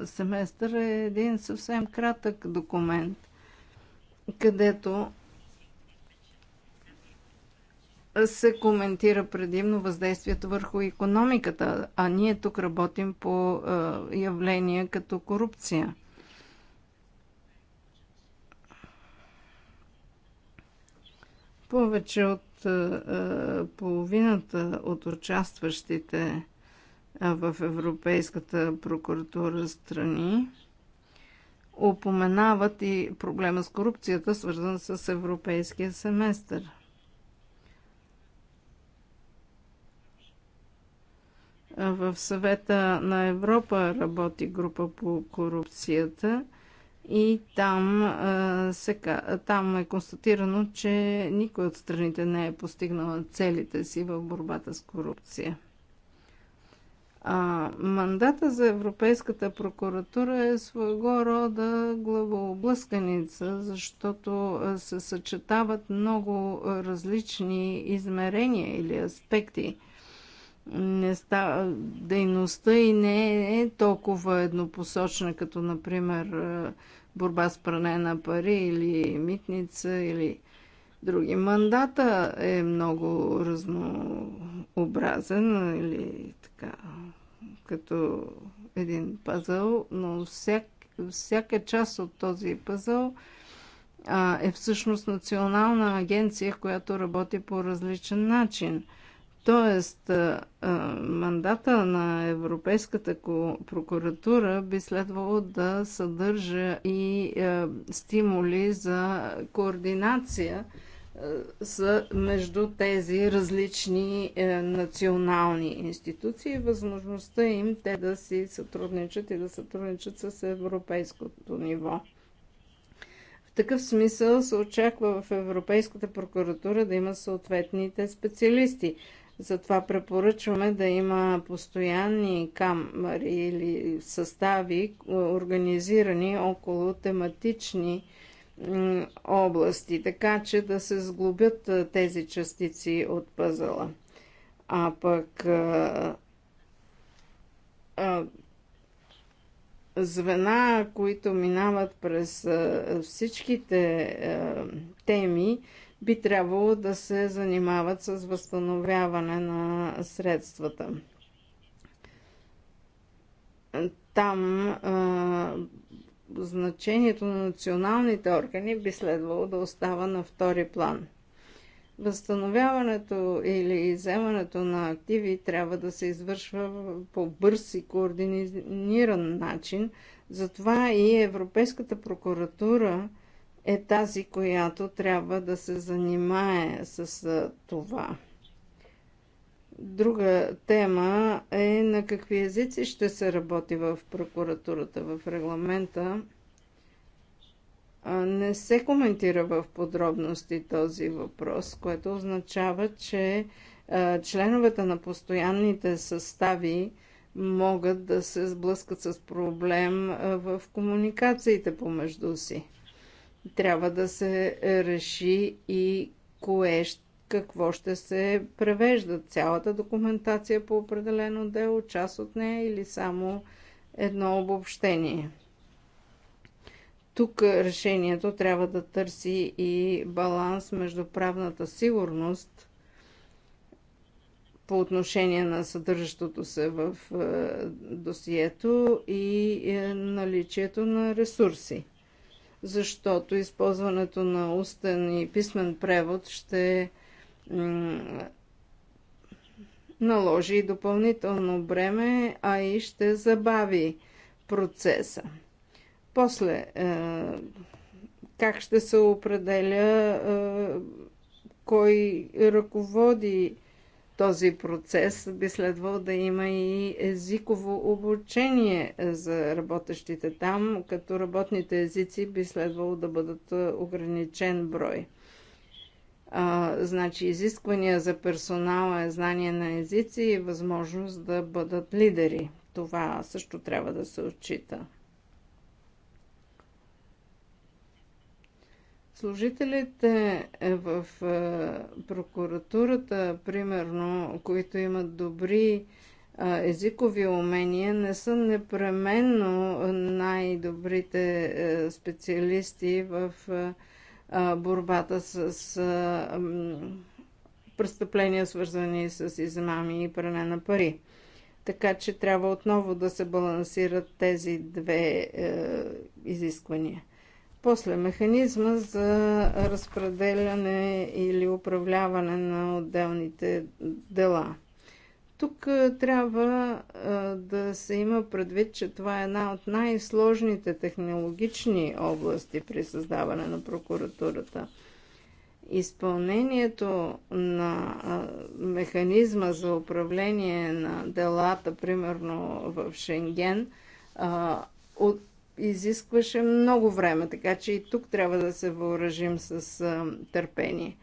семестър е един съвсем кратък документ, където се коментира предимно въздействието върху економиката, а ние тук работим по е, явления като корупция. Повече от е, половината от участващите е, в Европейската прокуратура страни упоменават и проблема с корупцията, свързан с европейския семестър. Е, в съвета на Европа работи група по корупцията – и там, се, там е констатирано, че никой от страните не е постигнал целите си в борбата с корупция. А, мандата за Европейската прокуратура е своего рода главооблъсканица, защото се съчетават много различни измерения или аспекти. Не ста... Дейността и не е толкова еднопосочна, като, например, борба с пране на пари или митница или други. Мандата е много разнообразен или така като един пазъл, но всяк, всяка част от този пазъл а, е всъщност национална агенция, която работи по различен начин – Тоест, мандата на Европейската прокуратура би следвало да съдържа и стимули за координация са между тези различни е, национални институции и възможността им те да си сътрудничат и да сътрудничат с европейското ниво. В такъв смисъл се очаква в Европейската прокуратура да има съответните специалисти, затова препоръчваме да има постоянни камери или състави, организирани около тематични области, така че да се сглобят тези частици от пъзела. А пък звена, които минават през всичките теми, би трябвало да се занимават с възстановяване на средствата. Там а, значението на националните органи би следвало да остава на втори план. Възстановяването или вземането на активи трябва да се извършва по бърз и координиран начин. Затова и Европейската прокуратура – е тази, която трябва да се занимае с това. Друга тема е на какви езици ще се работи в прокуратурата, в регламента. Не се коментира в подробности този въпрос, което означава, че членовете на постоянните състави могат да се сблъскат с проблем в комуникациите помежду си трябва да се реши и кое какво ще се превежда. Цялата документация по определено дело, част от нея или само едно обобщение. Тук решението трябва да търси и баланс между правната сигурност по отношение на съдържащото се в е, досието и е, наличието на ресурси защото използването на устен и писмен превод ще наложи допълнително бреме, а и ще забави процеса. После, е, как ще се определя е, кой ръководи този процес би следвал да има и езиково обучение за работещите там, като работните езици би следвало да бъдат ограничен брой. А, значи изисквания за персонала е знание на езици и възможност да бъдат лидери. Това също трябва да се отчита. Служителите е, в е, прокуратурата, примерно, които имат добри е, езикови умения, не са непременно най-добрите специалисти в борбата с престъпления, свързани с измами и пране на пари. Така че трябва отново да се балансират тези две изисквания. После механизма за разпределяне или управляване на отделните дела. Тук трябва да се има предвид, че това е една от най-сложните технологични области при създаване на прокуратурата. Изпълнението на механизма за управление на делата, примерно в Шенген, изискваше много време, така че и тук трябва да се въоръжим с търпение.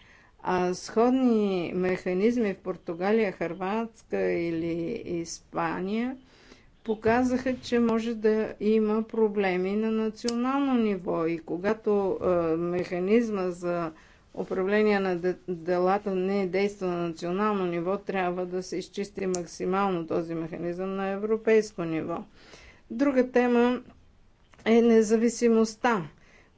А сходни механизми в Португалия, Харватска или Испания показаха, че може да има проблеми на национално ниво. И когато механизма за управление на делата не е действа на национално ниво, трябва да се изчисти максимално този механизъм на европейско ниво. Друга тема е независимостта.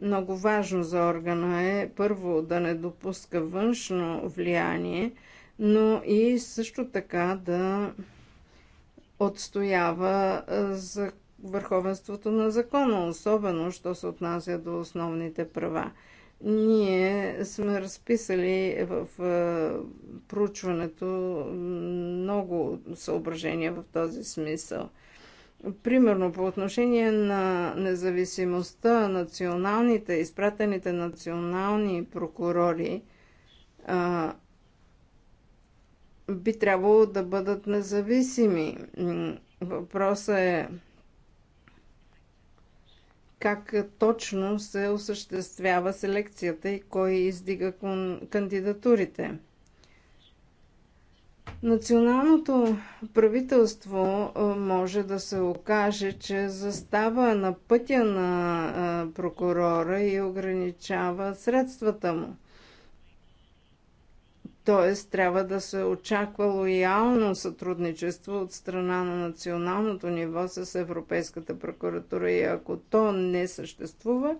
Много важно за органа е първо да не допуска външно влияние, но и също така да отстоява за върховенството на закона, особено що се отнася до основните права. Ние сме разписали в проучването много съображения в този смисъл – Примерно по отношение на независимостта, националните, изпратените национални прокурори а, би трябвало да бъдат независими. Въпросът е как точно се осъществява селекцията и кой издига кандидатурите. Националното правителство може да се окаже, че застава на пътя на прокурора и ограничава средствата му. Тоест, трябва да се очаква лоялно сътрудничество от страна на националното ниво с Европейската прокуратура и ако то не съществува,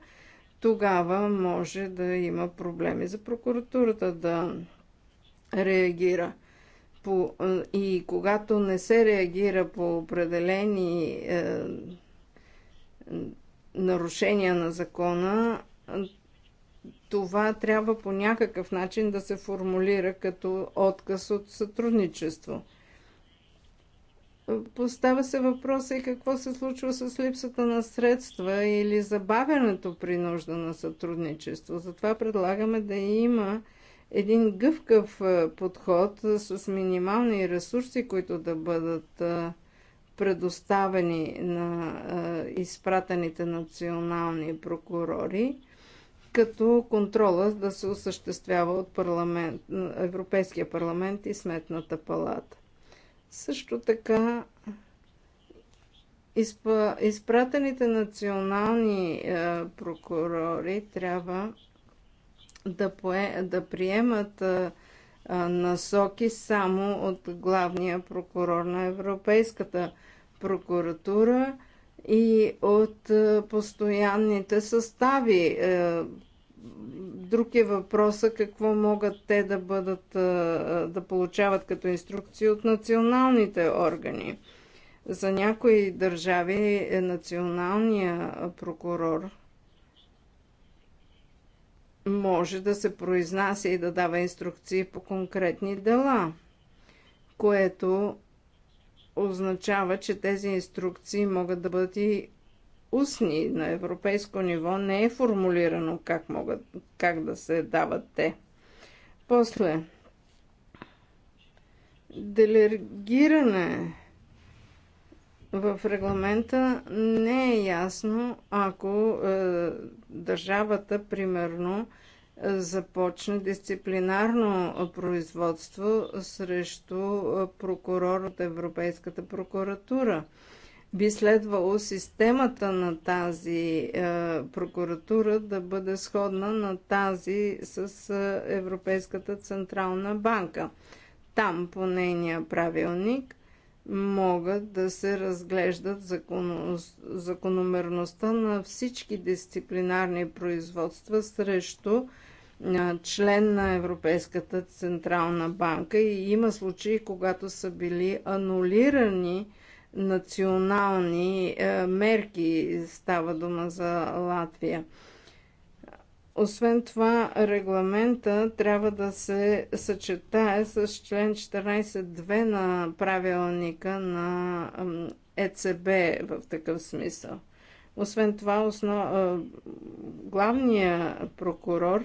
тогава може да има проблеми за прокуратурата да реагира по, е, и когато не се реагира по определени е, нарушения на закона, това трябва по някакъв начин да се формулира като отказ от сътрудничество. Поставя се въпроса и какво се случва с липсата на средства или забавянето при нужда на сътрудничество. Затова предлагаме да има един гъвкав подход с минимални ресурси, които да бъдат предоставени на изпратените национални прокурори, като контрола да се осъществява от парламент, Европейския парламент и Сметната палата. Също така изпратените национални прокурори трябва да, пое, да приемат а, насоки само от главния прокурор на Европейската прокуратура и от постоянните състави. Е, друг е въпроса какво могат те да бъдат да получават като инструкции от националните органи. За някои държави е националния прокурор може да се произнася и да дава инструкции по конкретни дела, което означава, че тези инструкции могат да бъдат и устни на европейско ниво. Не е формулирано как, могат, как да се дават те. После, делегиране в регламента не е ясно, ако е, държавата, примерно, започне дисциплинарно производство срещу е, прокурор от Европейската прокуратура. Би следвало системата на тази е, прокуратура да бъде сходна на тази с е, Европейската централна банка. Там по нейния правилник – могат да се разглеждат закономерността на всички дисциплинарни производства срещу член на Европейската Централна банка и има случаи, когато са били анулирани национални мерки. Става дума за Латвия. Освен това, регламента трябва да се съчетае с член 14.2 на правилника на ЕЦБ в такъв смисъл. Освен това, основ... главният прокурор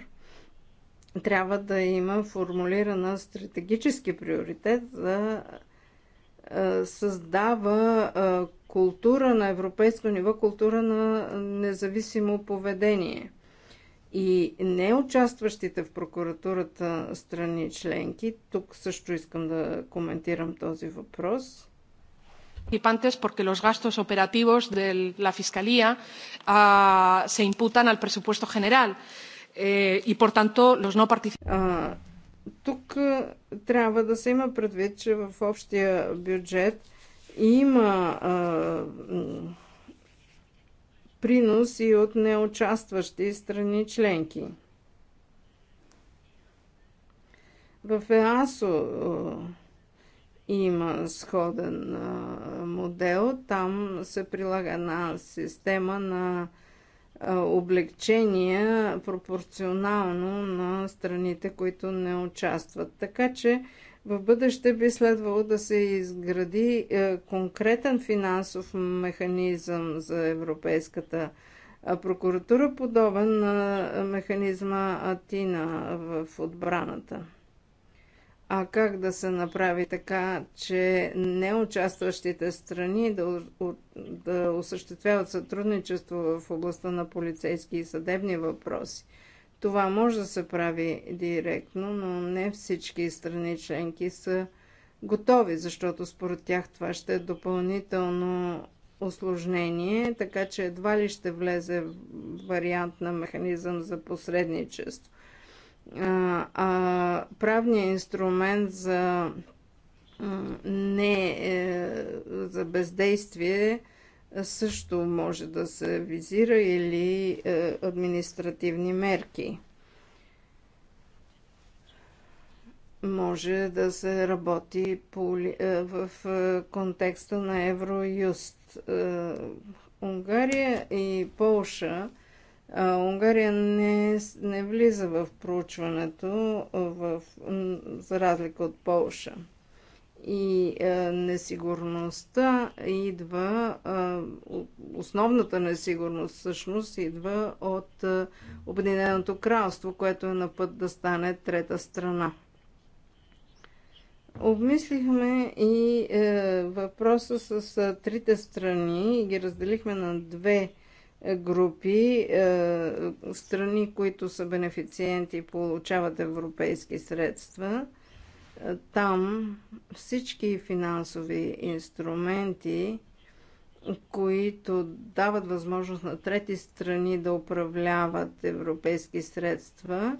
трябва да има формулирана стратегически приоритет за създава култура на европейско ниво, култура на независимо поведение – и не участващите в прокуратурата страни членки, тук също искам да коментирам този въпрос. Participantes, Porque los gastos operativos de la Fiscalía uh, se imputan al presupuesto general eh, y, por tanto, los no participantes. Тук трябва uh, принос и от неучастващи страни членки. В ЕАСО е, има сходен е, модел. Там се прилага една система на е, облегчения пропорционално на страните, които не участват. Така че в бъдеще би следвало да се изгради е, конкретен финансов механизъм за Европейската прокуратура, подобен на е, механизма Атина в отбраната. А как да се направи така, че неучастващите страни да, да осъществяват сътрудничество в областта на полицейски и съдебни въпроси – това може да се прави директно, но не всички страни членки са готови, защото според тях това ще е допълнително осложнение, така че едва ли ще влезе вариант на механизъм за посредничество. А, а правният инструмент за не е, за бездействие също може да се визира или е, административни мерки. Може да се работи е, в е, контекста на Евроюст. Унгария и Полша. Унгария не, не влиза в проучването в, за разлика от Полша и е, несигурността идва, е, основната несигурност всъщност идва от е, Обединеното кралство, което е на път да стане трета страна. Обмислихме и е, въпроса с, с е, трите страни и ги разделихме на две е, групи е, страни, които са бенефициенти и получават европейски средства – там всички финансови инструменти, които дават възможност на трети страни да управляват европейски средства,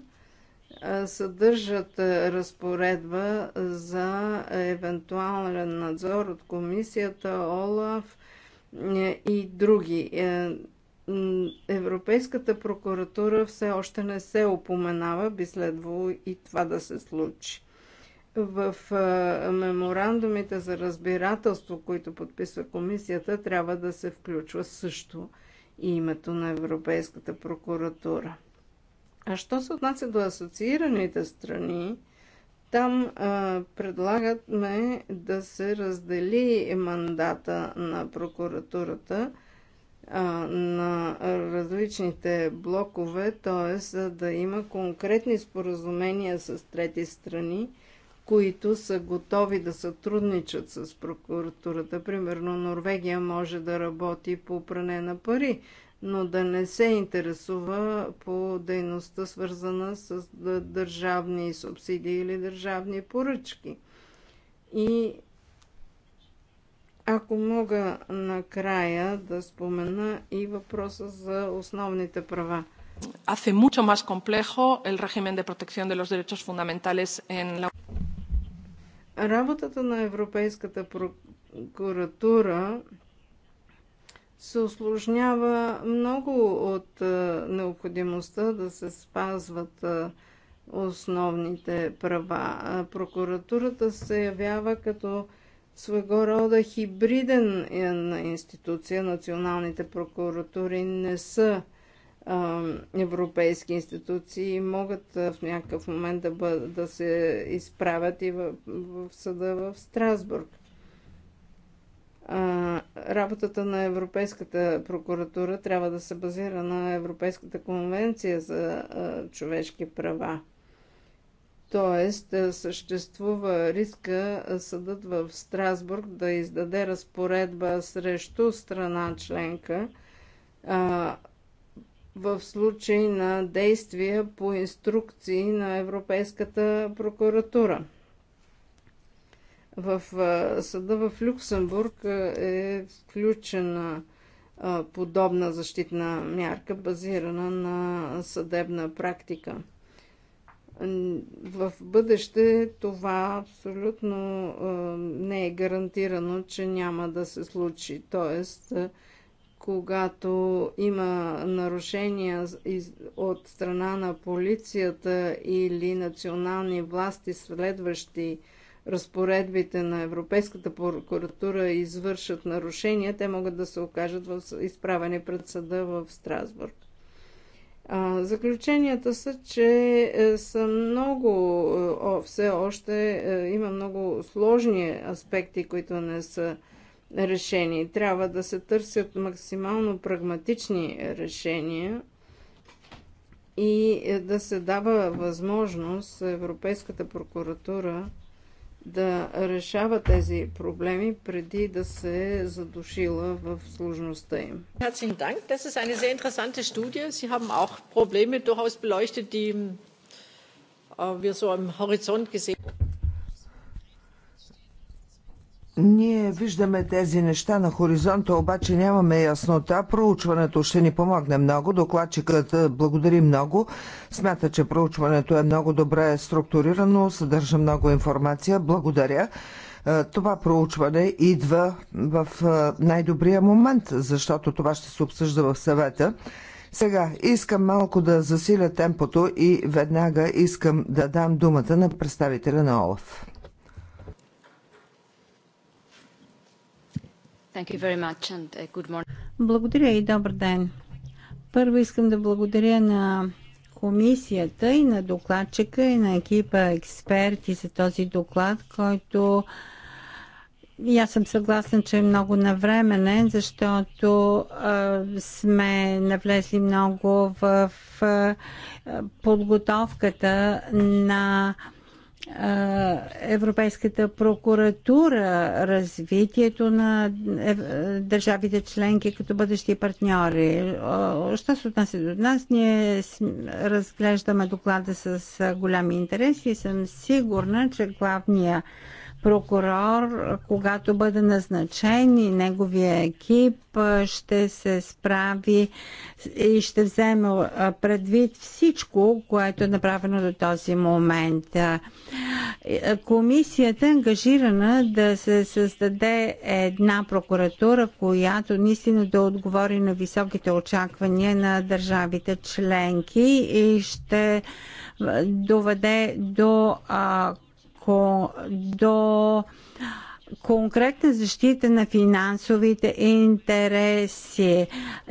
съдържат разпоредба за евентуален надзор от комисията, ОЛАФ е, и други. Е, Европейската прокуратура все още не се опоменава, би следвало и това да се случи в меморандумите за разбирателство, които подписва комисията, трябва да се включва също и името на Европейската прокуратура. А що се отнася до асоциираните страни, там а, предлагат ме да се раздели мандата на прокуратурата а, на различните блокове, т.е. да има конкретни споразумения с трети страни, които са готови да сътрудничат с прокуратурата. Примерно Норвегия може да работи по пране на пари, но да не се интересува по дейността свързана с държавни субсидии или държавни поръчки. И ако мога накрая да спомена и въпроса за основните права. Hace mucho más complejo el régimen de protección de los derechos fundamentales en la Работата на Европейската прокуратура се осложнява много от е, необходимостта да се спазват е, основните права. Е, прокуратурата се явява като своего рода хибриден на институция. Националните прокуратури не са европейски институции могат в някакъв момент да, бъд, да се изправят и в, в съда в Страсбург. А, работата на Европейската прокуратура трябва да се базира на Европейската конвенция за а, човешки права. Тоест, съществува риска съдът в Страсбург да издаде разпоредба срещу страна членка, а, в случай на действия по инструкции на Европейската прокуратура. В съда в Люксембург е включена подобна защитна мярка, базирана на съдебна практика. В бъдеще това абсолютно не е гарантирано, че няма да се случи. Тоест, когато има нарушения от страна на полицията или национални власти, следващи разпоредбите на Европейската прокуратура и извършат нарушения, те могат да се окажат в изправени пред съда в Страсбург. Заключенията са, че е, са много, е, все още е, има много сложни аспекти, които не са решени. Трябва да се търсят максимално прагматични решения и да се дава възможност Европейската прокуратура да решава тези проблеми преди да се е задушила в сложността им. Herzlichen Dank. Das ist eine sehr interessante Studie. Sie haben auch Probleme durchaus beleuchtet, die äh, wir so am Horizont gesehen ние виждаме тези неща на хоризонта, обаче нямаме яснота. Проучването ще ни помогне много. Докладчикът благодари много. Смята, че проучването е много добре структурирано, съдържа много информация. Благодаря. Е, това проучване идва в е, най-добрия момент, защото това ще се обсъжда в съвета. Сега искам малко да засиля темпото и веднага искам да дам думата на представителя на Олаф. Uh, благодаря и добър ден. Първо искам да благодаря на комисията и на докладчика и на екипа експерти за този доклад, който и аз съм съгласна, че е много навременен, защото а, сме навлезли много в, подготовката на а, Европейската прокуратура, развитието на е, държавите членки като бъдещи партньори. Що се отнася до нас, ние разглеждаме доклада с голям интерес и съм сигурна, че главният прокурор, когато бъде назначен и неговия екип ще се справи и ще вземе предвид всичко, което е направено до този момент. Комисията е ангажирана да се създаде една прокуратура, която наистина да отговори на високите очаквания на държавите членки и ще доведе до до конкретна защита на финансовите интереси.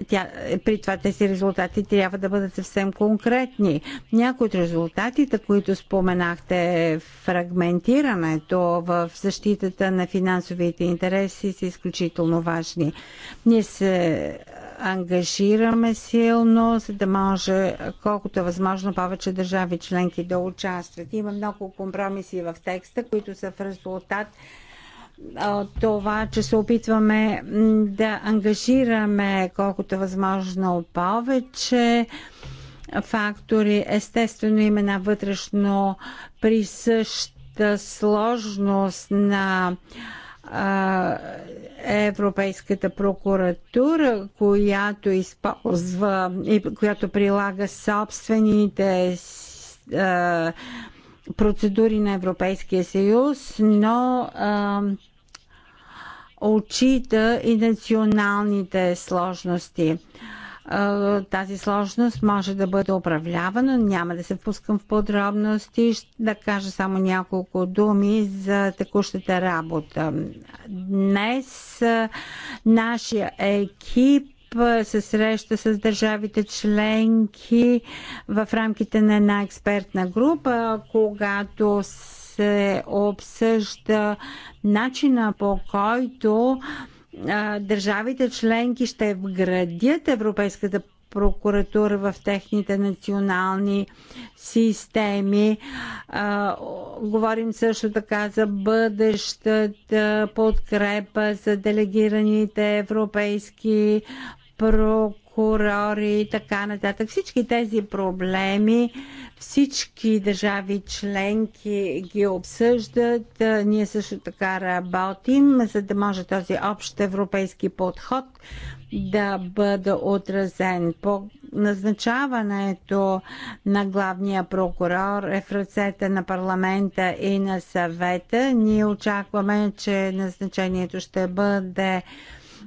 Тя, при това тези резултати трябва да бъдат съвсем конкретни. Някои от резултатите, които споменахте, фрагментирането в защитата на финансовите интереси са изключително важни. Ние се ангажираме силно, за да може колкото е възможно повече държави членки да участват. Има много компромиси в текста, които са в резултат от това, че се опитваме да ангажираме колкото е възможно повече фактори. Естествено има една вътрешно присъща сложност на Европейската прокуратура, която използва и която прилага собствените а, процедури на Европейския съюз, но а, отчита и националните сложности. А, тази сложност може да бъде управлявана. Няма да се впускам в подробности, да кажа само няколко думи за текущата работа. Днес нашия екип се среща с държавите членки в рамките на една експертна група, когато се обсъжда начина по който държавите членки ще вградят Европейската прокуратура в техните национални системи. А, говорим също така за бъдещата подкрепа за делегираните европейски прокуратури прокурори и така нататък. Всички тези проблеми всички държави членки ги обсъждат. Ние също така работим, за да може този общ европейски подход да бъде отразен. По назначаването на главния прокурор е в ръцете на парламента и на съвета. Ние очакваме, че назначението ще бъде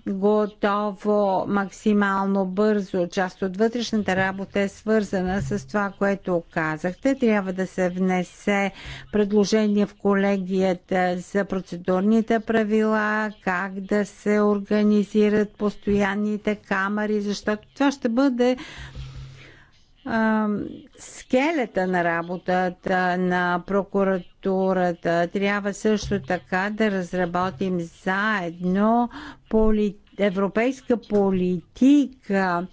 готово максимално бързо. Част от вътрешната работа е свързана с това, което казахте. Трябва да се внесе предложение в колегията за процедурните правила, как да се организират постоянните камери, защото това ще бъде скелета на работата на прокуратурата. Трябва също така да разработим заедно поли... европейска политика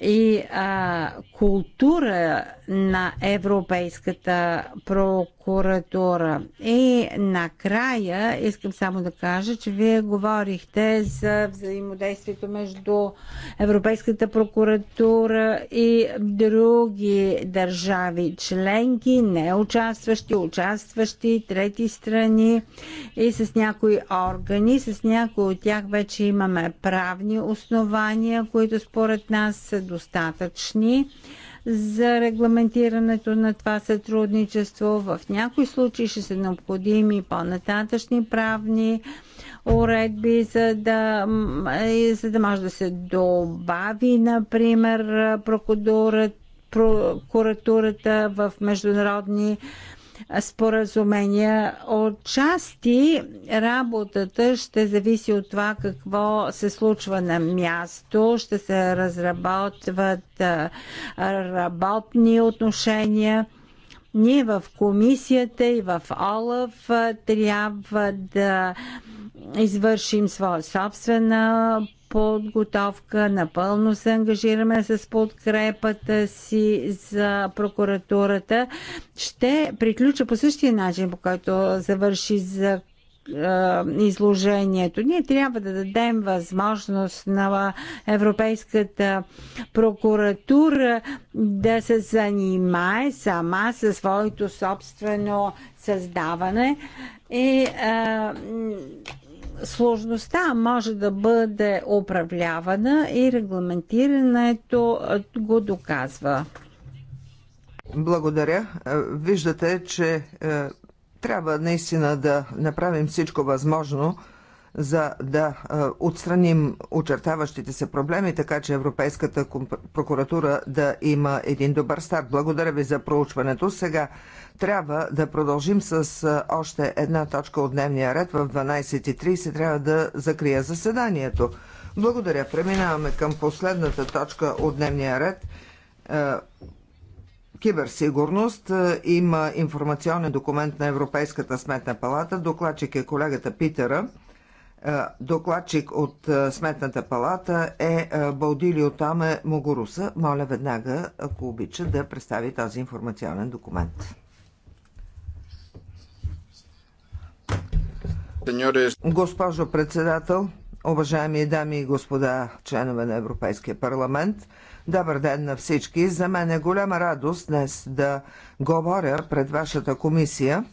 и а, култура на Европейската прокуратура. И накрая искам само да кажа, че вие говорихте за взаимодействието между Европейската прокуратура и други държави членки, не участващи, участващи, трети страни и с някои органи. С някои от тях вече имаме правни основания, които според нас са достатъчни за регламентирането на това сътрудничество. В някои случаи ще са необходими по-нататъчни правни уредби, за да, за да може да се добави, например, прокуратурата в международни споразумения. Отчасти работата ще зависи от това какво се случва на място. Ще се разработват работни отношения ние в комисията и в Олаф трябва да извършим своя собствена подготовка, напълно се ангажираме с подкрепата си за прокуратурата. Ще приключа по същия начин, по който завърши за е, изложението. Ние трябва да дадем възможност на Европейската прокуратура да се занимае сама със своето собствено създаване и а, е, сложността може да бъде управлявана и регламентирането го доказва. Благодаря. Виждате, че е, трябва наистина да направим всичко възможно, за да отстраним очертаващите се проблеми, така че Европейската прокуратура да има един добър старт. Благодаря ви за проучването. Сега трябва да продължим с още една точка от дневния ред. В 12.30 трябва да закрия заседанието. Благодаря. Преминаваме към последната точка от дневния ред киберсигурност. Е, има информационен документ на Европейската сметна палата. Докладчик е колегата Питера. Докладчик от е, Сметната палата е, е Балдилио Таме Могоруса. Моля веднага, ако обича, да представи този информационен документ. Госпожо председател, уважаеми дами и господа членове на Европейския парламент, Добър ден на всички! За мен е голяма радост днес да говоря пред вашата комисия,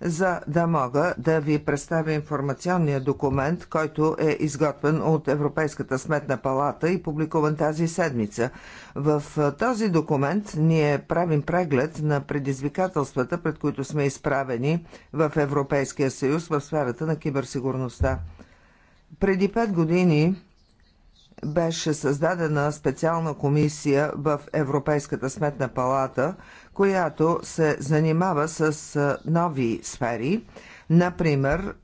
за да мога да ви представя информационния документ, който е изготвен от Европейската сметна палата и публикуван тази седмица. В този документ ние правим преглед на предизвикателствата, пред които сме изправени в Европейския съюз в сферата на киберсигурността. Преди пет години беше създадена специална комисия в Европейската сметна палата, която се занимава с нови сфери, например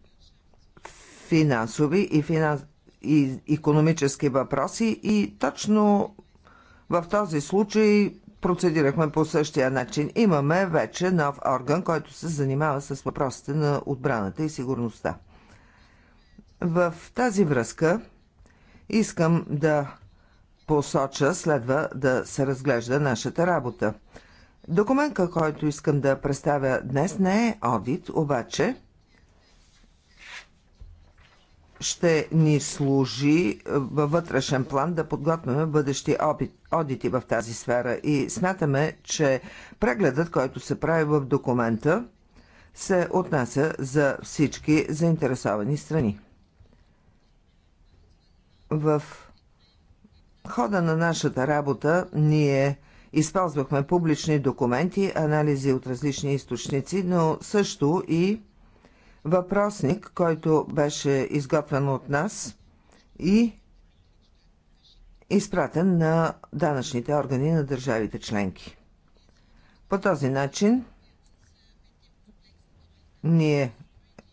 финансови и, финанс... и економически въпроси и точно в този случай процедирахме по същия начин. Имаме вече нов орган, който се занимава с въпросите на отбраната и сигурността. В тази връзка Искам да посоча, следва да се разглежда нашата работа. Документа, който искам да представя днес, не е одит, обаче ще ни служи във вътрешен план да подготвяме бъдещи опит, одити в тази сфера и смятаме, че прегледът, който се прави в документа, се отнася за всички заинтересовани страни. В хода на нашата работа ние използвахме публични документи, анализи от различни източници, но също и въпросник, който беше изготвен от нас и изпратен на данъчните органи на държавите членки. По този начин ние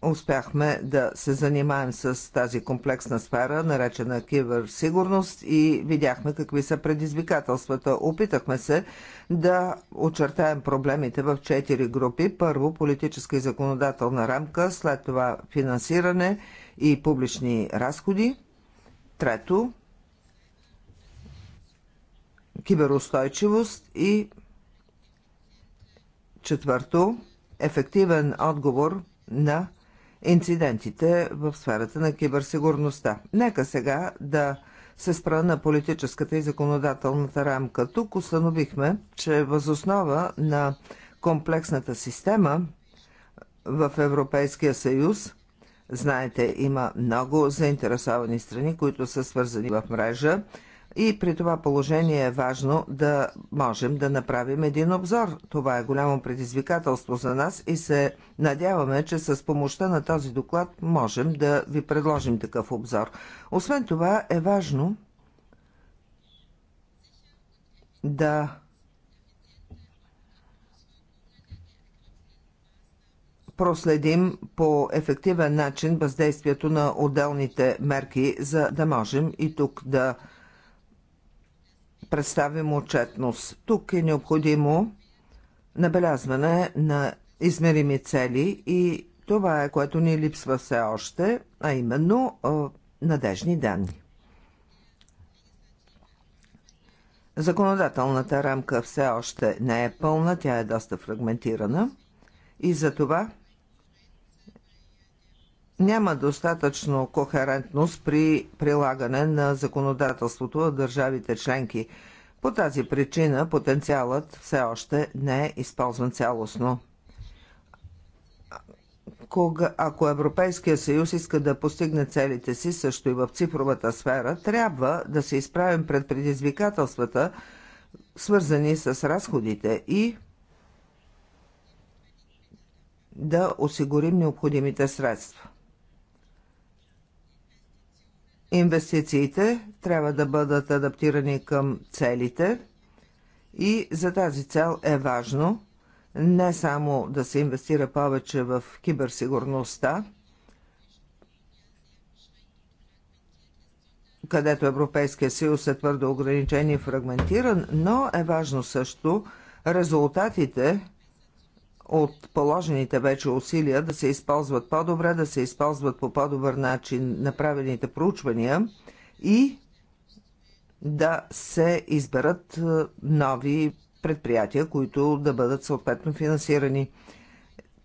успяхме да се занимаем с тази комплексна сфера, наречена киберсигурност и видяхме какви са предизвикателствата. Опитахме се да очертаем проблемите в четири групи. Първо политическа и законодателна рамка, след това финансиране и публични разходи. Трето киберустойчивост и четвърто ефективен отговор на инцидентите в сферата на киберсигурността. Нека сега да се спра на политическата и законодателната рамка. Тук установихме, че възоснова на комплексната система в Европейския съюз, знаете, има много заинтересовани страни, които са свързани в мрежа, и при това положение е важно да можем да направим един обзор. Това е голямо предизвикателство за нас и се надяваме, че с помощта на този доклад можем да ви предложим такъв обзор. Освен това е важно да проследим по ефективен начин въздействието на отделните мерки, за да можем и тук да представим отчетност. Тук е необходимо набелязване на измерими цели и това е което ни липсва все още, а именно надежни данни. Законодателната рамка все още не е пълна, тя е доста фрагментирана и за това няма достатъчно кохерентност при прилагане на законодателството в държавите членки. По тази причина потенциалът все още не е използван цялостно. Кога, ако Европейския съюз иска да постигне целите си също и в цифровата сфера, трябва да се изправим пред предизвикателствата, свързани с разходите и да осигурим необходимите средства. Инвестициите трябва да бъдат адаптирани към целите и за тази цел е важно не само да се инвестира повече в киберсигурността, където Европейския съюз е твърдо ограничен и фрагментиран, но е важно също резултатите от положените вече усилия да се използват по-добре, да се използват по по-добър начин направените проучвания и да се изберат е, нови предприятия, които да бъдат съответно финансирани.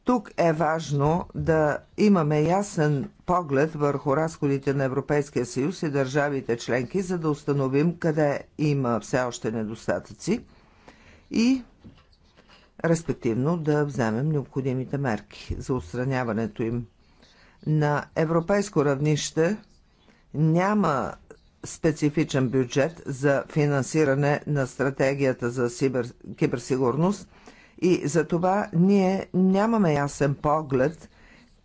Тук е важно да имаме ясен поглед върху разходите на Европейския съюз и държавите членки, за да установим къде има все още недостатъци и респективно да вземем необходимите мерки за отстраняването им. На европейско равнище няма специфичен бюджет за финансиране на стратегията за сибер... киберсигурност и за това ние нямаме ясен поглед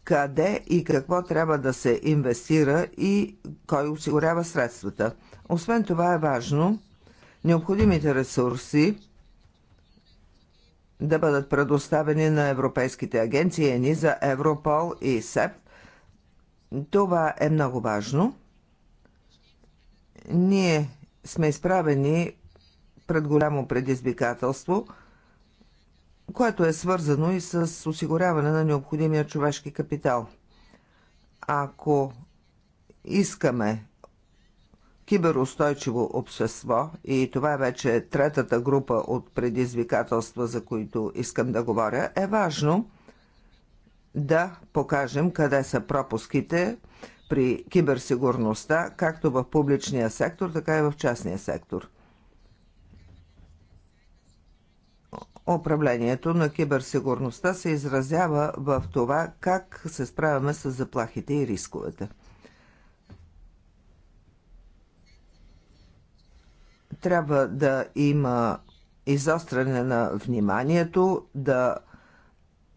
къде и какво трябва да се инвестира и кой осигурява средствата. Освен това е важно необходимите ресурси да бъдат предоставени на европейските агенции ЕНИ за Европол и СЕП. Това е много важно. Ние сме изправени пред голямо предизвикателство, което е свързано и с осигуряване на необходимия човешки капитал. Ако искаме киберустойчиво общество и това е вече третата група от предизвикателства, за които искам да говоря, е важно да покажем къде са пропуските при киберсигурността, както в публичния сектор, така и в частния сектор. Управлението на киберсигурността се изразява в това как се справяме с заплахите и рисковете – Трябва да има изостряне на вниманието, да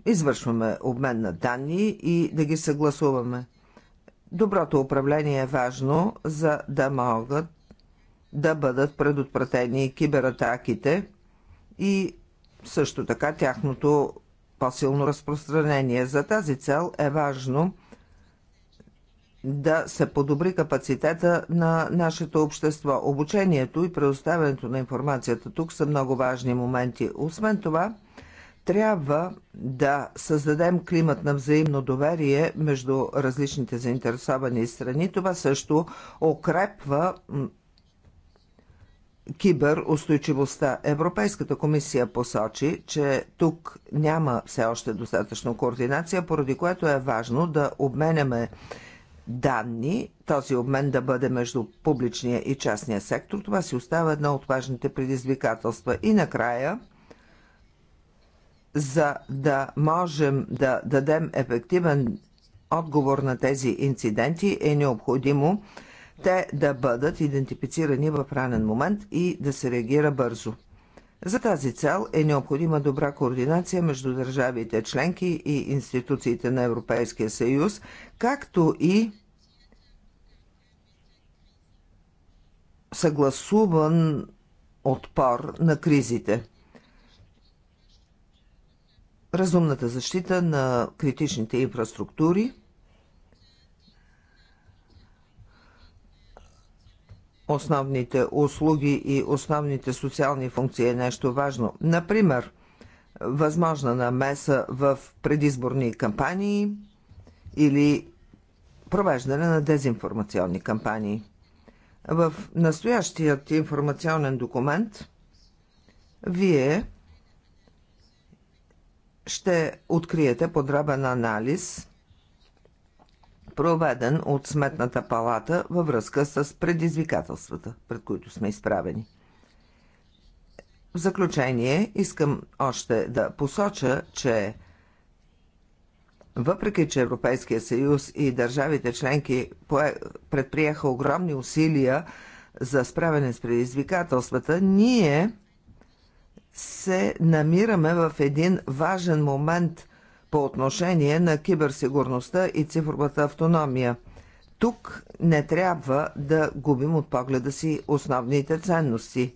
извършваме обмен на данни и да ги съгласуваме. Доброто управление е важно, за да могат да бъдат предотвратени кибератаките и също така тяхното по-силно разпространение. За тази цел е важно да се подобри капацитета на нашето общество. Обучението и предоставянето на информацията тук са много важни моменти. Освен това, трябва да създадем климат на взаимно доверие между различните заинтересовани страни. Това също укрепва киберустойчивостта. Европейската комисия посочи, че тук няма все още достатъчно координация, поради което е важно да обменяме данни, този обмен да бъде между публичния и частния сектор. Това си остава едно от важните предизвикателства. И накрая, за да можем да дадем ефективен отговор на тези инциденти, е необходимо те да бъдат идентифицирани в ранен момент и да се реагира бързо. За тази цел е необходима добра координация между държавите членки и институциите на Европейския съюз, както и съгласуван отпор на кризите. Разумната защита на критичните инфраструктури – основните услуги и основните социални функции е нещо важно. Например, възможна намеса в предизборни кампании или провеждане на дезинформационни кампании. В настоящият информационен документ вие ще откриете подробен анализ проведен от Сметната палата във връзка с предизвикателствата, пред които сме изправени. В заключение искам още да посоча, че въпреки, че Европейския съюз и държавите членки предприеха огромни усилия за справяне с предизвикателствата, ние се намираме в един важен момент – по отношение на киберсигурността и цифровата автономия. Тук не трябва да губим от погледа си основните ценности.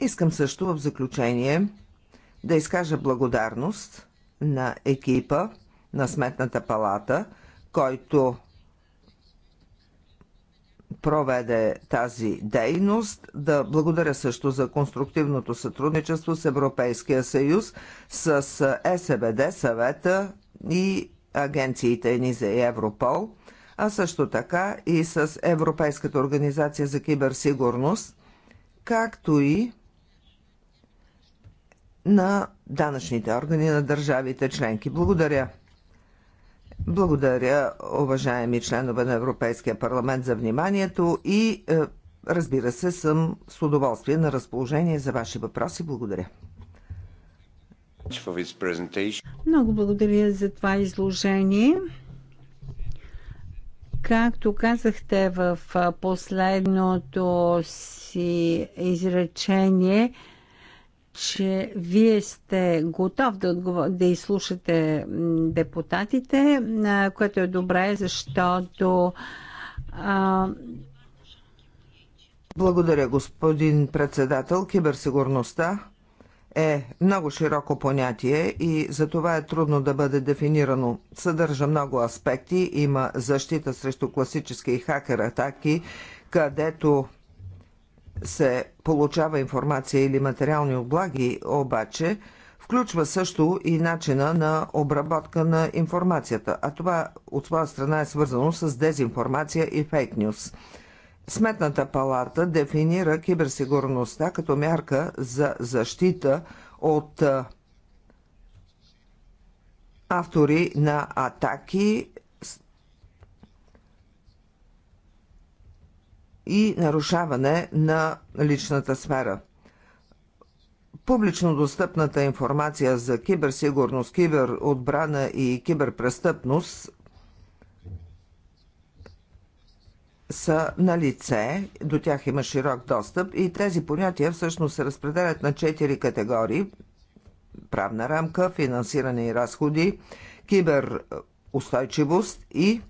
Искам също в заключение да изкажа благодарност на екипа на Сметната палата, който проведе тази дейност. Да благодаря също за конструктивното сътрудничество с Европейския съюз, с е, СБД, съвета и агенциите ЕНИЗА и Европол, а също така и с Европейската организация за киберсигурност, както и на данъчните органи на държавите членки. Благодаря. Благодаря, уважаеми членове на Европейския парламент, за вниманието и е, разбира се, съм с удоволствие на разположение за ваши въпроси. Благодаря. Много благодаря за това изложение. Както казахте в последното си изречение, че вие сте готов да, отговор... да изслушате депутатите, което е добре, защото. А... Благодаря, господин председател. Киберсигурността е много широко понятие и за това е трудно да бъде дефинирано. Съдържа много аспекти, има защита срещу класически хакер атаки, където се получава информация или материални облаги, обаче включва също и начина на обработка на информацията, а това от своя страна е свързано с дезинформация и фейк нюс. Сметната палата дефинира киберсигурността като мярка за защита от автори на атаки и нарушаване на личната сфера. Публично достъпната информация за киберсигурност, киберотбрана и киберпрестъпност са на лице, до тях има широк достъп и тези понятия всъщност се разпределят на четири категории правна рамка, финансиране и разходи, киберустойчивост и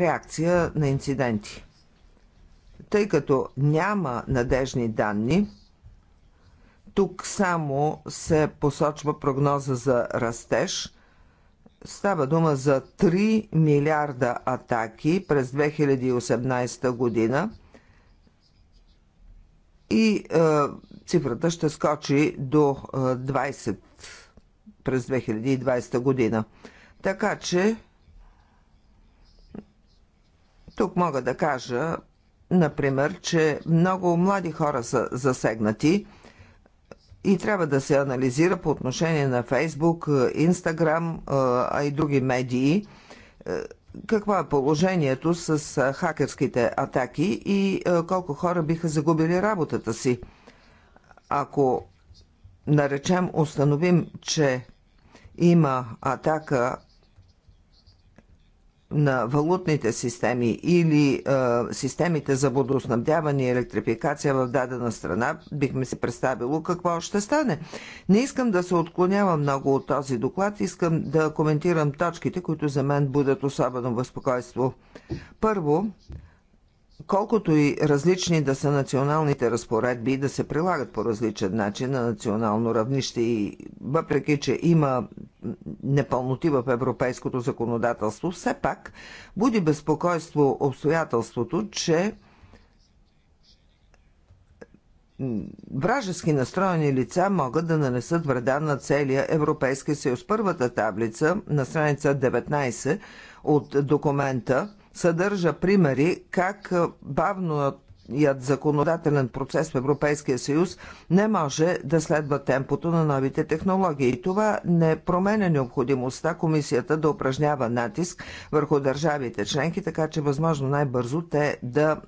реакция на инциденти. Тъй като няма надежни данни, тук само се посочва прогноза за растеж. Става дума за 3 милиарда атаки през 2018 година и е, цифрата ще скочи до 20 е, през 2020 година. Така че тук мога да кажа, например, че много млади хора са засегнати и трябва да се анализира по отношение на Фейсбук, Инстаграм, а и други медии е, какво е положението с хакерските атаки и колко хора биха загубили работата си. Ако, наречем, установим, че има атака на валутните системи или е, системите за водоснабдяване и електрификация в дадена страна, бихме се представило какво ще стане. Не искам да се отклонявам много от този доклад, искам да коментирам точките, които за мен будат особено възпокойство. Първо, колкото и различни да са националните разпоредби да се прилагат по различен начин на национално равнище и въпреки, че има непълноти в европейското законодателство, все пак буди безпокойство обстоятелството, че Вражески настроени лица могат да нанесат вреда на целия Европейски съюз. Първата таблица на страница 19 от документа съдържа примери как бавно новият законодателен процес в Европейския съюз не може да следва темпото на новите технологии. Това не променя необходимостта комисията да упражнява натиск върху държавите членки, така че възможно най-бързо те да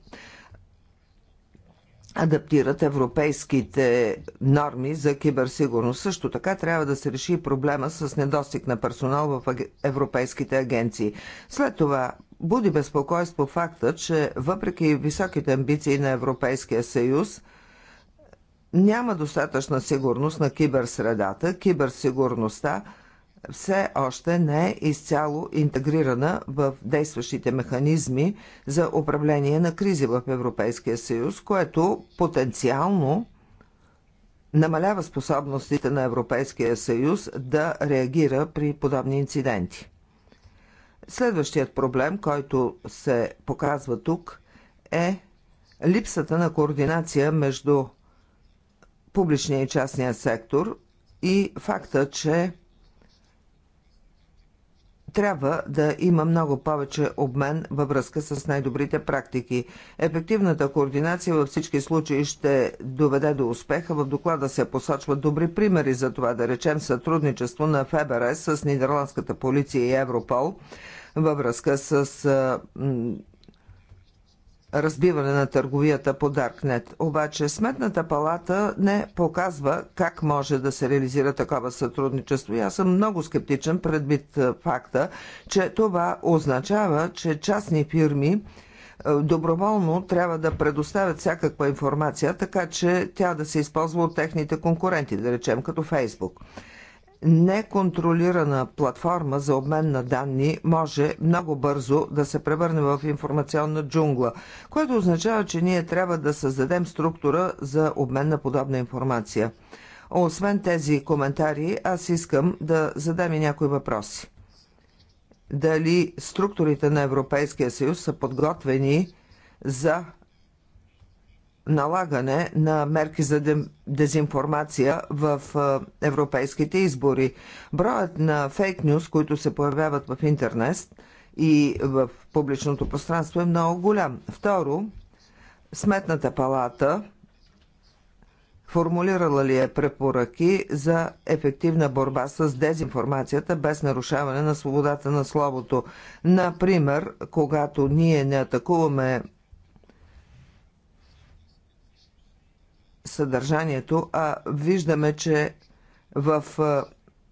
адаптират европейските норми за киберсигурност. Също така трябва да се реши проблема с недостиг на персонал в европейските агенции. След това буди безпокойство факта, че въпреки високите амбиции на Европейския съюз, няма достатъчна сигурност на киберсредата. Киберсигурността все още не е изцяло интегрирана в действащите механизми за управление на кризи в Европейския съюз, което потенциално намалява способностите на Европейския съюз да реагира при подобни инциденти. Следващият проблем, който се показва тук, е липсата на координация между публичния и частния сектор и факта, че трябва да има много повече обмен във връзка с най-добрите практики. Ефективната координация във всички случаи ще доведе до успеха. В доклада се посочват добри примери за това, да речем сътрудничество на ФБР с Нидерландската полиция и Европол – във връзка с разбиване на търговията по Даркнет. Обаче Сметната палата не показва как може да се реализира такова сътрудничество и аз съм много скептичен предвид факта, че това означава, че частни фирми доброволно трябва да предоставят всякаква информация, така че тя да се използва от техните конкуренти, да речем като Фейсбук неконтролирана платформа за обмен на данни може много бързо да се превърне в информационна джунгла, което означава, че ние трябва да създадем структура за обмен на подобна информация. Освен тези коментари, аз искам да задам и някои въпроси. Дали структурите на Европейския съюз са подготвени за налагане на мерки за дезинформация в европейските избори. Броят на фейк нюс, които се появяват в интернет и в публичното пространство е много голям. Второ, Сметната палата формулирала ли е препоръки за ефективна борба с дезинформацията без нарушаване на свободата на словото. Например, когато ние не атакуваме съдържанието, а виждаме, че в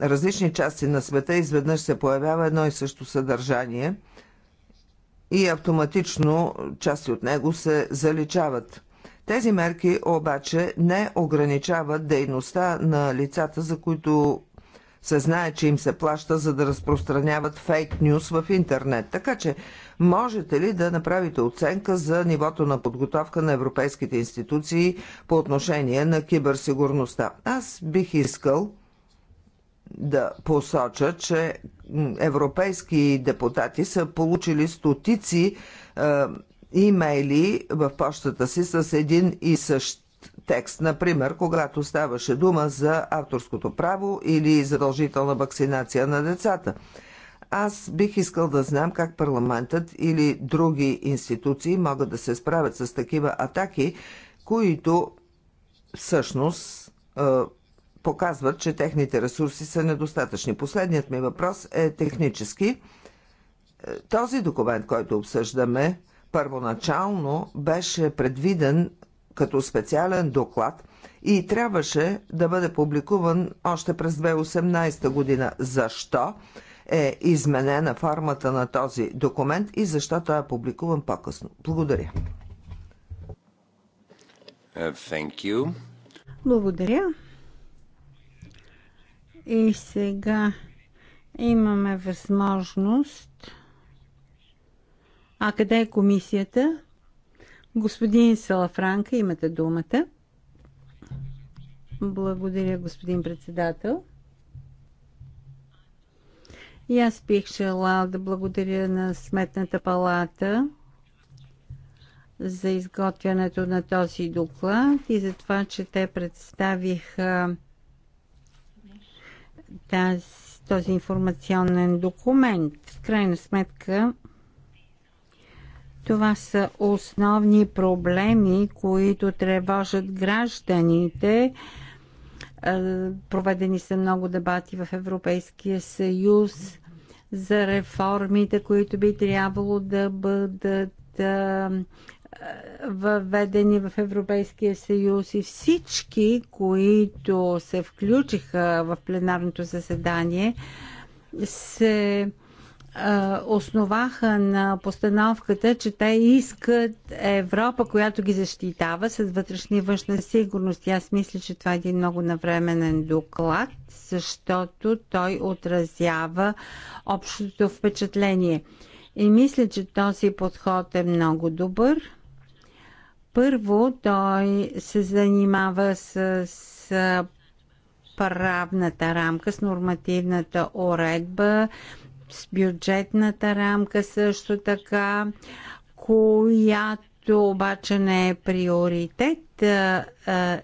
различни части на света изведнъж се появява едно и също съдържание и автоматично части от него се заличават. Тези мерки обаче не ограничават дейността на лицата, за които се знае, че им се плаща за да разпространяват фейк нюс в интернет. Така че Можете ли да направите оценка за нивото на подготовка на европейските институции по отношение на киберсигурността? Аз бих искал да посоча, че европейски депутати са получили стотици е, имейли в почтата си с един и същ текст. Например, когато ставаше дума за авторското право или задължителна вакцинация на децата. Аз бих искал да знам как парламентът или други институции могат да се справят с такива атаки, които всъщност е, показват, че техните ресурси са недостатъчни. Последният ми въпрос е технически. Е, този документ, който обсъждаме, първоначално беше предвиден като специален доклад и трябваше да бъде публикуван още през 2018 година. Защо? е изменена формата на този документ и защо той е публикуван по-късно. Благодаря. Uh, Благодаря. И сега имаме възможност. А къде е комисията? Господин Салафранка, имате думата. Благодаря, господин председател. И аз бих желал да благодаря на Сметната палата за изготвянето на този доклад и за това, че те представиха тази, този информационен документ. В крайна сметка, това са основни проблеми, които тревожат гражданите. Е, проведени са много дебати в Европейския съюз за реформите, които би трябвало да бъдат е, въведени в Европейския съюз и всички, които се включиха в пленарното заседание, се основаха на постановката, че те искат Европа, която ги защитава с вътрешни и външна сигурност. И аз мисля, че това е един много навременен доклад, защото той отразява общото впечатление. И мисля, че този подход е много добър. Първо, той се занимава с правната рамка, с нормативната уредба, с бюджетната рамка също така, която обаче не е приоритет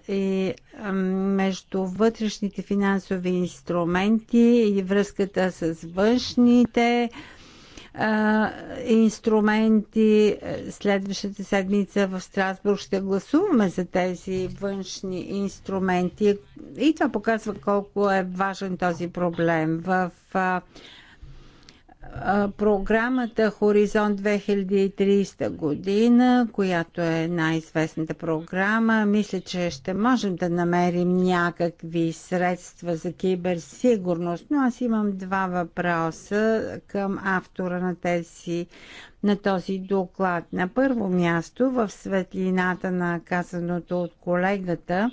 и е, между вътрешните финансови инструменти и връзката с външните инструменти. Следващата седмица в Страсбург ще гласуваме за тези външни инструменти. И това показва колко е важен този проблем. В програмата Хоризонт 2030 година, която е най-известната програма, мисля, че ще можем да намерим някакви средства за киберсигурност, но аз имам два въпроса към автора на тези на този доклад. На първо място, в светлината на казаното от колегата,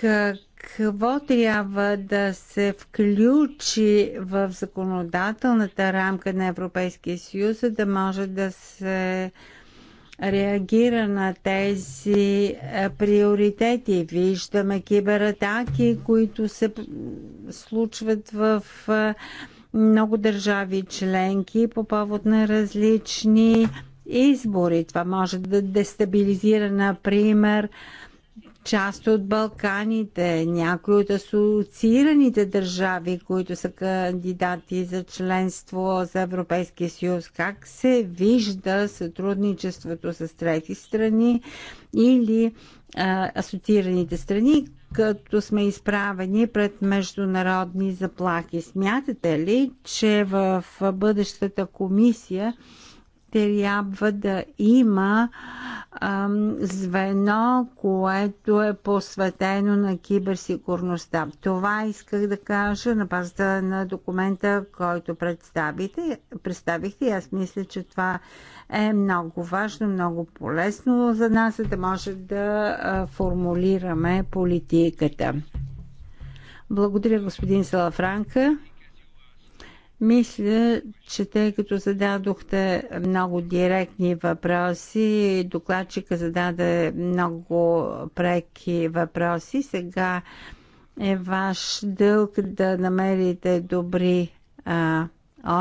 какво трябва да се включи в законодателната рамка на Европейския съюз, за да може да се реагира на тези е, приоритети. Виждаме кибератаки, които се случват в е, много държави членки по повод на различни избори. Това може да дестабилизира, например, част от Балканите, някои от асоциираните държави, които са кандидати за членство за Европейския съюз, как се вижда сътрудничеството с трети страни или а, асоциираните страни, като сме изправени пред международни заплахи. Смятате ли, че в бъдещата комисия трябва да има ам, звено, което е посветено на киберсигурността. Това исках да кажа на базата на документа, който представите, представихте. Аз мисля, че това е много важно, много полезно за нас, за да може да а, формулираме политиката. Благодаря, господин Салафранка. Мисля, че тъй като зададохте много директни въпроси, докладчика зададе много преки въпроси, сега е ваш дълг да намерите добри а,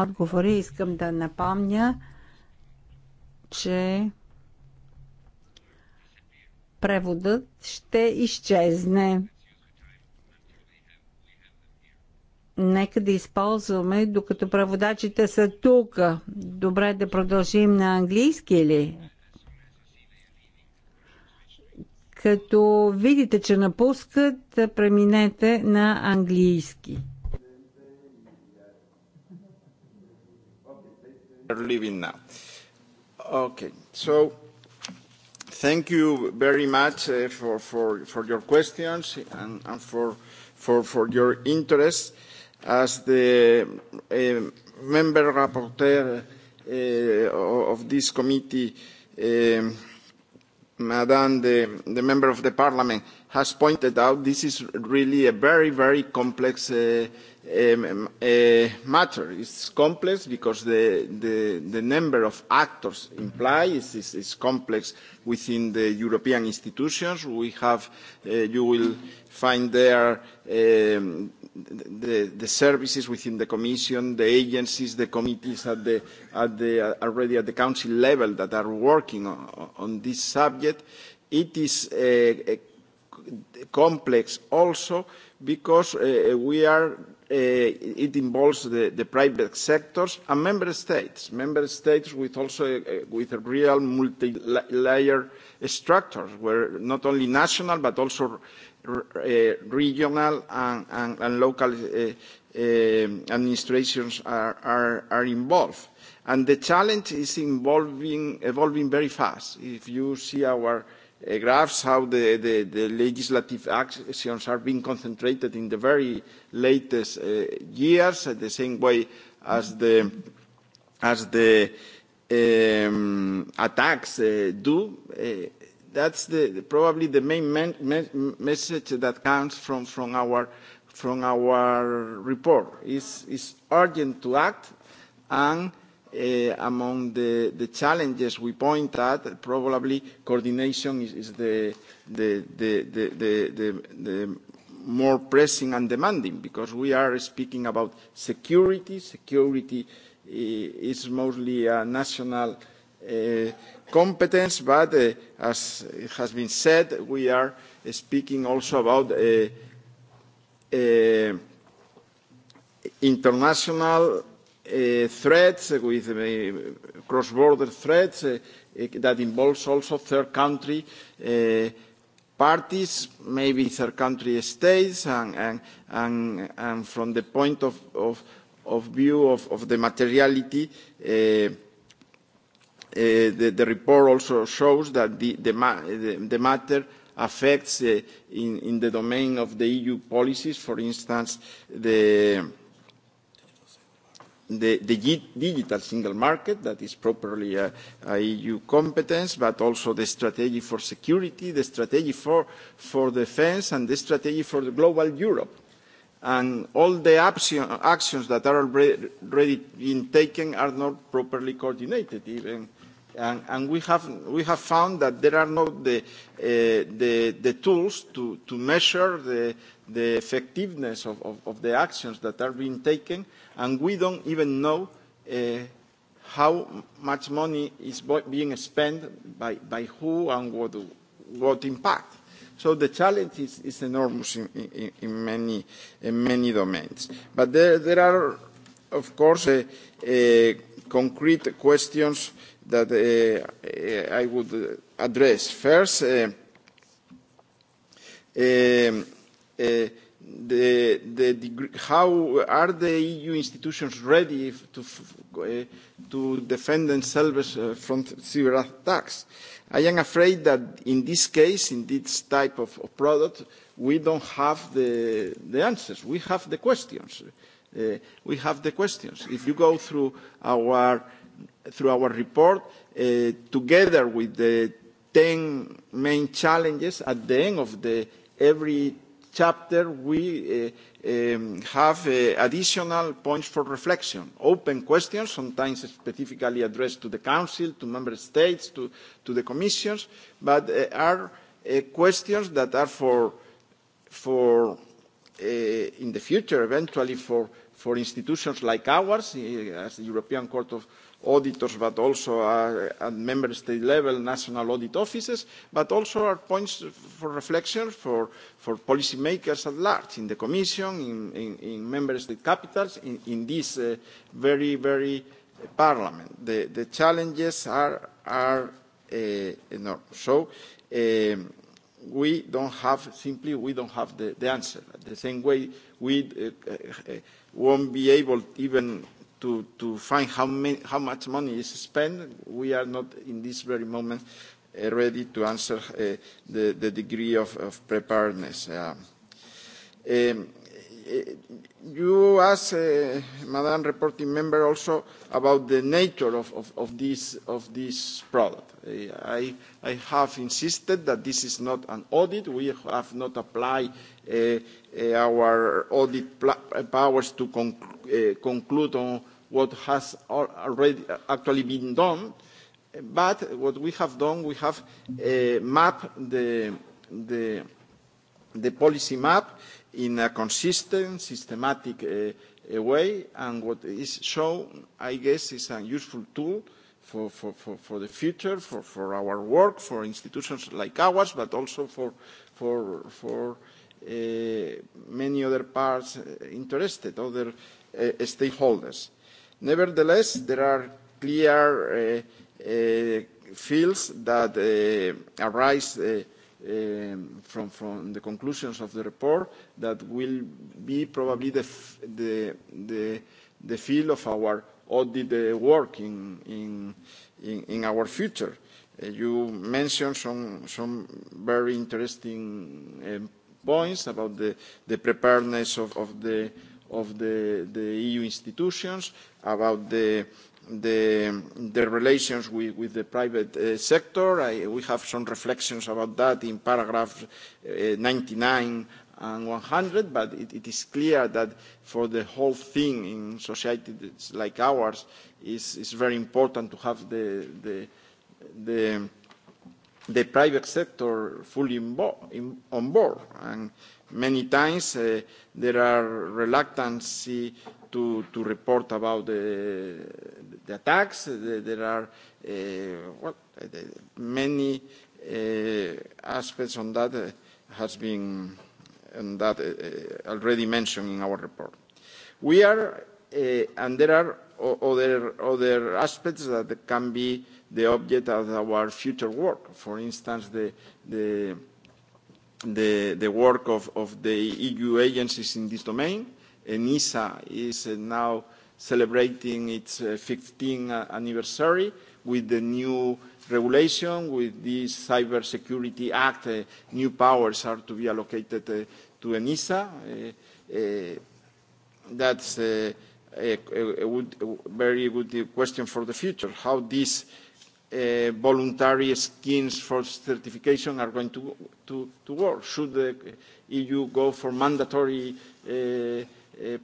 отговори. Искам да напомня, че преводът ще изчезне. нека да използваме, докато преводачите са тук. Добре да продължим на английски ли? Като видите, че напускат, преминете на английски. Leaving now. Okay, so thank you very much uh, for, for, for your questions and, and for, for, for your interest. Uh, as the uh, member rapporteur uh, of this committee, uh, Madame, the, the member of the parliament, has pointed out, this is really a very, very complex uh, um, uh, matter. It's complex because the, the, the number of actors implied is, is, is complex within the European institutions. We have, uh, you will find there um, the, the services within the Commission, the agencies, the committees at the, at the, already at the Council level that are working on, on this subject. It is uh, complex also because uh, we are it involves the, the private sectors and member states, member states with also a, with a real multi-layer structures where not only national but also regional and, and, and local uh, uh, administrations are, are, are involved. And the challenge is involving, evolving very fast. If you see our uh, graphs, how the, the, the legislative actions are being concentrated in the very latest uh, years, at the same way as the, as the um, attacks uh, do, uh, that's the, probably the main men, me, message that comes from, from, our, from our report. It's, it's urgent to act, and uh, among the, the challenges we point at, probably coordination is, is the, the, the, the, the, the, the more pressing and demanding, because we are speaking about security. Security is mostly a national uh, competence, but uh, as has been said, we are speaking also about international uh, threats with uh, cross-border threats uh, that involves also third country uh, parties, maybe third country states, and, and, and, and from the point of, of, of view of, of the materiality, uh, the, the report also shows that the, the, ma the, the matter affects uh, in, in the domain of the EU policies, for instance, the, the, the digital single market that is properly a, a EU competence, but also the strategy for security, the strategy for, for defense, and the strategy for the global Europe. And all the action, actions that are already being taken are not properly coordinated, even and, and we have we have found that there are not the uh, the the tools to to measure the the effectiveness of, of, of the actions that are being taken, and we don't even know uh, how much money is being spent by, by who and what what impact. So the challenge is, is enormous in, in, in many in many domains. But there, there are, of course, uh, concrete questions that uh, I would address. First, uh, um, uh, the, the degree, how are the EU institutions ready to, uh, to defend themselves uh, from cyber attacks? I am afraid that in this case, in this type of, of product, we don't have the, the answers. We have the questions. Uh, we have the questions. If you go through our through our report, uh, together with the 10 main challenges at the end of the every chapter, we uh, um, have uh, additional points for reflection, open questions, sometimes specifically addressed to the Council, to Member States, to, to the Commissions, but uh, are uh, questions that are for, for uh, in the future, eventually for, for institutions like ours, uh, as the European Court of, auditors, but also uh, at member state level, national audit offices, but also are points for reflection for, for policymakers at large, in the Commission, in, in, in member state capitals, in, in this uh, very, very parliament. The, the challenges are, are uh, enormous. So um, we don't have, simply, we don't have the, the answer. The same way we uh, uh, won't be able even to, to find how, many, how much money is spent. We are not in this very moment uh, ready to answer uh, the, the degree of, of preparedness. Um, um, you asked, uh, Madam Reporting Member, also about the nature of, of, of, this, of this product. I, I have insisted that this is not an audit. We have not applied uh, our audit powers to conc uh, conclude on what has already actually been done. But what we have done, we have uh, mapped the, the, the policy map in a consistent, systematic uh, way. And what is shown, I guess, is a useful tool for, for, for, for the future, for, for our work, for institutions like ours, but also for, for, for uh, many other parts interested, other uh, stakeholders. Nevertheless, there are clear uh, uh, fields that uh, arise uh, from, from the conclusions of the report that will be probably the, f the, the, the field of our audit work in, in, in, in our future. you mentioned some, some very interesting points about the, the preparedness of, of, the, of the, the EU institutions, about the the, the relations with, with the private uh, sector. I, we have some reflections about that in paragraph 99 and 100, but it, it is clear that for the whole thing in societies like ours, it's, it's very important to have the, the, the, private sector fully on board. And many times there are reluctance to, to report about the, the attacks. There are uh, well, many uh, aspects on that uh, has been on that uh, already mentioned in our report. We are, uh, and there are other, other aspects that can be the object of our future work. For instance, the, the, the, the work of, of the EU agencies in this domain, ENISA is now celebrating its 15th anniversary with the new regulation, with this Cybersecurity Act, uh, new powers are to be allocated uh, to ENISA. Uh, uh, that's uh, a, a, good, a very good question for the future, how these uh, voluntary schemes for certification are going to, to, to work. Should the EU go for mandatory uh,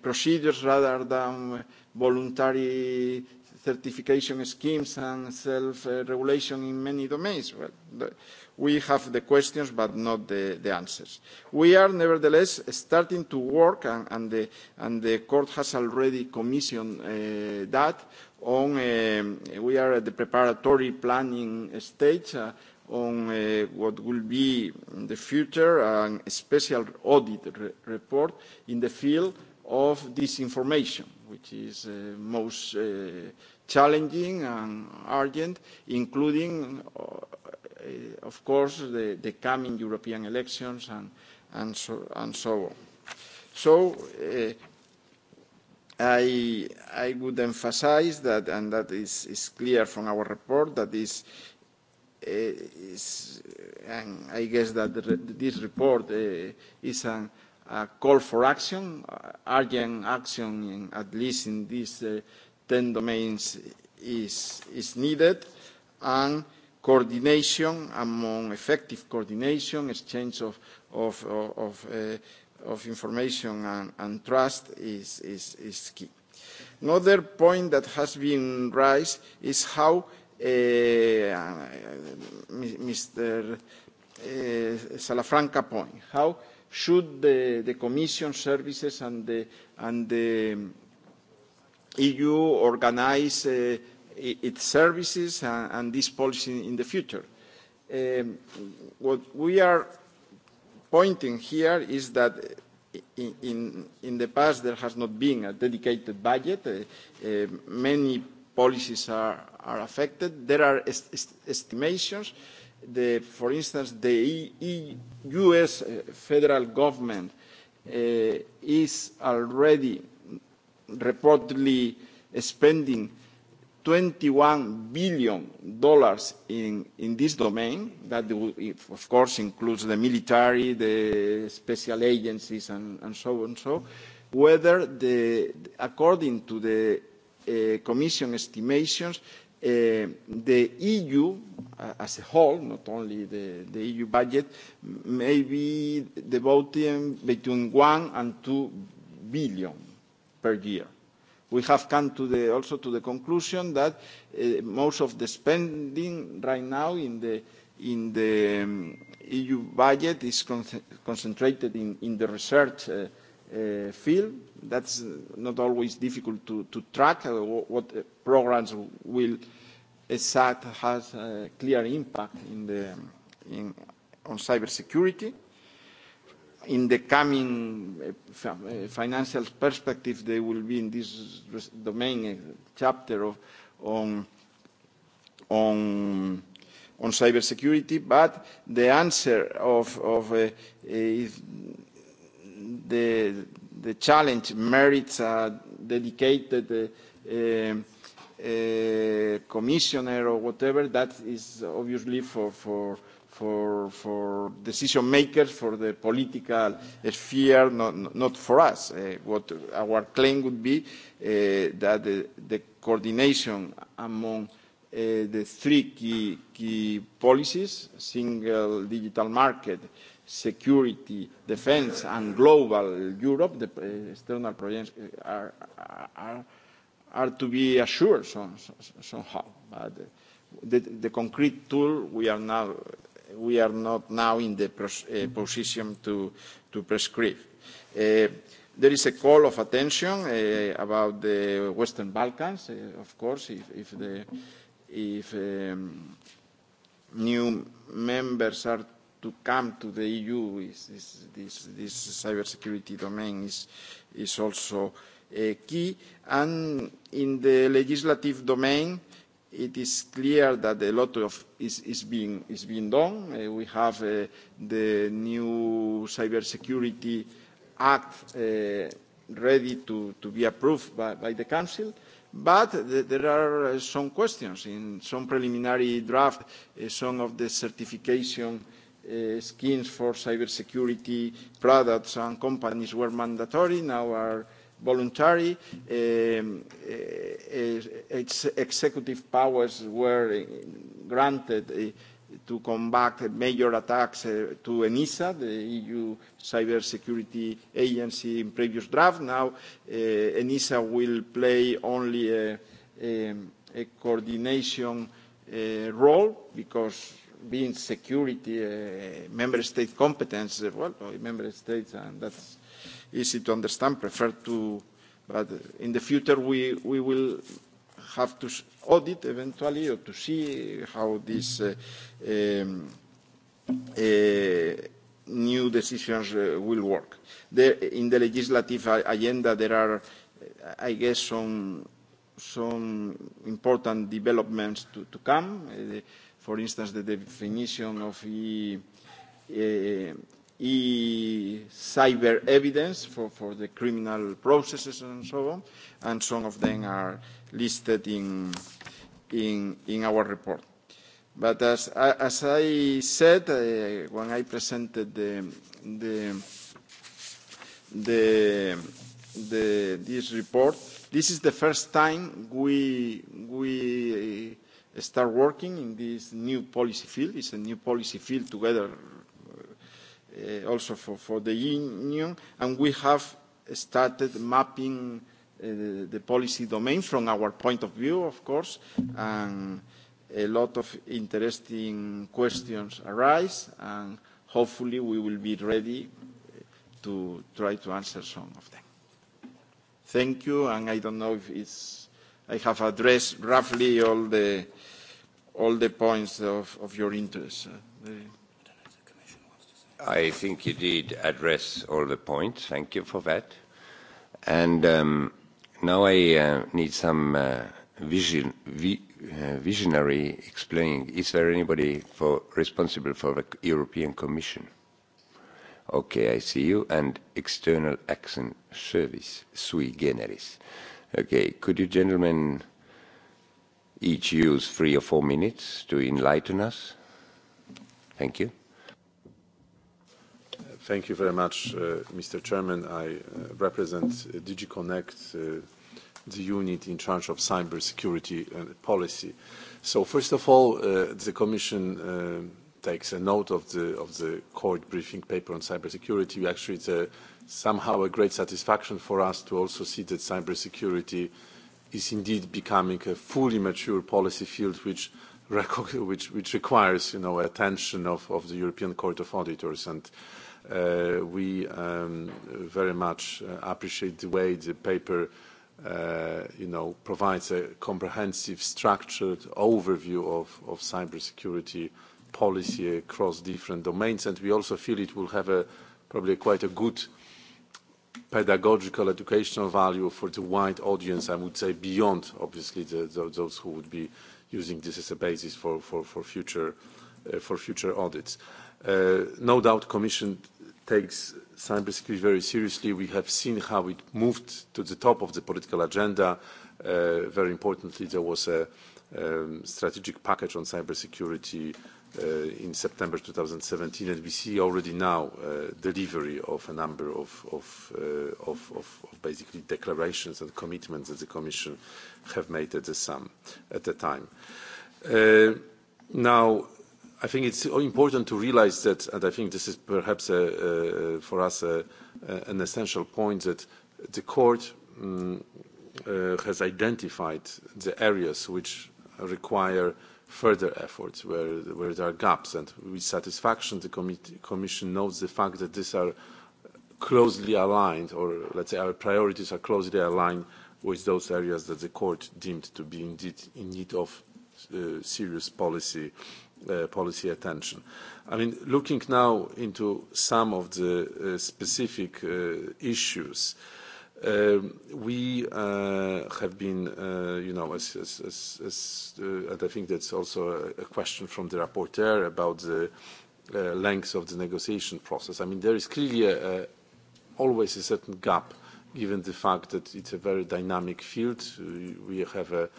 procedures rather than voluntary certification schemes and self-regulation in many domains? Well, the, we have the questions but not the, the answers. We are nevertheless starting to work, and, and, the, and the court has already commissioned uh, that. On, uh, we are at the preparatory planning stage. Uh, on uh, what will be in the future a special audit re report in the field of disinformation, which is uh, most uh, challenging and urgent, including, uh, of course, the, the coming European elections and, and, so, and so on. So uh, I, I would emphasize that, and that is, is clear from our report, that is, is and I guess that the, this report uh, is an call for action, uh, urgent action, in, at least in these uh, 10 domains, is, is needed, and coordination among effective coordination, exchange of, of, of, uh, of information and, and trust is, is, is key. Another point that has been raised is how uh, Mr. Uh, Salafranca point, how uh, should the, the Commission services and the, and the EU organize uh, its services and, and this policy in the future? Um, what we are pointing here is that in, in, in the past there has not been a dedicated budget. Uh, uh, many policies are, are affected. There are est est estimations uh, the, for instance, the e, U.S. federal government uh, is already reportedly spending 21 billion dollars in in this domain. That, of course, includes the military, the special agencies, and, and so on. So, whether the according to the uh, Commission estimations, the EU as a whole, not only the, the EU budget, may be devoting between one and two billion per year. We have come to the, also to the conclusion that uh, most of the spending right now in the, in the um, EU budget is con concentrated in, in the research uh, uh, field, that's not always difficult to, to track what programs will SAT has a clear impact in the, in, on cybersecurity. In the coming financial perspective, there will be in this domain a chapter of, on, on on cybersecurity, but the answer of, of uh, if the the challenge merits a dedicated uh, uh, commissioner or whatever. That is obviously for for for for decision makers for the political sphere, not not for us. Uh, what our claim would be uh, that the, the coordination among uh, the three key, key policies, single digital market, uh, security, defense, and global Europe, the external projects are, are, are to be assured some, somehow. But the, the concrete tool, we are, now, we are not now in the pros, uh, position to, to prescribe. Uh, there is a call of attention uh, about the Western Balkans, uh, of course, if, if the if um, new members are to come to the EU is this, this, this cybersecurity domain is, is also key. And in the legislative domain, it is clear that a lot of is, is, being, is being done. Uh, we have uh, the new Cybersecurity Act uh, ready to, to be approved by, by the Council. But there are some questions in some preliminary draft, some of the certification uh, schemes for cybersecurity products and companies were mandatory, now are voluntary. executive powers were granted to combat major attacks to ENISA, the EU cybersecurity agency in previous draft. Now ENISA will play only a, coordination role because being security a member state competence, well, member states, and that's easy to understand, prefer to, but in the future we, we will have to audit eventually or to see how these uh, um, uh, new decisions uh, will work. There, in the legislative agenda there are, I guess, some, some important developments to, to come. Uh, for instance, the definition of e, e cyber evidence for, for the criminal processes and so on, and some of them are listed in, in, in our report. But as, as I said uh, when I presented the, the, the, the, this report, this is the first time we, we start working in this new policy field. It's a new policy field together uh, also for, for the Union, and we have started mapping uh, the policy domain from our point of view, of course, and a lot of interesting questions arise, and hopefully we will be ready to try to answer some of them. Thank you, and I don't know if it's I have addressed roughly all the all the points of, of your interest. I think you did address all the points. Thank you for that. And um, now I uh, need some uh, vision, vi, uh, visionary explaining. Is there anybody for, responsible for the European Commission? Okay, I see you. And External Action Service, sui generis. Okay, could you gentlemen each use three or four minutes to enlighten us. Thank you. Thank you very much, Mr. Chairman. I uh represent Digiconnect uh, the unit in charge of cybersecurity and policy. So first of all, uh the Commission takes a note of the of the court briefing paper on cybersecurity. Actually, it's a, somehow a great satisfaction for us to also see that cybersecurity uh, is indeed becoming a fully mature policy field which which, which requires, you know, attention of, of the European Court of Auditors. And uh, we um, very much appreciate the way the paper, uh, you know, provides a comprehensive, structured overview of, of cybersecurity policy across different domains. And we also feel it will have a probably quite a good pedagogical, educational value for the wide audience, I would say, beyond, obviously, the those who would be using this as a basis for for for future uh for future audits. Uh No doubt, Commission takes cybersecurity very seriously. We have seen how it moved to the top of the political agenda. Uh Very importantly, there was a um strategic package on cybersecurity in September 2017, and we see already now delivery of a number of basically declarations and commitments that the Commission have made at the time. Now, I think it's important to realize that, and I think this is perhaps for us an essential point, that the court has identified the areas which require further efforts where, where there are gaps. And with satisfaction, the Commission notes the fact that these are closely aligned, or let's say our priorities are closely aligned with those areas that the court deemed to be indeed in need of uh, serious policy uh, policy attention. I mean, looking now into some of the uh, specific uh, issues, uh, We have been, you know, as and I think that's also a question from the rapporteur about the length of the negotiation process. I mean, there is clearly a always a certain gap, given the fact that it's a very dynamic field. We have a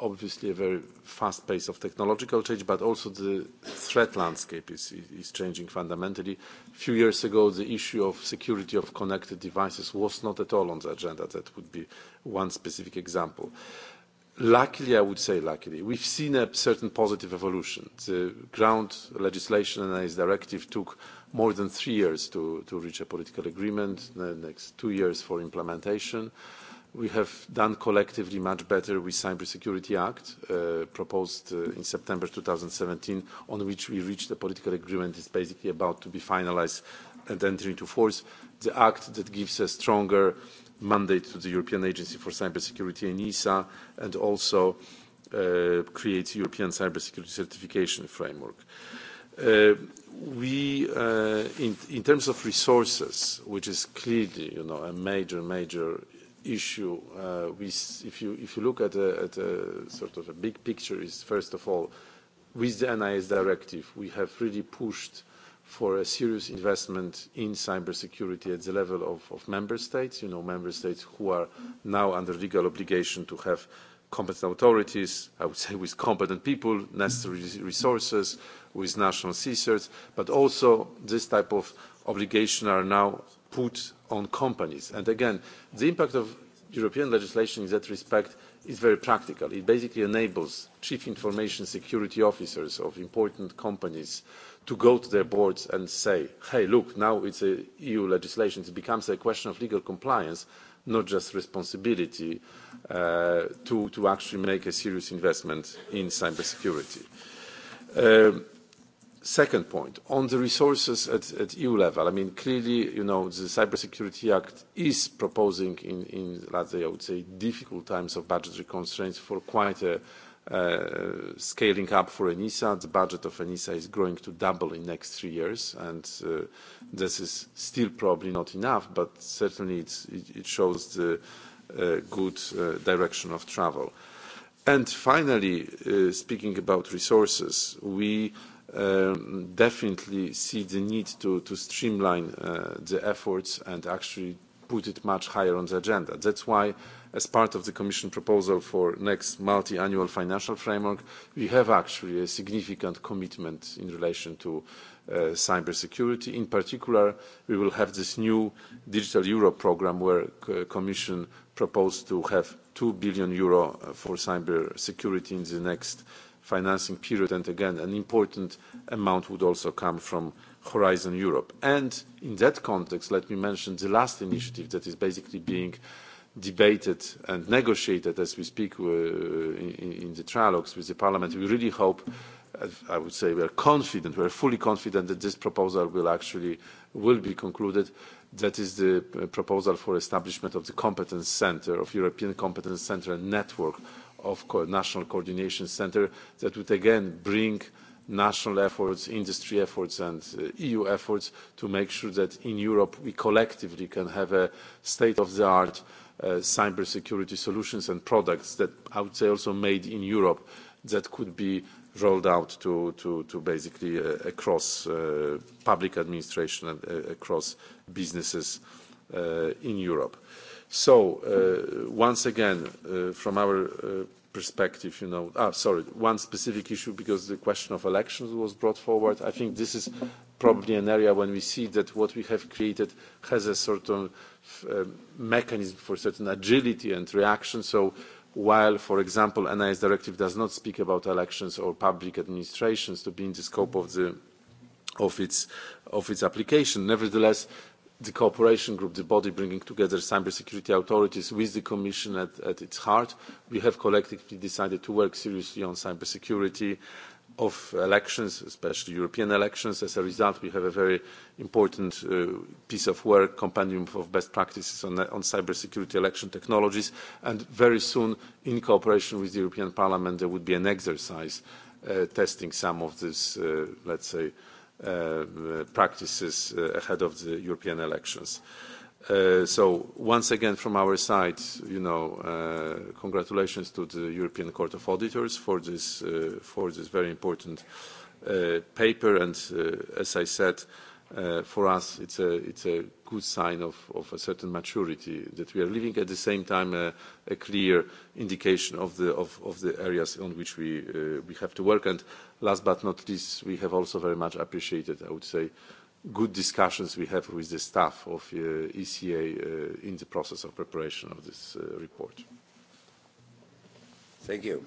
obviously a very fast pace of technological change, but also the threat landscape is, changing fundamentally. A few years ago, the issue of security of connected devices was not at all on the agenda. That would be one specific example. Luckily, I would say luckily, we've seen a certain positive evolution. The ground legislation and its directive took more than three years to, to reach a political agreement, the next two years for implementation we have done collectively much better with Cybersecurity Act, proposed in September 2017, on which we reached a political agreement. It's basically about to be finalized and enter into force. The act that gives a stronger mandate to the European Agency for Cybersecurity and ESA, and also creates European cybersecurity certification framework. we, in, in terms of resources, which is clearly, you know, a major, major issue, uh, if, you, if you look at a, at sort of a big picture, is first of all, with the NIS directive, we have really pushed for a serious investment in cybersecurity at the level of, of member states, you know, member states who are now under legal obligation to have competent authorities, I would say with competent people, necessary resources, with national CSIRTs, but also this type of obligation are now put on companies. And again, the impact of European legislation in that respect is very practical. It basically enables chief information security officers of important companies to go to their boards and say, hey, look, now it's a EU legislation. It becomes a question of legal compliance, not just responsibility uh, to, to actually make a serious investment in cybersecurity. Second point, on the resources at, EU level, I mean, clearly, you know, the Cybersecurity Act is proposing in, in, let's say, I would say, difficult times of budgetary constraints for quite a scaling up for ENISA. The budget of ENISA is growing to double in next three years, and this is still probably not enough, but certainly it's, it, it shows the good direction of travel. And finally, speaking about resources, we definitely see the need to, to streamline the efforts and actually put it much higher on the agenda. That's why, as part of the Commission proposal for next multi-annual financial framework, we have actually a significant commitment in relation to cybersecurity. In particular, we will have this new Digital Europe program where the Commission proposed to have 2 billion euro for cybersecurity in the next financing period. And again, an important amount would also come from Horizon Europe. And in that context, let me mention the last initiative that is basically being debated and negotiated as we speak in the trilogues with the parliament. We really hope, I would say we are confident, we are fully confident that this proposal will actually be concluded. That is the proposal for establishment of the competence center, of European competence center and network of national coordination center that would again bring national efforts, industry efforts, and EU efforts to make sure that in Europe we collectively can have a state-of-the-art cybersecurity solutions and products that I would say also made in Europe that could be rolled out to basically across public administration and across businesses in Europe. So once again, from our perspective, you know. ah Sorry, one specific issue because the question of elections was brought forward. I think this is probably an area when we see that what we have created has a sort of mechanism for certain agility and reaction. So while, for example, NIS directive does not speak about elections or public administrations to be in the scope of the of its of its application. Nevertheless, the cooperation group, the body bringing together cybersecurity authorities with the Commission at, at its heart, we have collectively decided to work seriously on cybersecurity of elections, especially European elections. As a result, we have a very important piece of work, compendium of best practices on, on cybersecurity election technologies. And very soon, in cooperation with the European Parliament, there would be an exercise testing some of this, let's say, practices ahead of the European elections. So once again, from our side, you know, congratulations to the European Court of Auditors for this very important paper. And as I said, for us, it's a it's a good sign of of a certain maturity that we are leaving, at the same time, a clear indication of the of of the areas on which we uh we have to work. And Last but not least, we have also very much appreciated, I would say, good discussions we have with the staff of ECA in the process of preparation of this report. Thank you.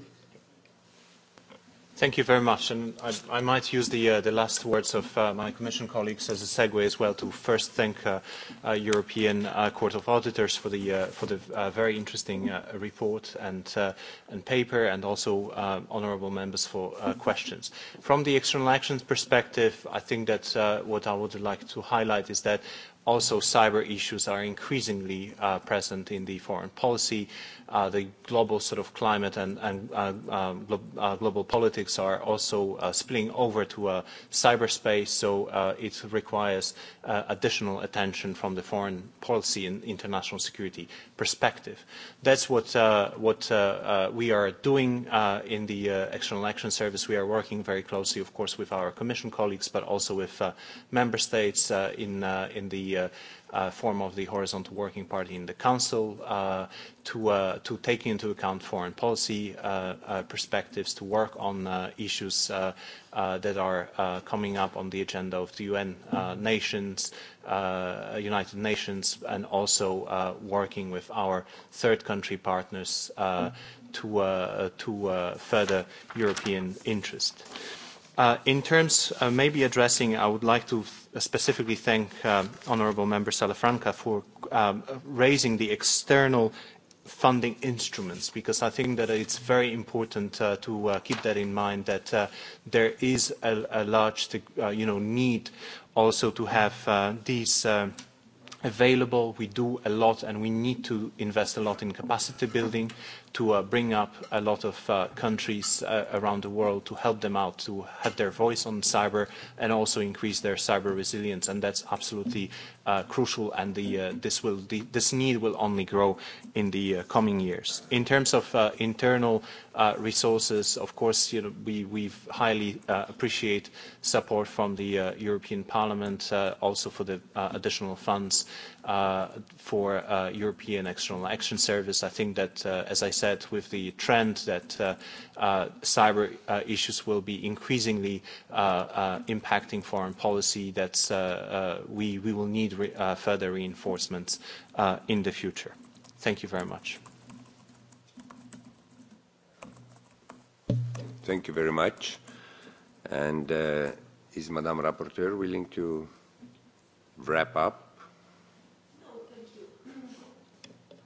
Thank you very much. And I, I might use the, uh, the last words of uh, my Commission colleagues as a segue as well to first thank uh, uh, European uh, Court of Auditors for the, uh, for the uh, very interesting uh, report and, uh, and paper and also uh, honourable members for uh, questions. From the external actions perspective, I think that uh, what I would like to highlight is that also cyber issues are increasingly uh, present in the foreign policy. Uh, the global sort of climate and, and uh, uh, glo uh, global politics are also uh, spilling over to uh, cyberspace, so uh, it requires uh, additional attention from the foreign policy and international security perspective. That's what, uh, what uh, uh, we are doing uh, in the uh, External Action Service. We are working very closely, of course, with our Commission colleagues, but also with uh, member states uh, in, uh, in the uh, uh, form of the horizontal working party in the Council uh, to, uh, to take into account foreign policy uh, uh, perspectives, to work on uh, issues uh, uh, that are uh, coming up on the agenda of the UN uh, nations, uh, United Nations, and also uh, working with our third country partners uh, to, uh, to uh, further European interest. Uh, in terms of maybe addressing, I would like to specifically thank uh, Honourable Member Salafranca for um, raising the external funding instruments because I think that it's very important uh, to uh, keep that in mind that uh, there is a, a large uh, you know, need also to have uh, these uh, available. We do a lot and we need to invest a lot in capacity building to bring up a lot of countries around the world to help them out, to have their voice on cyber and also increase their cyber resilience. And that's absolutely crucial. And this need will only grow in the coming years. In terms of internal resources. Of course, you know, we we've highly appreciate support from the European Parliament also for the additional funds for European External Action Service. I think that, as I said, with the trend that cyber issues will be increasingly impacting foreign policy, that's we we will need further reinforcements in the future. Thank you very much. Thank you very much. And uh, is Madame Rapporteur willing to wrap up? No, thank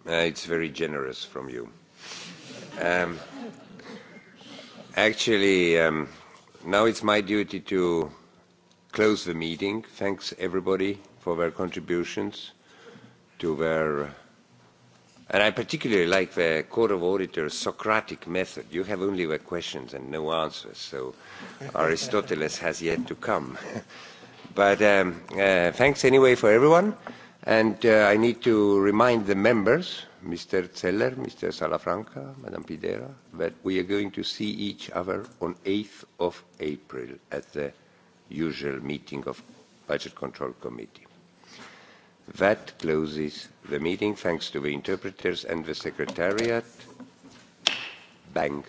you. Uh, it's very generous from you. Um, actually, um, now it's my duty to close the meeting. Thanks everybody for their contributions to their And I particularly like the Court of Auditors' Socratic method. You have only the questions and no answers, so Aristoteles has yet to come. but um, uh, thanks anyway for everyone. And uh, I need to remind the members, Mr. Zeller, Mr. Salafranca, Madame Pidera, that we are going to see each other on 8th of April at the usual meeting of Budget Control Committee. That closes the meeting. Thanks to the interpreters and the secretariat. Bang.